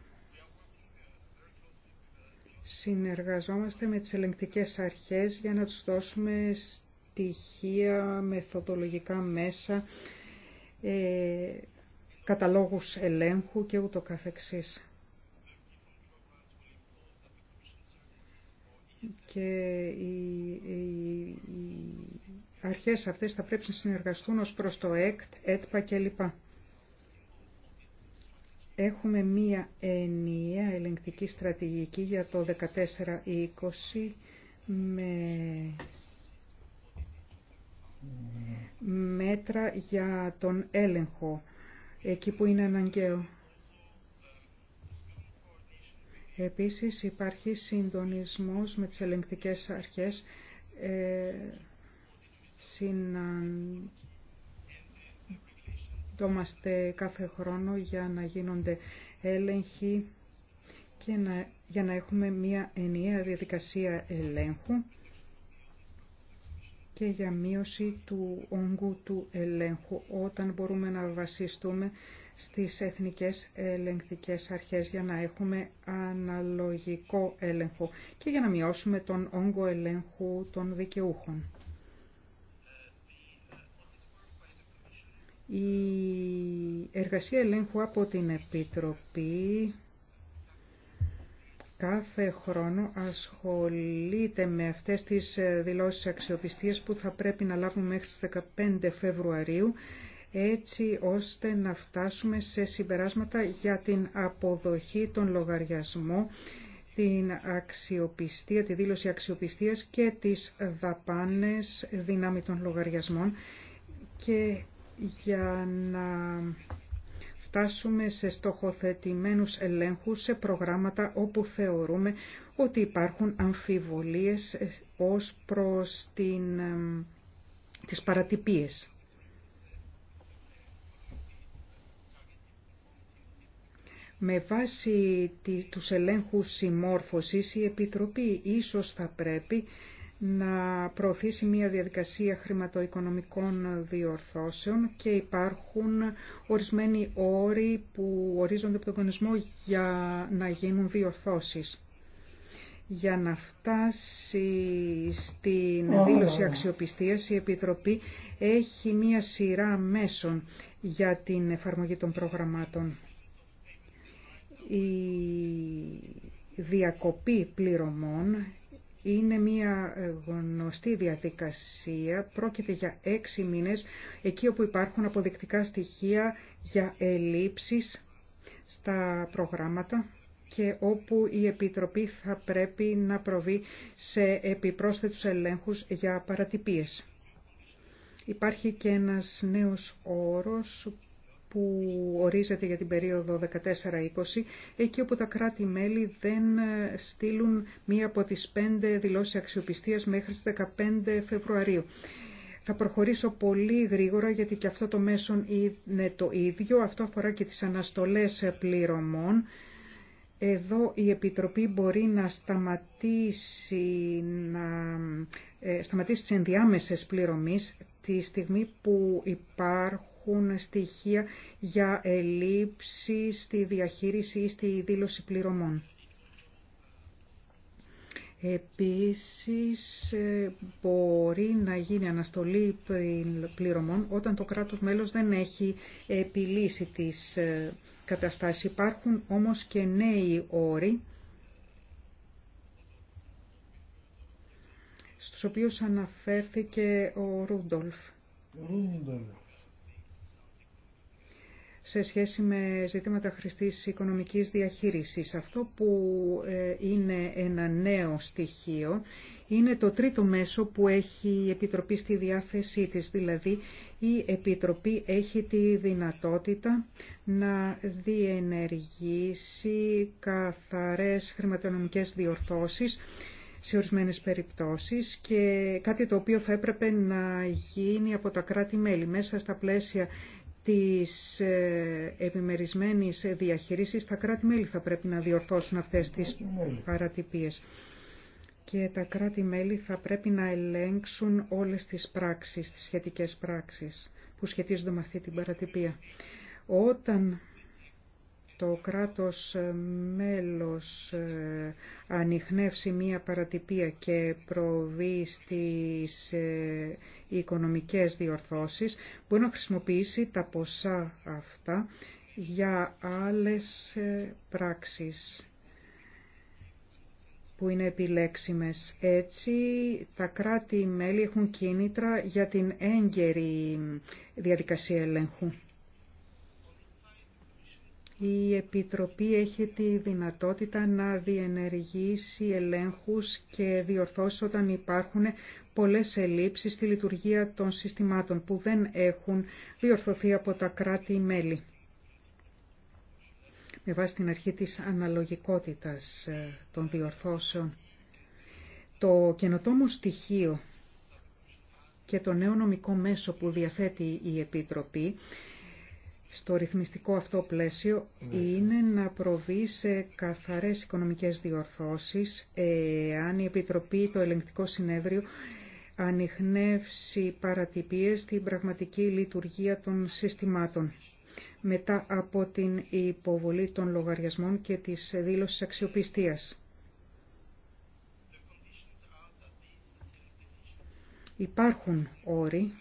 Συνεργαζόμαστε με τις ελεγκτικές αρχές για να τους δώσουμε στοιχεία, μεθοδολογικά μέσα, ε, καταλόγους ελέγχου και ούτω καθεξής. Και οι, οι, οι αρχές αυτές θα πρέπει να συνεργαστούν ως προς το ΕΚΤ, ΕΤΠΑ κλπ. Έχουμε μία ενιαία ελεγκτική στρατηγική για το 14-20 με μέτρα για τον έλεγχο, εκεί που είναι αναγκαίο. Επίσης υπάρχει συντονισμός με τις ελεγκτικές αρχές, ε, σκεφτόμαστε κάθε χρόνο για να γίνονται έλεγχοι και να, για να έχουμε μία ενιαία διαδικασία ελέγχου και για μείωση του όγκου του ελέγχου όταν μπορούμε να βασιστούμε στις εθνικές ελεγκτικές αρχές για να έχουμε αναλογικό έλεγχο και για να μειώσουμε τον όγκο ελέγχου των δικαιούχων. Η εργασία ελέγχου από την Επιτροπή κάθε χρόνο ασχολείται με αυτές τις δηλώσεις αξιοπιστίας που θα πρέπει να λάβουμε μέχρι τις 15 Φεβρουαρίου έτσι ώστε να φτάσουμε σε συμπεράσματα για την αποδοχή των λογαριασμών, την αξιοπιστία, τη δήλωση αξιοπιστίας και τις δαπάνες δυνάμει των λογαριασμών και για να φτάσουμε σε στοχοθετημένους ελέγχους σε προγράμματα όπου θεωρούμε ότι υπάρχουν αμφιβολίες ως προς την, τις παρατυπίες. Με βάση τους ελέγχους συμμόρφωσης η Επιτροπή ίσως θα πρέπει να προωθήσει μια διαδικασία χρηματοοικονομικών διορθώσεων και υπάρχουν ορισμένοι όροι που ορίζονται από τον κονισμό για να γίνουν διορθώσεις. Για να φτάσει στην δήλωση ναι. αξιοπιστίας, η Επιτροπή έχει μία σειρά μέσων για την εφαρμογή των προγραμμάτων. Η διακοπή πληρωμών είναι μια ε, γνωστή διαδικασία, πρόκειται για έξι μήνες, εκεί όπου υπάρχουν αποδεικτικά στοιχεία για ελλείψεις στα προγράμματα και όπου η Επιτροπή θα πρέπει να προβεί σε επιπρόσθετους ελέγχους για παρατυπίες. Υπάρχει και ένας νέος όρος που ορίζεται για την περίοδο 14-20, εκεί όπου τα κράτη-μέλη δεν στείλουν μία από τις πέντε δηλώσεις αξιοπιστίας μέχρι τις 15 Φεβρουαρίου. Θα προχωρήσω πολύ γρήγορα γιατί και αυτό το μέσο είναι το ίδιο. Αυτό αφορά και τις αναστολές πληρωμών. Εδώ η Επιτροπή μπορεί να σταματήσει, να, ε, σταματήσει τις ενδιάμεσες πληρωμής τη στιγμή που υπάρχουν υπάρχουν στοιχεία για ελλείψη στη διαχείριση ή στη δήλωση πληρωμών. Επίσης, ε, μπορεί να γίνει αναστολή πληρωμών όταν το κράτος μέλος δεν έχει επιλύσει τις ε, καταστάσεις. Υπάρχουν όμως και νέοι όροι, στους οποίους αναφέρθηκε ο Ρούντολφ. Ρούντολφ σε σχέση με ζητήματα χρηστής οικονομικής διαχείρισης. Αυτό που ε, είναι ένα νέο στοιχείο είναι το τρίτο μέσο που έχει η Επιτροπή στη διάθεσή της. Δηλαδή η Επιτροπή έχει τη δυνατότητα να διενεργήσει καθαρές χρηματονομικές διορθώσεις σε ορισμένες περιπτώσεις και κάτι το οποίο θα έπρεπε να γίνει από τα κράτη-μέλη μέσα στα πλαίσια τις ε, επιμερισμένες διαχειρίσεις τα κράτη-μέλη θα πρέπει να διορθώσουν αυτές τις παρατυπίες. Και τα κράτη-μέλη θα πρέπει να ελέγξουν όλες τις πράξεις, τις σχετικές πράξεις που σχετίζονται με αυτή την παρατυπία. Όταν το κράτος ε, μέλος ε, ανοιχνεύσει μία παρατυπία και προβεί στις οι οικονομικές διορθώσεις μπορεί να χρησιμοποιήσει τα ποσά αυτά για άλλες ε, πράξεις που είναι επιλέξιμες. Έτσι, τα κράτη-μέλη έχουν κίνητρα για την έγκαιρη διαδικασία ελέγχου η Επιτροπή έχει τη δυνατότητα να διενεργήσει ελέγχους και διορθώσει όταν υπάρχουν πολλές ελλείψεις στη λειτουργία των συστημάτων που δεν έχουν διορθωθεί από τα κράτη-μέλη. Με βάση την αρχή της αναλογικότητας ε, των διορθώσεων, το καινοτόμο στοιχείο και το νέο νομικό μέσο που διαθέτει η Επιτροπή στο ρυθμιστικό αυτό πλαίσιο ναι. είναι να προβεί σε καθαρές οικονομικές διορθώσεις αν η Επιτροπή, το Ελεγκτικό Συνέδριο ανοιχνεύσει παρατυπίες στην πραγματική λειτουργία των συστημάτων μετά από την υποβολή των λογαριασμών και της δήλωσης αξιοπιστίας. Υπάρχουν όροι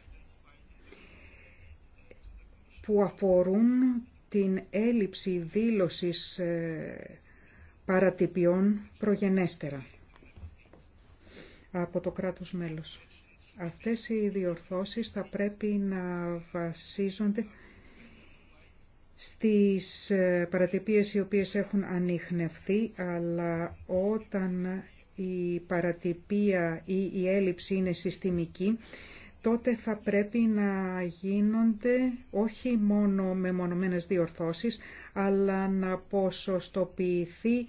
που αφορούν την έλλειψη δήλωσης ε, παρατυπιών προγενέστερα από το κράτος μέλος. Αυτές οι διορθώσεις θα πρέπει να βασίζονται στις ε, παρατυπίες οι οποίες έχουν ανοιχνευθεί, αλλά όταν η παρατυπία ή η έλλειψη είναι συστημική, τότε θα πρέπει να γίνονται όχι μόνο με μονομένες διορθώσεις, αλλά να ποσοστοποιηθεί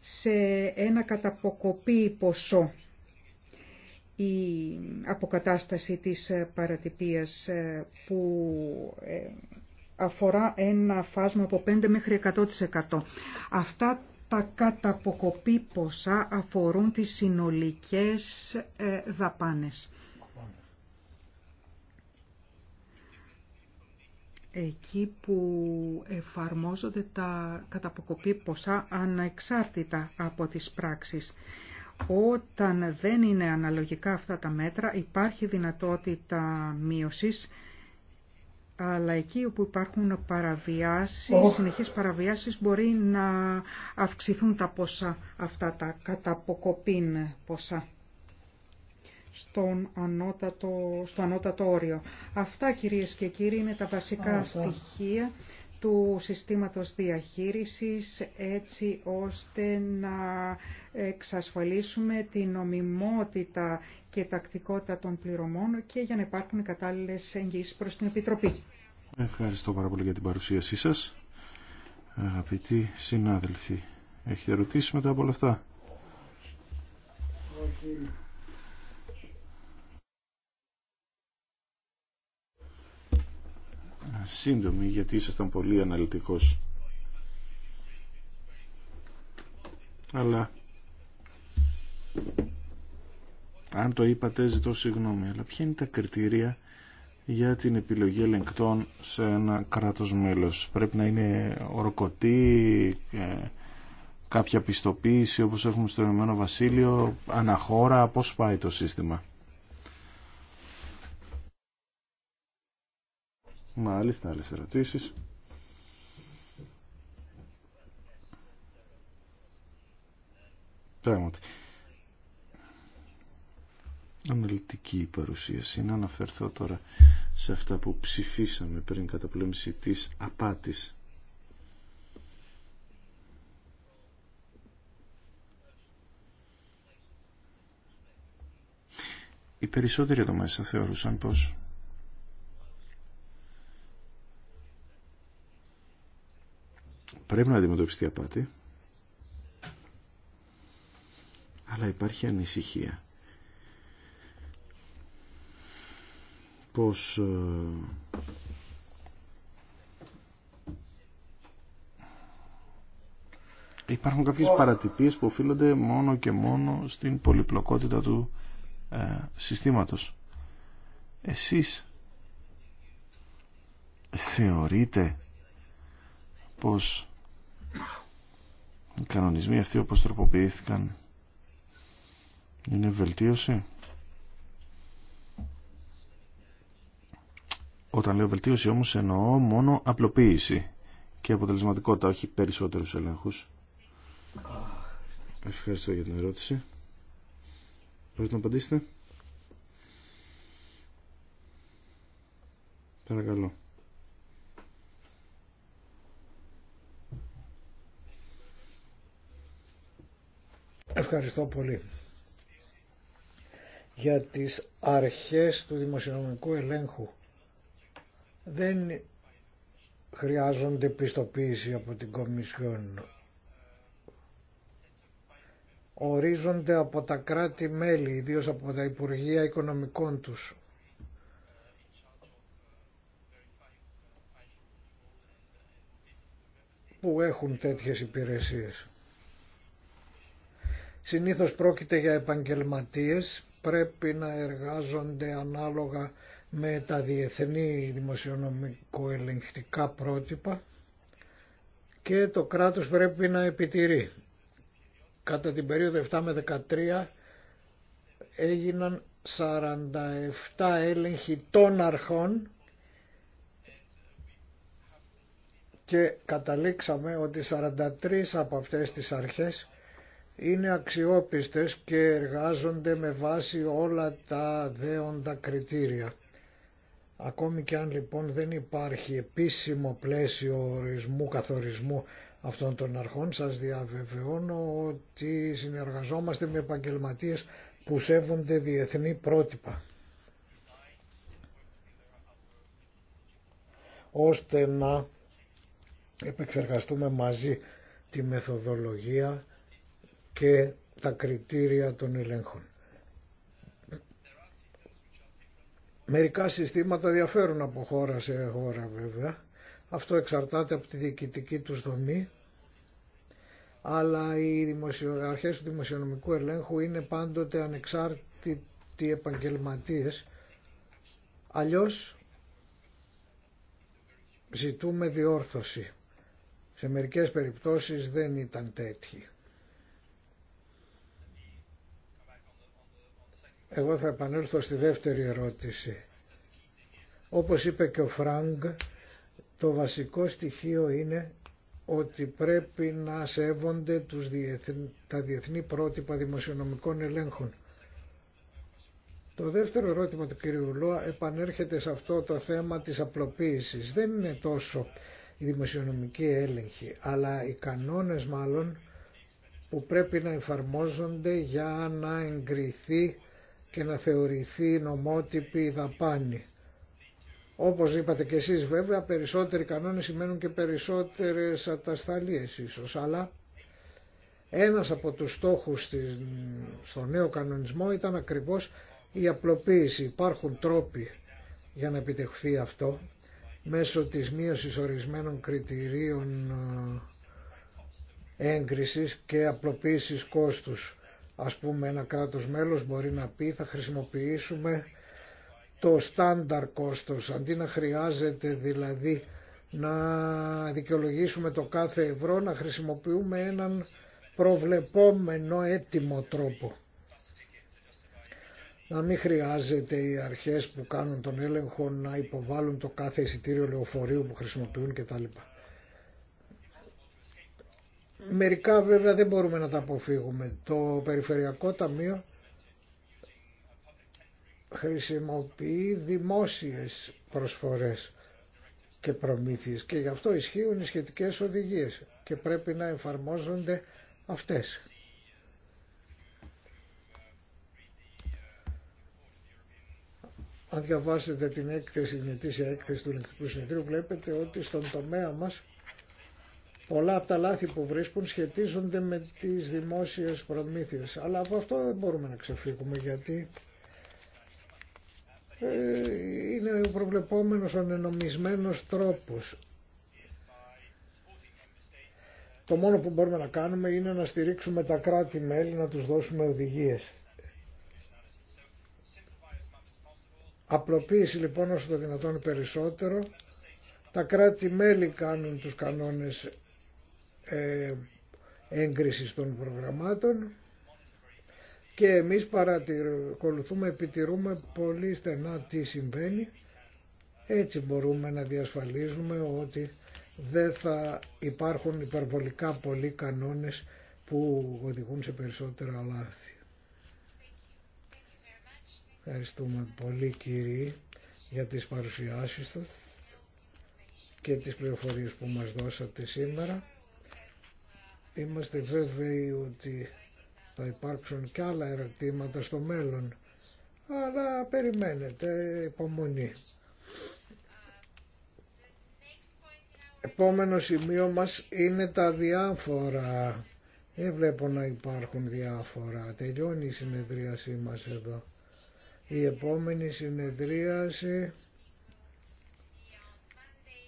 σε ένα καταποκοπή ποσό η αποκατάσταση της παρατυπίας ε, που ε, αφορά ένα φάσμα από 5 μέχρι 100%. Αυτά τα καταποκοπή ποσά αφορούν τις συνολικές ε, δαπάνες. εκεί που εφαρμόζονται τα καταποκοπή ποσά ανεξάρτητα από τις πράξεις. Όταν δεν είναι αναλογικά αυτά τα μέτρα υπάρχει δυνατότητα μείωσης αλλά εκεί όπου υπάρχουν παραβιάσεις, oh. συνεχείς παραβιάσεις μπορεί να αυξηθούν τα ποσά, αυτά τα καταποκοπήν ποσά στον ανώτατο, στο ανώτατο όριο. Αυτά κυρίες και κύριοι είναι τα βασικά στοιχεία του συστήματος διαχείρισης έτσι ώστε να εξασφαλίσουμε την νομιμότητα και τακτικότητα των πληρωμών και για να υπάρχουν κατάλληλες εγγύσεις προς την Επιτροπή. Ευχαριστώ πάρα πολύ για την παρουσίασή σας. Αγαπητοί συνάδελφοι, έχετε ερωτήσει μετά από όλα αυτά. σύντομη γιατί ήσασταν πολύ αναλυτικός. Αλλά αν το είπατε ζητώ συγγνώμη. Αλλά ποια είναι τα κριτήρια για την επιλογή ελεγκτών σε ένα κράτος μέλος. Πρέπει να είναι οροκοτή, ε, κάποια πιστοποίηση όπως έχουμε στο Ηνωμένο Βασίλειο, αναχώρα, πώς πάει το σύστημα. Μάλιστα, άλλες ερωτήσεις. Πράγματι. Αναλυτική η παρουσίαση. Να αναφερθώ τώρα σε αυτά που ψηφίσαμε πριν καταπολέμηση της απάτης. Οι περισσότεροι εδώ μέσα θεωρούσαν πως πρέπει να αντιμετωπιστεί απάτη, αλλά υπάρχει ανησυχία. Πώς ε, υπάρχουν κάποιες παρατυπίες που οφείλονται μόνο και μόνο στην πολυπλοκότητα του ε, συστήματος. Εσείς θεωρείτε πως οι κανονισμοί αυτοί όπως τροποποιήθηκαν είναι βελτίωση. Όταν λέω βελτίωση όμως εννοώ μόνο απλοποίηση και αποτελεσματικότητα, όχι περισσότερους ελέγχους. Ευχαριστώ για την ερώτηση. Μπορείτε να απαντήσετε. Παρακαλώ. Ευχαριστώ πολύ για τις αρχές του δημοσιονομικού ελέγχου. Δεν χρειάζονται πιστοποίηση από την Κομισιόν. Ορίζονται από τα κράτη-μέλη, ιδίως από τα Υπουργεία Οικονομικών τους. που έχουν τέτοιες υπηρεσίες. Συνήθως πρόκειται για επαγγελματίες, πρέπει να εργάζονται ανάλογα με τα διεθνή ελεγχτικά πρότυπα και το κράτος πρέπει να επιτηρεί. Κατά την περίοδο 7 με 13 έγιναν 47 έλεγχοι των αρχών και καταλήξαμε ότι 43 από αυτές τις αρχές είναι αξιόπιστες και εργάζονται με βάση όλα τα δέοντα κριτήρια. Ακόμη και αν λοιπόν δεν υπάρχει επίσημο πλαίσιο ορισμού, καθορισμού αυτών των αρχών, σας διαβεβαιώνω ότι συνεργαζόμαστε με επαγγελματίες που σέβονται διεθνή πρότυπα. ώστε να επεξεργαστούμε μαζί τη μεθοδολογία και τα κριτήρια των ελέγχων. Μερικά συστήματα διαφέρουν από χώρα σε χώρα βέβαια. Αυτό εξαρτάται από τη διοικητική τους δομή, αλλά οι αρχές του δημοσιονομικού ελέγχου είναι πάντοτε ανεξάρτητοι επαγγελματίες. Αλλιώς ζητούμε διόρθωση. Σε μερικές περιπτώσεις δεν ήταν τέτοιοι. Εγώ θα επανέλθω στη δεύτερη ερώτηση. Όπως είπε και ο Φραγκ, το βασικό στοιχείο είναι ότι πρέπει να σέβονται τους τα διεθνή πρότυπα δημοσιονομικών ελέγχων. Το δεύτερο ερώτημα του κυρίου Λόα επανέρχεται σε αυτό το θέμα της απλοποίησης. Δεν είναι τόσο η δημοσιονομική έλεγχη, αλλά οι κανόνες μάλλον που πρέπει να εφαρμόζονται για να εγκριθεί και να θεωρηθεί νομότυπη δαπάνη. Όπως είπατε και εσείς βέβαια περισσότεροι κανόνες σημαίνουν και περισσότερες ατασταλίες ίσως αλλά ένας από τους στόχους στο νέο κανονισμό ήταν ακριβώς η απλοποίηση. Υπάρχουν τρόποι για να επιτευχθεί αυτό μέσω της μείωσης ορισμένων κριτηρίων ε, έγκρισης και απλοποίησης κόστους Ας πούμε ένα κράτος μέλος μπορεί να πει θα χρησιμοποιήσουμε το στάνταρ κόστος αντί να χρειάζεται δηλαδή να δικαιολογήσουμε το κάθε ευρώ να χρησιμοποιούμε έναν προβλεπόμενο έτοιμο τρόπο. Να μην χρειάζεται οι αρχές που κάνουν τον έλεγχο να υποβάλουν το κάθε εισιτήριο λεωφορείου που χρησιμοποιούν κτλ. Μερικά βέβαια δεν μπορούμε να τα αποφύγουμε. Το Περιφερειακό Ταμείο χρησιμοποιεί δημόσιες προσφορές και προμήθειες και γι' αυτό ισχύουν οι σχετικές οδηγίες και πρέπει να εφαρμόζονται αυτές. Αν διαβάσετε την έκθεση, την ετήσια έκθεση του Ελληνικού Συνεδρίου, βλέπετε ότι στον τομέα μας Πολλά από τα λάθη που βρίσκουν σχετίζονται με τις δημόσιες προμήθειες. Αλλά από αυτό δεν μπορούμε να ξεφύγουμε γιατί ε, είναι ο προβλεπόμενος ο νομισμένος τρόπος. Το μόνο που μπορούμε να κάνουμε είναι να στηρίξουμε τα κράτη-μέλη, να τους δώσουμε οδηγίες. Απλοποίηση λοιπόν όσο το δυνατόν περισσότερο. Τα κράτη-μέλη κάνουν τους κανόνες ε, έγκρισης των προγραμμάτων και εμείς παρακολουθούμε, επιτηρούμε πολύ στενά τι συμβαίνει. Έτσι μπορούμε να διασφαλίζουμε ότι δεν θα υπάρχουν υπερβολικά πολλοί κανόνες που οδηγούν σε περισσότερα λάθη. Ευχαριστούμε πολύ κύριοι για τις παρουσιάσεις σας και τις πληροφορίες που μας δώσατε σήμερα. Είμαστε βέβαιοι ότι θα υπάρξουν και άλλα ερωτήματα στο μέλλον. Αλλά περιμένετε υπομονή. Επόμενο σημείο μας είναι τα διάφορα. Δεν βλέπω να υπάρχουν διάφορα. Τελειώνει η συνεδρίασή μας εδώ. Η επόμενη συνεδρίαση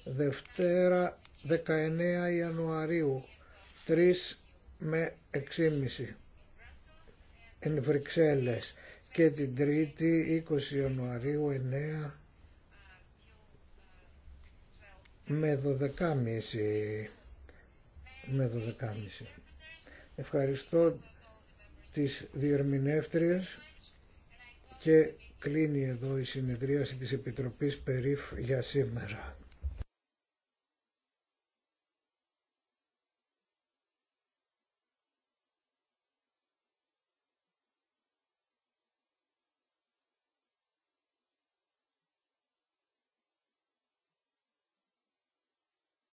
Δευτέρα 19 Ιανουαρίου 3 με 6,5 εν Βρυξέλλες και την Τρίτη 20 Ιανουαρίου 9 με 12,5 με 12,5 ευχαριστώ τις διερμηνεύτριες και κλείνει εδώ η συνεδρίαση της Επιτροπής Περίφ για σήμερα.